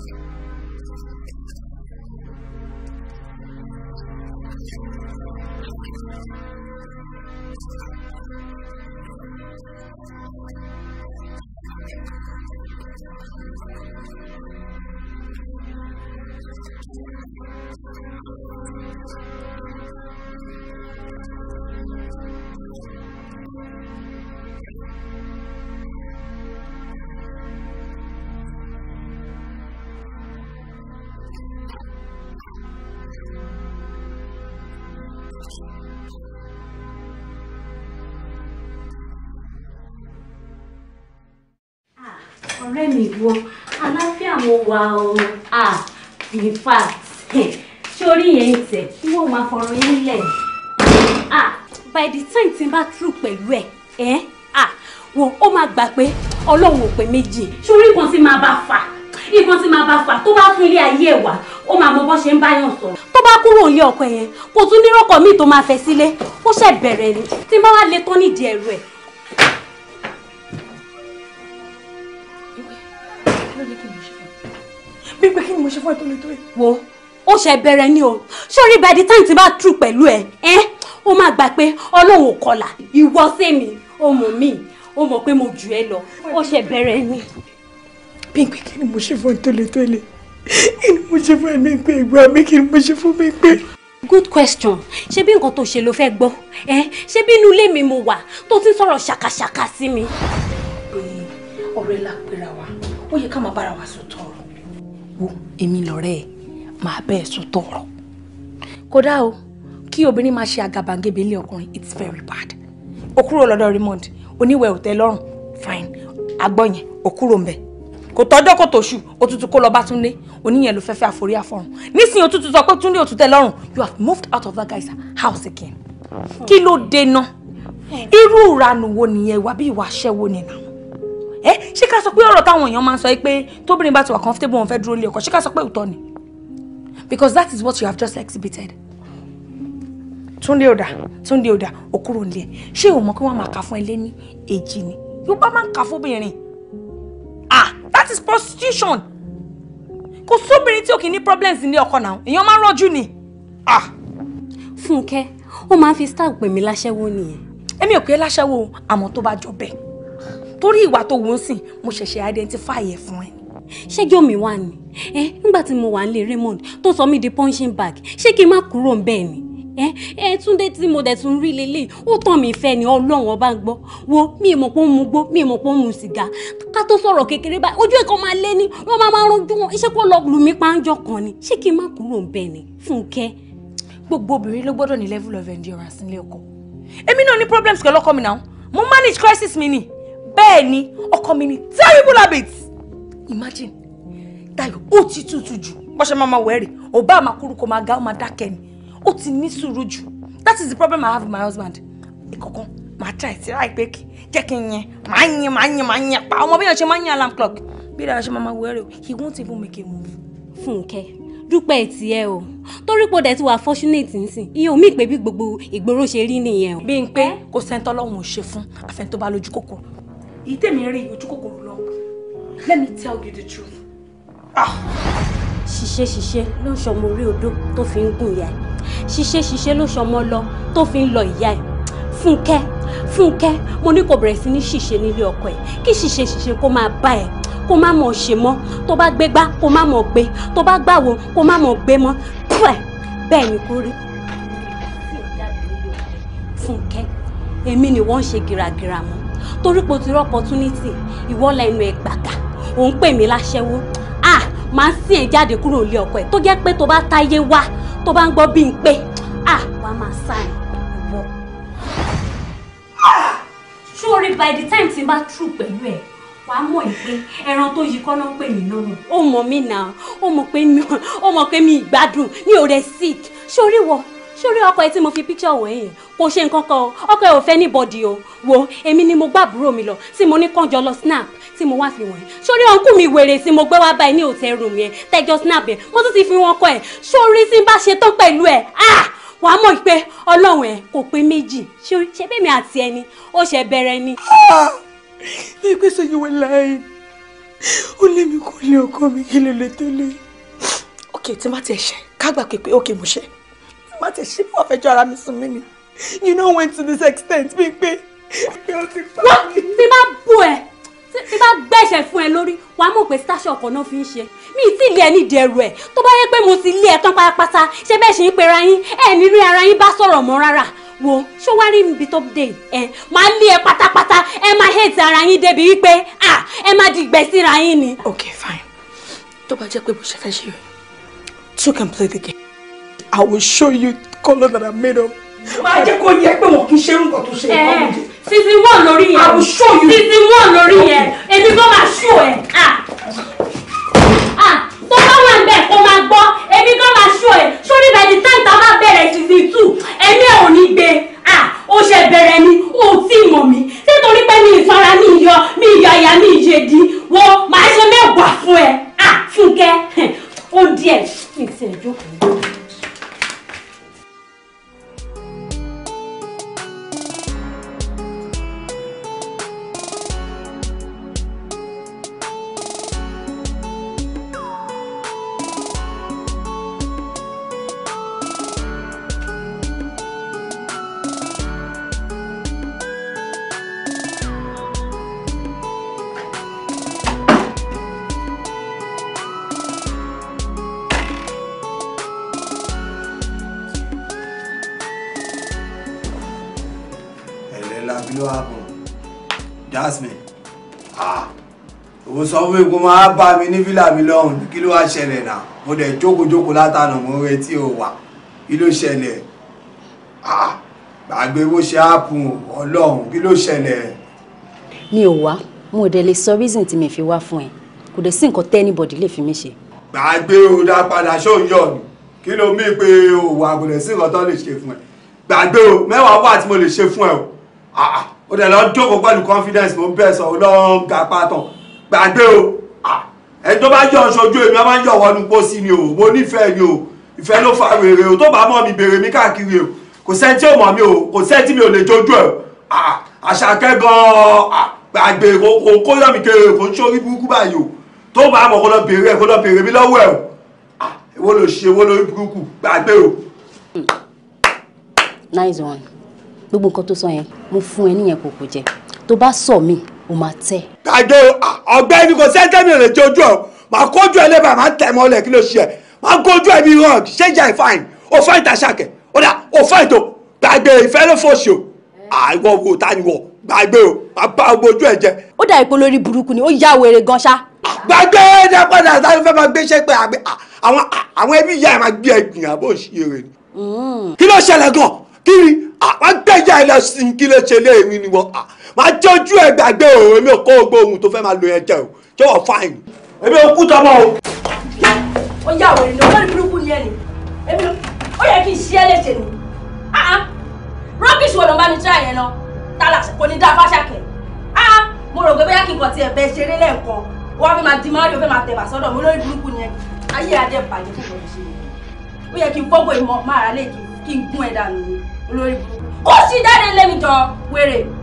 Thank you. ọ̀rẹ́ mi aláfíà mo wà o ah in fact sórí yẹn ń tẹ̀ kí wọ́n máa fọ̀rọ̀ yín lẹ̀ by the time tí n bá true pẹ̀lú ẹ̀ ẹ́ ah wọn ó máa gbà pé ọlọ́run ò pé méjì sórí nǹkan tí máa bá fà nǹkan tí máa bá fà tó bá tún ilé ayé ẹ̀ wá ó máa mọ bó ṣe ń báyàn sọ. tó bá kúrò ilé ọkọ yẹn kò tún nírọ̀kọ̀ míì tó máa fẹ́ sílé ó ṣẹ̀ bẹ̀rẹ̀ ni tí n bá wá le tán nídìí ẹ̀rù ẹ̀ bí pé kí ni mo ṣe fún ẹ tó lè tó yìí. wo ó ṣe bẹ̀rẹ̀ ni o sórí by the time tí bá tú pẹ̀lú ẹ ẹ ó máa gbà pé ọlọ́run kọlà ìwọ sẹ́mi ó mọ̀ mí ó mọ̀ pé mo jù ẹ lọ ó ṣe bẹ̀rẹ̀ ni. bí pé kí ni mo ṣe fún ẹ tó kí ni mo ṣe fún ẹ pé ìgbà mi kí ni mo ṣe fún mi pé good question ṣé bí nǹkan tó ṣe ló fẹ́ gbọ́ ẹ ṣé bí inú ilé mi mo wà tó ti sọ̀rọ̀ ṣàkàṣàkà sí mi. pé ọ̀rẹ́ la pera wa ó yẹ ká máa bára wa sọ̀tọ̀ wo èmi lọ́rẹ́ ẹ̀ máa bẹ́ẹ̀ sọ tọ̀rọ̀ kódà o kí obìnrin máa ṣe àgàbàǹgebè ilé ọkùnrin it's very bad o kúrò lọ́dọ̀ Raymond oníwẹ̀ òtẹ́ lọ́rùn fine agbọ́yẹn o kúrò ń bẹ̀ kò tọ́jọ́ kò tòṣù o tútù kó lọ bá Túndé oníyẹn ló fẹ́fẹ́ àforí àfọ̀rùn nísìnyí o tútù sọ pé Túndé òtútẹ́ lọ́rùn you have moved out of that guy's house again kí ló dé náà irú ìranù wo nìyẹn wàbí ìwà aṣẹ́wó nìyẹn ẹ eh, ṣé ká sọ pé ọ̀rọ̀ táwọn èèyàn máa ń sọ pé tóbìnrin bá ti wà comfortable òun fẹ́ dúró lé ọkọ ṣé ká sọ pé òótọ́ ni because that is what you have just exhibited. Túndé ọ̀dà Túndé ọ̀dà òkúrò nílé ṣé o mọ̀ pé wọ́n máa kà fún ẹ lẹ́ni èjì ni Yorùbá máa ń kà fóbìnrin ah that is prostitution kò sóbìnrin tí o kì í ní problems ní ọkọ náà èèyàn máa ń rọ́jú ni ah. Fúnkẹ́ ó máa ń fi star pè mí láṣẹ́wó nìyẹn. èmi ò pé láṣẹ́wó àmọ́ tó bá jọ bẹ́ẹ̀ torí ìwà tó wò ó sìn mo ṣẹ̀ṣẹ̀ identify ẹ̀ fún ẹ. ṣé jọ́mi wà ní ẹ nígbà tí mo wà nílé Raymond tó sọ mí di punching bag ṣé kí n má kúrò ń bẹ́ẹ̀ ni ẹ Túndé tí mo dẹ̀ tún rí lélẹ̀ ó tàn mí fẹ́ ni ọlọ́run ọba gbọ́ wo mi mọ̀ pé ó mu gbó mi mọ̀ pé ó mu sìgá ká tó sọ̀rọ̀ kékeré báyìí ojú ẹ̀kọ́ máa lé ní wọ́n máa máa rọ́jú wọn iṣẹ́ kó lọ lù mí páńjọ kan ni ṣé kí n má kúrò ń bẹ́ẹ̀ ni Fúnkẹ́. gbogbo obìnrin ló gbọ́dọ̀ ní level of endurance nílé ọkọ èmi náà ní problems pẹ̀lú ọkọ mi náà mo manage crisis mi ni bẹ́ẹ̀ ni ọkọ mi ní terrible habit imagine Dayọ̀ ó ti tutù jù bọ́sẹ̀ máa ma wẹ̀rì ò àmà kúrú máa ga ó máa dákẹ́ ni ó ti ní sùúrù jù that is the problem I have with my husband ìkọ̀kan màá try ti ra kí jẹ́ kí n yẹn màá yẹn màá yẹn màá yẹn pa ọmọ bí yẹn ṣe máa ń yẹn alarm clock bí Dayọ̀ ṣe máa ma wẹ̀rì he won't even make a move. Fúnkẹ́ dúpẹ́ ti ẹ o torí pé ọdẹ ti wà fortunate nsìn iye omi ìpè bí gbogbo ìgboro ṣe rí nìyẹn o. bí n pé kò sẹ́ńtọ́ lọ́hùn ò ṣe fún àfẹ́ntóbá kòkòrò ìtẹ̀mí rí lọ let me tell you the truth. Ah. ṣiṣẹ́ ṣiṣẹ́ ló ń ṣọmọ orí odó tó fi ń gùn ìyá ẹ̀ ṣiṣẹ́ ṣiṣẹ́ ló ṣọmọ lọ tó fi ń lọ ìyá ẹ̀ fúnkẹ́ fúnkẹ́ mo ní kò bẹ̀rẹ̀ sí ní ṣìṣe nílé ọkọ ẹ̀ kí ṣìṣe ṣìṣe kó máa bá ẹ̀ kó má mọ̀ ṣe mọ́ tó bá gbé gbá kó má mọ̀ gbé tó bá gbàwó kó má mọ̀ gbé mọ́ bẹ́ẹ̀ ni kò rí fúnkẹ́ èmi ni wọ́n ṣe gìràgìrà mọ́ torí pé ti rí opportunity ìwọ la ẹ gbàgà òun pè mí láṣẹ́wó ah máa sì ẹ̀ jáde kúrò ilé ọkọ ẹ̀ tó jẹ́ pé tó bá táyé wá tó bá ń gbọ́ bí n pé ah wàá máa sá ìwọ. sórí by the time tí n bá trù pẹ̀lú ẹ̀ wàá mọ̀ ẹ́ pé ẹran tó yí kọ́nà pè mí lọ́nà. ó mọ̀ mí náà ó mọ̀ pé mi ò gbádùn mi ò rẹ̀ sick sórí wọ sórí ọkọ ẹ tí mo fi píkṣọ wò yẹn kò ṣe nǹkan kan o ọkọ ẹ ò fẹ́ níbọ̀dì o wo èmi ni mo gbá àbúrò mi lọ tí mo ní kànjọ lọ snap tí mo wá fi wọ̀n ẹ́ sórí ọkùn mi wèrè tí mo gbé wá báyìí ní hotel room yẹn tẹ́jọ́ snap yẹn mo tún ti fi wọn kọ ẹ̀ sórí tí n bá ṣe tán pẹ̀lú ẹ̀ ah wàá mọ̀ pé ọlọ́run ẹ̀ kò pé méjì ṣe bẹ́ẹ̀mi àti ẹni ó ṣe bẹ̀rẹ̀ ni. ẹgbẹ́ ah! sọ yìí wọ́n láàyè ó lé mi kó lé ọkọ mi kí lè lè tó lé. òkè tí má ti ẹ̀ ṣe kágbà pé pé má tẹ̀ ṣe wọ́n fẹjọ́ ara mi sùn mí ni you know when to this extent bíi pé pé o ti pa mí. wá tí bá bú ẹ tí bá gbẹ̀ṣẹ̀ fún ẹ lórí wà á mọ̀ pé stasio ọkọ̀ náà fi ń ṣe mi ì tí ì lé ẹ nídìí ẹ tó bá yẹ pé mo ti lé ẹ tán pátápátá ṣé bẹ́ẹ̀ ṣe ń pera yín ẹ ní rí ara yín bá sọ̀rọ̀ mọ́ rárá wo ṣó wá rí ibi tó dé ẹ máa lé ẹ pátápátá ẹ máa hate ara yín débi wípé à ẹ máa di gbẹ síra yín ni. ok fine tó bá jẹ́ pé bó ṣe fẹ́ ṣe two can play the game. I will show you color that I made up. Máa jẹ́ kó yẹ pé wọ́n kì í ṣe nǹkan tó ṣe ìwọ́n eh, mi. Season one lórí yẹn. I will show you. Season one lórí yẹn. Èmi gan máa ṣó ẹ̀. Ah. Ah, tó bá wà ń bẹ̀ kó máa gbọ́. Èmi gan máa ṣó ẹ̀. Sórí bẹ̀rẹ̀ time tá a máa bẹ̀rẹ̀ season two. Èmi ẹ̀ ò ní gbé. Ah, ó ṣe bẹ̀rẹ̀ ni, ó tí mọ̀ mí. Nítorí pé mi ìfara mi ìyọ, mi ìyọ ìyá mi ìyèdí. Wo màá ṣe mẹ́wàá fún ẹ. Fúnkẹ́, ó díẹ̀. Mi ti ẹ̀ jókòó. kò sọ fún mi kó máa bá mi ní fílà mi lọ́hùn kí ló wá ṣẹlẹ̀ náà mo dẹ̀ jókòó jókòó látànà mo retí o wà kí ló ṣẹlẹ̀ ah, gbàgbé bó ṣe ápùn ọlọ́run kí ló ṣẹlẹ̀. mi ò wá mo dẹ̀ lè sọ reason tí mi fi wá fún ẹ kò dẹ̀ sí nǹkan tẹ́ anybody lè fi mí ṣe. gbàgbé o dá padà ṣóòyọ̀ ni kí ló mí pé o wà kò dẹ̀ sí nǹkan tó lè ṣe fún ẹ gbàgbé o mẹ́wàá wà tí mo lè ṣe fún ẹ o ó ah, ah, dẹ̀ lọ jókòó pẹ̀lú confidence mo bẹ̀ sọ ọ lọ́ọ́ gapá tán gbàgbé o ẹjọ́ bá yọ̀ ṣojú èmi ọmọ yọ̀ wọnú pósí mi o mo nífẹ̀ẹ́ mi o ìfẹ́ ló fa wèrè o tó bá mọ̀ mi bèrè mi káàkiri o kò sẹ́ni ò mọ̀ mi o kò sẹ́ni mi ò lè jojú ẹ̀ àṣàkẹ́ gan-an gbàgbé kò kó yọ̀ mi kéré kò ń sórí burúkú báyìí o tó bá mọ̀ kó lọ bèrè ẹ̀ kó lọ bèrè mi lọ́wọ́ ẹ̀ o èwo ló ṣe èwo lórí burúkú gbàgbé o. Hmm. nice one gbogbo nǹkan tó sọ yẹn mo fún ẹ níyẹn kò kò jẹ tó bá sọ mí o máa tẹ. gbàgbé ọ̀gbẹ́ni kò sẹńtẹmì rẹ jojú ọ màá kójú ẹ lébà màá tẹ mọ lẹ kí ló ṣe ẹ màá kójú ẹ mi hàn ṣéjà ìfàyìn ó fà ìtàṣàkẹ ó dà ó fà ìtò gbàgbé ìfẹ́ ló fòṣì o àìwọ wo ta ni wọ gbàgbé o màá bá ojú ẹ jẹ. ó dà ipò lórí burúkú ni ó yá wèrè gan ṣá. gbàgbé ẹni apádà sáré fẹ́ máa gbéṣẹ́ pé àwọn àwọn ẹbí ìyá ẹ máa gbé ẹgbìn àbò ṣiyèrè ni. Hmm. kí ló ṣẹlẹ̀ gan kí ni àwọn gbẹ̀jà ẹ lọ sí kí ló ṣe lé èmi ni wọ́n máa jẹ́ ojú ẹ̀ gbàgbé o èmi ò kó gbogbo ohun tó fẹ́ máa lo yẹn jẹ o ṣé wọ́n fáìn. èmi ò kú tọmọ o. ó yà wèrè ní olórí burúkú ni ẹ ní èmi ó yẹ kí n ṣí ẹ léṣe ni ah, ah. rọ́bìṣì wo ló ń bá mi tíra yẹn lọ tálà kò ní dá fáṣàkẹ́ ah, mo rò pé bóyá kí n kàn tiẹ̀ bẹ́ẹ̀ ṣeré lẹ́ẹ̀kan wọ́n fi máa di máa rí o fẹ́ máa tẹ̀bà sọ́dọ̀ mi olórí burúkú ni ẹ ayé adé bàjẹ́ fún ìwọ̀n ìṣe ó yẹ kí n fọ́gbọ̀ ìmọ̀ máa rà lè kí n gún ẹ̀ dànù olórí burúkú kó sì jáde lẹ́nu jọ wèrè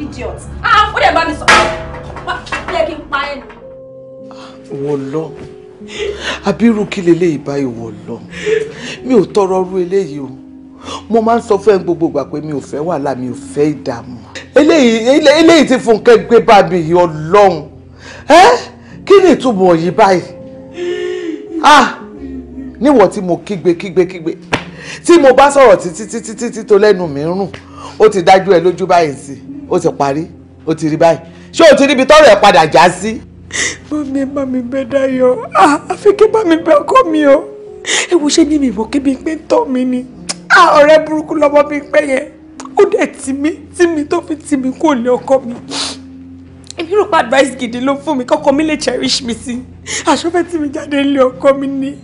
idiot ah ó dẹ̀ bá mi sọ yẹ kí n pa ẹ́ nu. wọ́n lọ abirú kí leléyìí báyìí wọ́n lọ mi ò tọrọ ọrú eléyìí o mo máa ń sọ fún ẹ gbogbo ìgbà pé mi ò fẹ́ wàhálà mi ò fẹ́ ìdààmú eléyìí eléyìí tí Fúnkẹ́ gbé bá mi yìí ọlọ́run ẹ́ kí ni ìtumọ̀ yìí báyìí ah níwọ̀n tí mo kígbe kígbe kígbe tí mo bá sọ̀rọ̀ títí títí títí tó lẹ́nu mi rùn ó ti dájú ẹ lójú báyìí sí ó ti parí ó ti rí báyìí ṣé o ti ríbi tọ́rọ̀ ẹ padà já sí. mami bá mi bẹ Dayọ̀ àfi ah, kí bá mi bẹ ọkọ mi o ẹ wo ṣé mi ìmọ̀ kí mi pé ń mi ni ah, ọ̀rẹ́ burúkú lọ́mọ mi pẹ́ yẹn ó dẹ̀ tì mí tì mí tó fi tì mí kó lé ọkọ mi èmi rò pé advice gidi ló fún mi kọ́kọ́ mi lè cherish mi sí àṣọfẹ́ tí mi jáde nílé ọkọ mi ni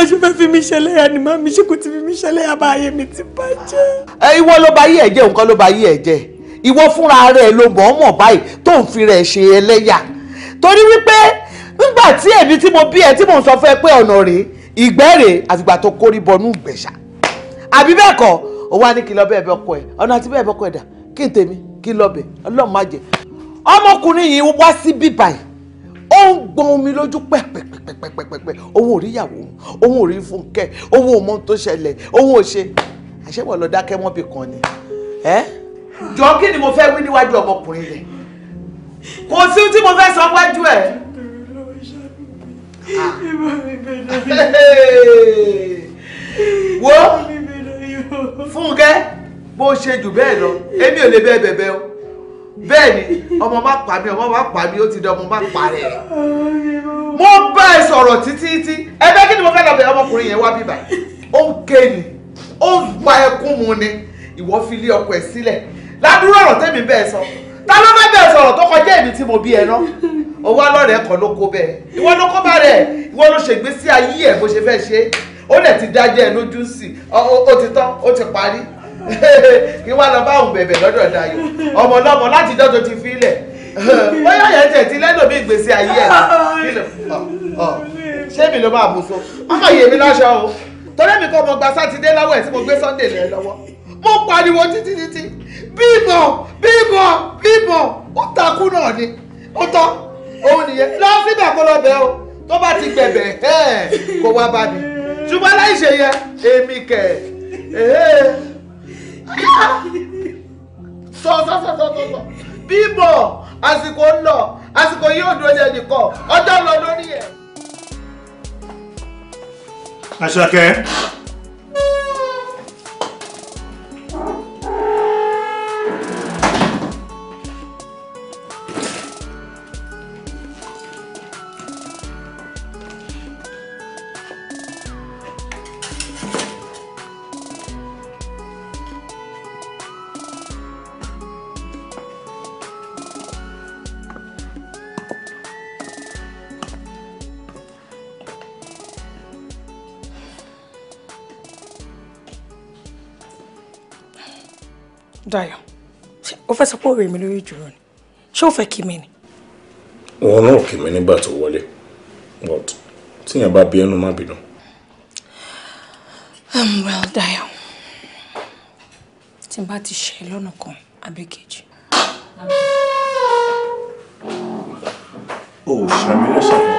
àṣọfẹ́ fi mi ṣẹlẹ́yà ni má mi ṣe kò ti fi mi ṣẹlẹ́yà bá ayé mi ti bàjẹ́. ẹ ìwọ ló bá yí ẹ jẹ nǹkan ló bá yí ẹ jẹ ìwọ fúnra rẹ ló mọ̀ ọ́ mọ̀ báyìí tó ń fi rẹ̀ ṣe ẹlẹ́yà torí wípé nígbà tí èmi tí mo bí ẹ tí mò ń sọ fún ẹ pé ọ̀nà rèé ìgbẹ́ rèé àfìgbà tó kórí bọnú ìgbẹ̀ṣà àbí bẹ́ẹ̀ kọ́ òun á ní kí lọ bẹ́ẹ̀ bẹ́ ọkọ ẹ ọ̀nà àti bẹ́ẹ̀ bẹ́ ọkọ ẹ dà kí n tèmi kí n lọ bẹ̀ ọlọ́run má jẹ́ ọmọkùnrin yìí wá sí bíbá yìí ó ń gbọn omi lójú pẹ̀pẹ̀pẹ̀pẹ̀pẹ̀ òun ò rí ìyàwó òun ò rí fúnkẹ́ òun ò mọ ohun tó ṣẹlẹ̀ òun ò ṣe àṣẹwọ̀ lọ dákẹ́ mọ́bì kan ni jọ kí ni mo fẹ́ wí níwájú ọmọkùnrin yẹn kò sí tí mo fẹ́ sọ wájú ẹ̀. wo fúnkẹ́ bó ṣe jù bẹ́ẹ̀ lọ èmi ò lè bẹ́ẹ̀ bẹ̀bẹ̀ o bẹ́ẹ̀ ni ọmọ má pa mí ọmọ má pa mí ó ti di ọmọ má pa rẹ̀ ah, mo bá ẹ sọ̀rọ̀ títí títí ẹgbẹ́ kí ni mo fẹ́ lọ bẹ ọmọkùnrin yẹn wá bíbá ó ń ké ni ó ń gba ẹkún mu ni ìwọ fi lé ọkọ ẹ sílẹ̀ ládùúrọ̀ ọ̀rọ̀ tẹ́mi bẹ́ẹ̀ sọ ta ló bá bẹ̀ sọ̀rọ̀ tó kọjá èmi tí mo bí ẹ ná owó alọ́rẹ̀ẹ́ kan ló kó bẹ́ẹ̀ ìwọ ló kó bá rẹ̀ ìwọ ló ṣègbésí ayé ẹ̀ bó ṣe fẹ́ ṣe ó lẹ̀ ti dájẹ́ ẹ lójú sí ó ti tán ó ti parí [LAUGHS] kí wá lọ bá òun bẹ̀bẹ̀ lọ́dọ̀ Dayọ̀ ọmọ ọlọ́mọ láti dọ́tò ti fi ilẹ̀ [LAUGHS] bóyá yẹn tẹ̀ ti lẹ́nu bí ìgbésí ayé ẹ̀ [LAUGHS] ṣé mi ló máa mú so ọmọ yìí mi láṣọ o torí mi kọ́ mo gba sátidé lọ́wọ́ ẹ̀ tí mo gbé Sunday lẹ́ lọ́wọ́ mo pariwo títí títí bímọ bímọ bímọ ó takú náà ni ó tán òun nìyẹn lọ síbẹ̀ kó lọ bẹ̀ o tó bá ti gbẹ̀bẹ̀ kó wá bá mi ṣùgbọ́n láì ṣe yẹ èmi kẹ̀ ẹ̀ẹ́ sọ sọ sọ sọ sọ bíbọ̀ àsìkò ń lọ àsìkò yóò dúró jẹ nìkan ọjọ́ lọ lórí ẹ̀. Àṣàkẹ́. Dayọ̀ ó fẹ́ sọ pé òwe mi lórí ìjòrò ni ṣé ó fẹ́ kí mi ni. wọn náà kì mí nígbà tó wọlé but tíyẹn bá bí ẹnu má bínú. Um, well Dayọ̀ tí n bá ti ṣe lọ́nà kan àbí kejì. o ò ṣàmì lọ́sàn kan.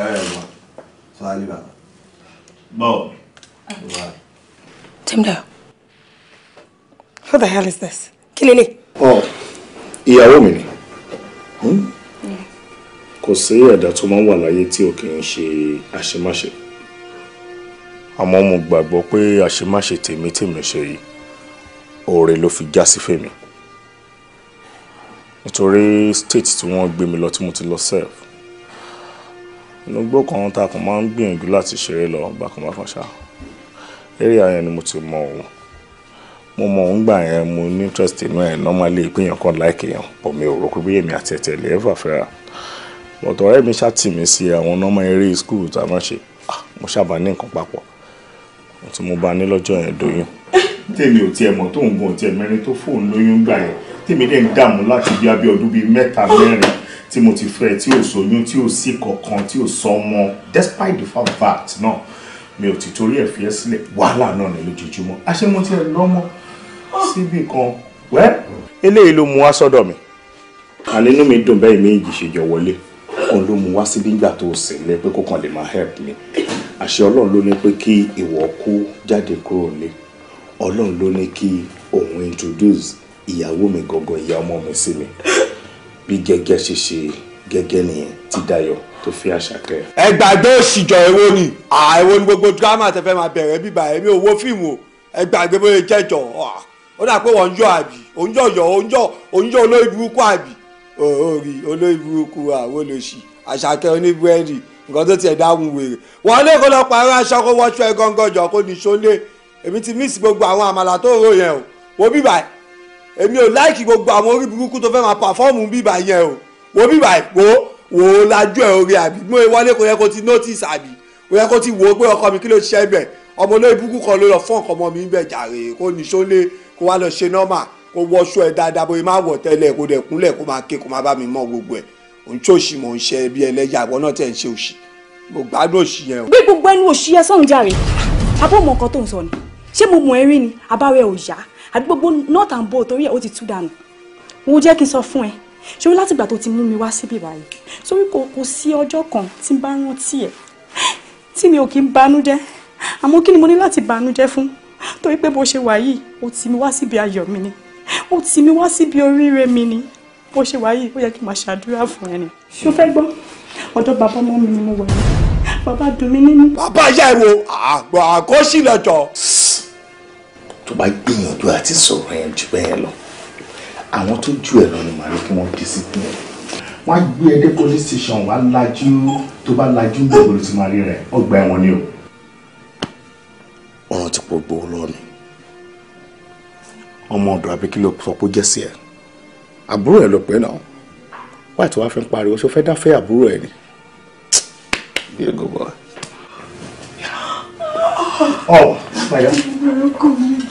Ẹ ẹ wá, Mo. Oh. Timdo. Who the hell is this? Kí Oh, ìyàwó mi ni. Hmm? Kò sí ẹ̀dá tó máa ń wà láyé tí o kì í ṣe àṣemáṣe. Àmọ́ mo gbàgbọ́ pé àṣemáṣe tèmi tèmi ṣe yìí, oore ló fi já sí fèmi. Nítorí state tí wọ́n gbé mi lọ tí mo ti lọ serve inú gbó kan tá a kàn máa ń gbìyànjú láti ṣeré lọ bákanbákan ṣá eré àyẹn ni mo ti mọ òun mo mọ òun gbà yẹn mo ní interest inú ẹ normally ìpínyàn kan láìkè yẹn pọ̀ mi ò rò pé bóyá èmi àti ẹ̀tẹ̀ lè ẹ́fà fẹ́ra bọ̀tọ̀ ọ̀rẹ́ mi ṣáàtì mi sí àwọn normal eré school tá a máa ṣe ah, mo ṣàbà ní nǹkan papọ̀ tí mo bá ní lọ́jọ́ yẹn dóyún. tèmi ò tiẹ̀ mọ̀ tóun gan tiẹ̀ mẹ́rin tó fóun lóyún gbà yẹn tèmi dẹ̀ ń dààmú láti bí abẹ́ ọdún bíi mẹ́ta mẹ́rin tí mo ti fẹ́ tí ò sóyún tí ò sí kankan tí ò sọ ọmọ despite the fact náà mi ò ti torí ẹ̀ fi ẹ́ sílẹ̀ wàhálà náà ní lójoojúmọ́ àṣemọ́tí ẹ lọ́mọ síbì kan wẹ́. eléyìí ló mú wá sọ́dọ̀ mi àní inú mi dùn bẹ́ẹ̀ méjì ṣe jọ wọlé òun ló mú wá síbí nígbà tó sílẹ̀ pé kó kàn lè máa help mi àṣẹ ọlọ́run ló ní pé kí ìwọ kú jáde kúrò lé ọlọ́run ló ní kí òun introduce ìyàwó mi gangan ìyá ọmọ mi sí mi bí gẹ́gẹ́ ṣe ṣe gẹ́gẹ́ nìyẹn tí Dayọ̀ tó fi Àṣàkẹ́. ẹ gbàgbé òṣìjọ èwo ni èwo ni gbogbo dírámà tẹ fẹ́ máa bẹ̀rẹ̀ bíbà èmi ò wo fíìmù o ẹ gbàgbé bóyá jẹ́jọ ó dà pé wọ́n ń yọ àbí òun yọ yọ òun yọ òun yọ olórí burúkú àbí òórì olórí burúkú àwọn olóṣì Àṣàkẹ́ oníbúrẹ́dì nǹkan tó tiẹ̀ dáhùn wèrè wọ́n lé kó lọ pààrọ̀ aṣọ kó wọ́ṣọ ẹ gángan jọ kó nìṣó lé èmi ti miss gbogbo àwọn àmàlà tó rò yẹn o wo bíbà èmi ò láìkì gbogbo àwọn orí burúkú tó fẹ́ máa pàfọ́ọ̀mù bíbà yẹn o wo bíbà ìpò wo ó lajú ẹ̀ orí àbí mo wọlé kò yẹ kó ti notice àbí kò yẹ kó ti wò ó pé ọkọ mi kí ló ṣiṣẹ́ bẹ̀ ọmọ olóyè burúkú kan ló lọ fún ọkọ ọmọ mi ń bẹ̀ jàre kó nìṣó lé kó wá lọ ṣe nọ́mà kó wọṣọ ẹ̀ dáadáa bóyá má wọ̀ tẹ́lẹ̀ kó dẹ̀ kúnlẹ̀ kó máa ké kó má bá mi mọ gbogbo ẹ̀ òun tí òṣì mò ń ṣe bí ẹlẹ́yà àgbọn náà tẹ̀ ń ṣe òṣì mo gbádùn òṣì yẹn o. gbé gbogbo ẹnu òṣì yẹn jàre abọ́ mọ̀ nǹkan tó ń sọ ni ṣé mo mọ̀ ẹ́ rí ni àbáwẹ̀ ò yá àbí gbogbo north and bow torí ẹ̀ ó ti tú dànù wo jẹ́ kí n sọ fún ẹ ṣé o láti ìgbà tó ti mú mi wá síbí báyìí sórí kò kò sí ọjọ́ kan tí n bá rántí ẹ̀ tí mi ò kí ń banújẹ́ àmọ́ kí ni mo ní láti banújẹ́ fún torí pé bó ṣe wà yìí ó ti mi wá síbi ayọ̀ mi ni ó ti mi wá síbi oríire mi ni bó ṣe wà yìí ó yẹ kí n máa ṣàdúrà fún ẹni. ṣó fẹ́ gbọ́ ọ̀dọ̀ bàbá ọmọ mi ni mo wà ní bàbá dùn mí nínú. bàbá yà ẹ wo àgbà àkọsílẹ̀ jọ tó bá gbìyànjú àti sọ̀rọ̀ yẹn jù bẹ́ẹ̀ lọ àwọn tó ju ẹ̀ lọ ni màá ní kí wọ́n discipline wọ́n á gbé ẹ police station wàá lajú tó bá lajú gbogbo ló ti máa rí rẹ̀ ọgbà ẹ̀wọ̀n ni o. ọ̀ràn ti pọ̀ gbowó lọ ni ọmọ ọ̀dọ̀ abikí ló sọ pé ó jẹ́ sí ẹ̀ àbúrò ẹ̀ ló pẹ́ náà wáyé tí wàá fi ń pariwo ṣó fẹ́ dáfẹ́ àbúrò ẹ̀ ni. Diego boy. Oh, my God.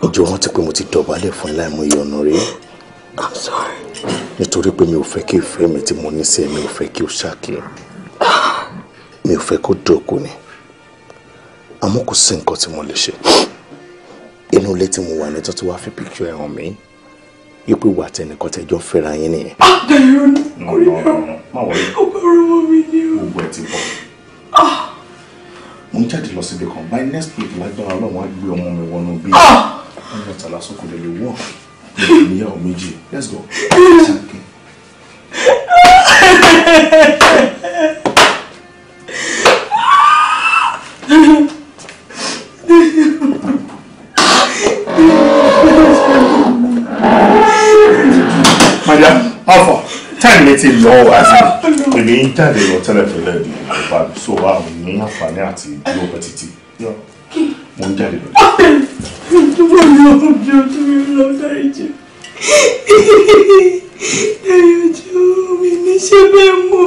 ojú rántí pé mo ti dọ̀bálẹ̀ fún ẹ láìmọ ìyọnu rẹ. I'm sorry. nítorí pé mi ò fẹ́ kí ìfẹ́ mi tí mo ní sí ẹ mi ò fẹ́ kí o ṣáàkì mi ò fẹ́ kó dòkú ni àmọ́ kò sí nǹkan tí mo lè ṣe inú ilé tí mo wà ní tó ti wá fi picture ẹ̀ hàn mí ipò ìwà tẹnìkan tẹjọ́ fẹ́ra yín nìyẹn. àdéhùn ah, ni kò rí bẹ́ẹ̀ ọgbọ́n ọmọ mi ni o. gbogbo ẹ ti bọ̀ ah. mo ń jáde lọ síbi kan by next week lágbára ọlọ́run á gbé ọmọ mi wọnú bí. Ah ọ̀nà tàlà sọ̀kò lè lè wọ̀ ìyàwó méjì let's go. Madam, Alpha, time lè ti lọ túbọ̀ ní ọ̀bí ojú mi lọ dáríjì dáríjì mi ní ṣe bẹ́ẹ̀ mọ́.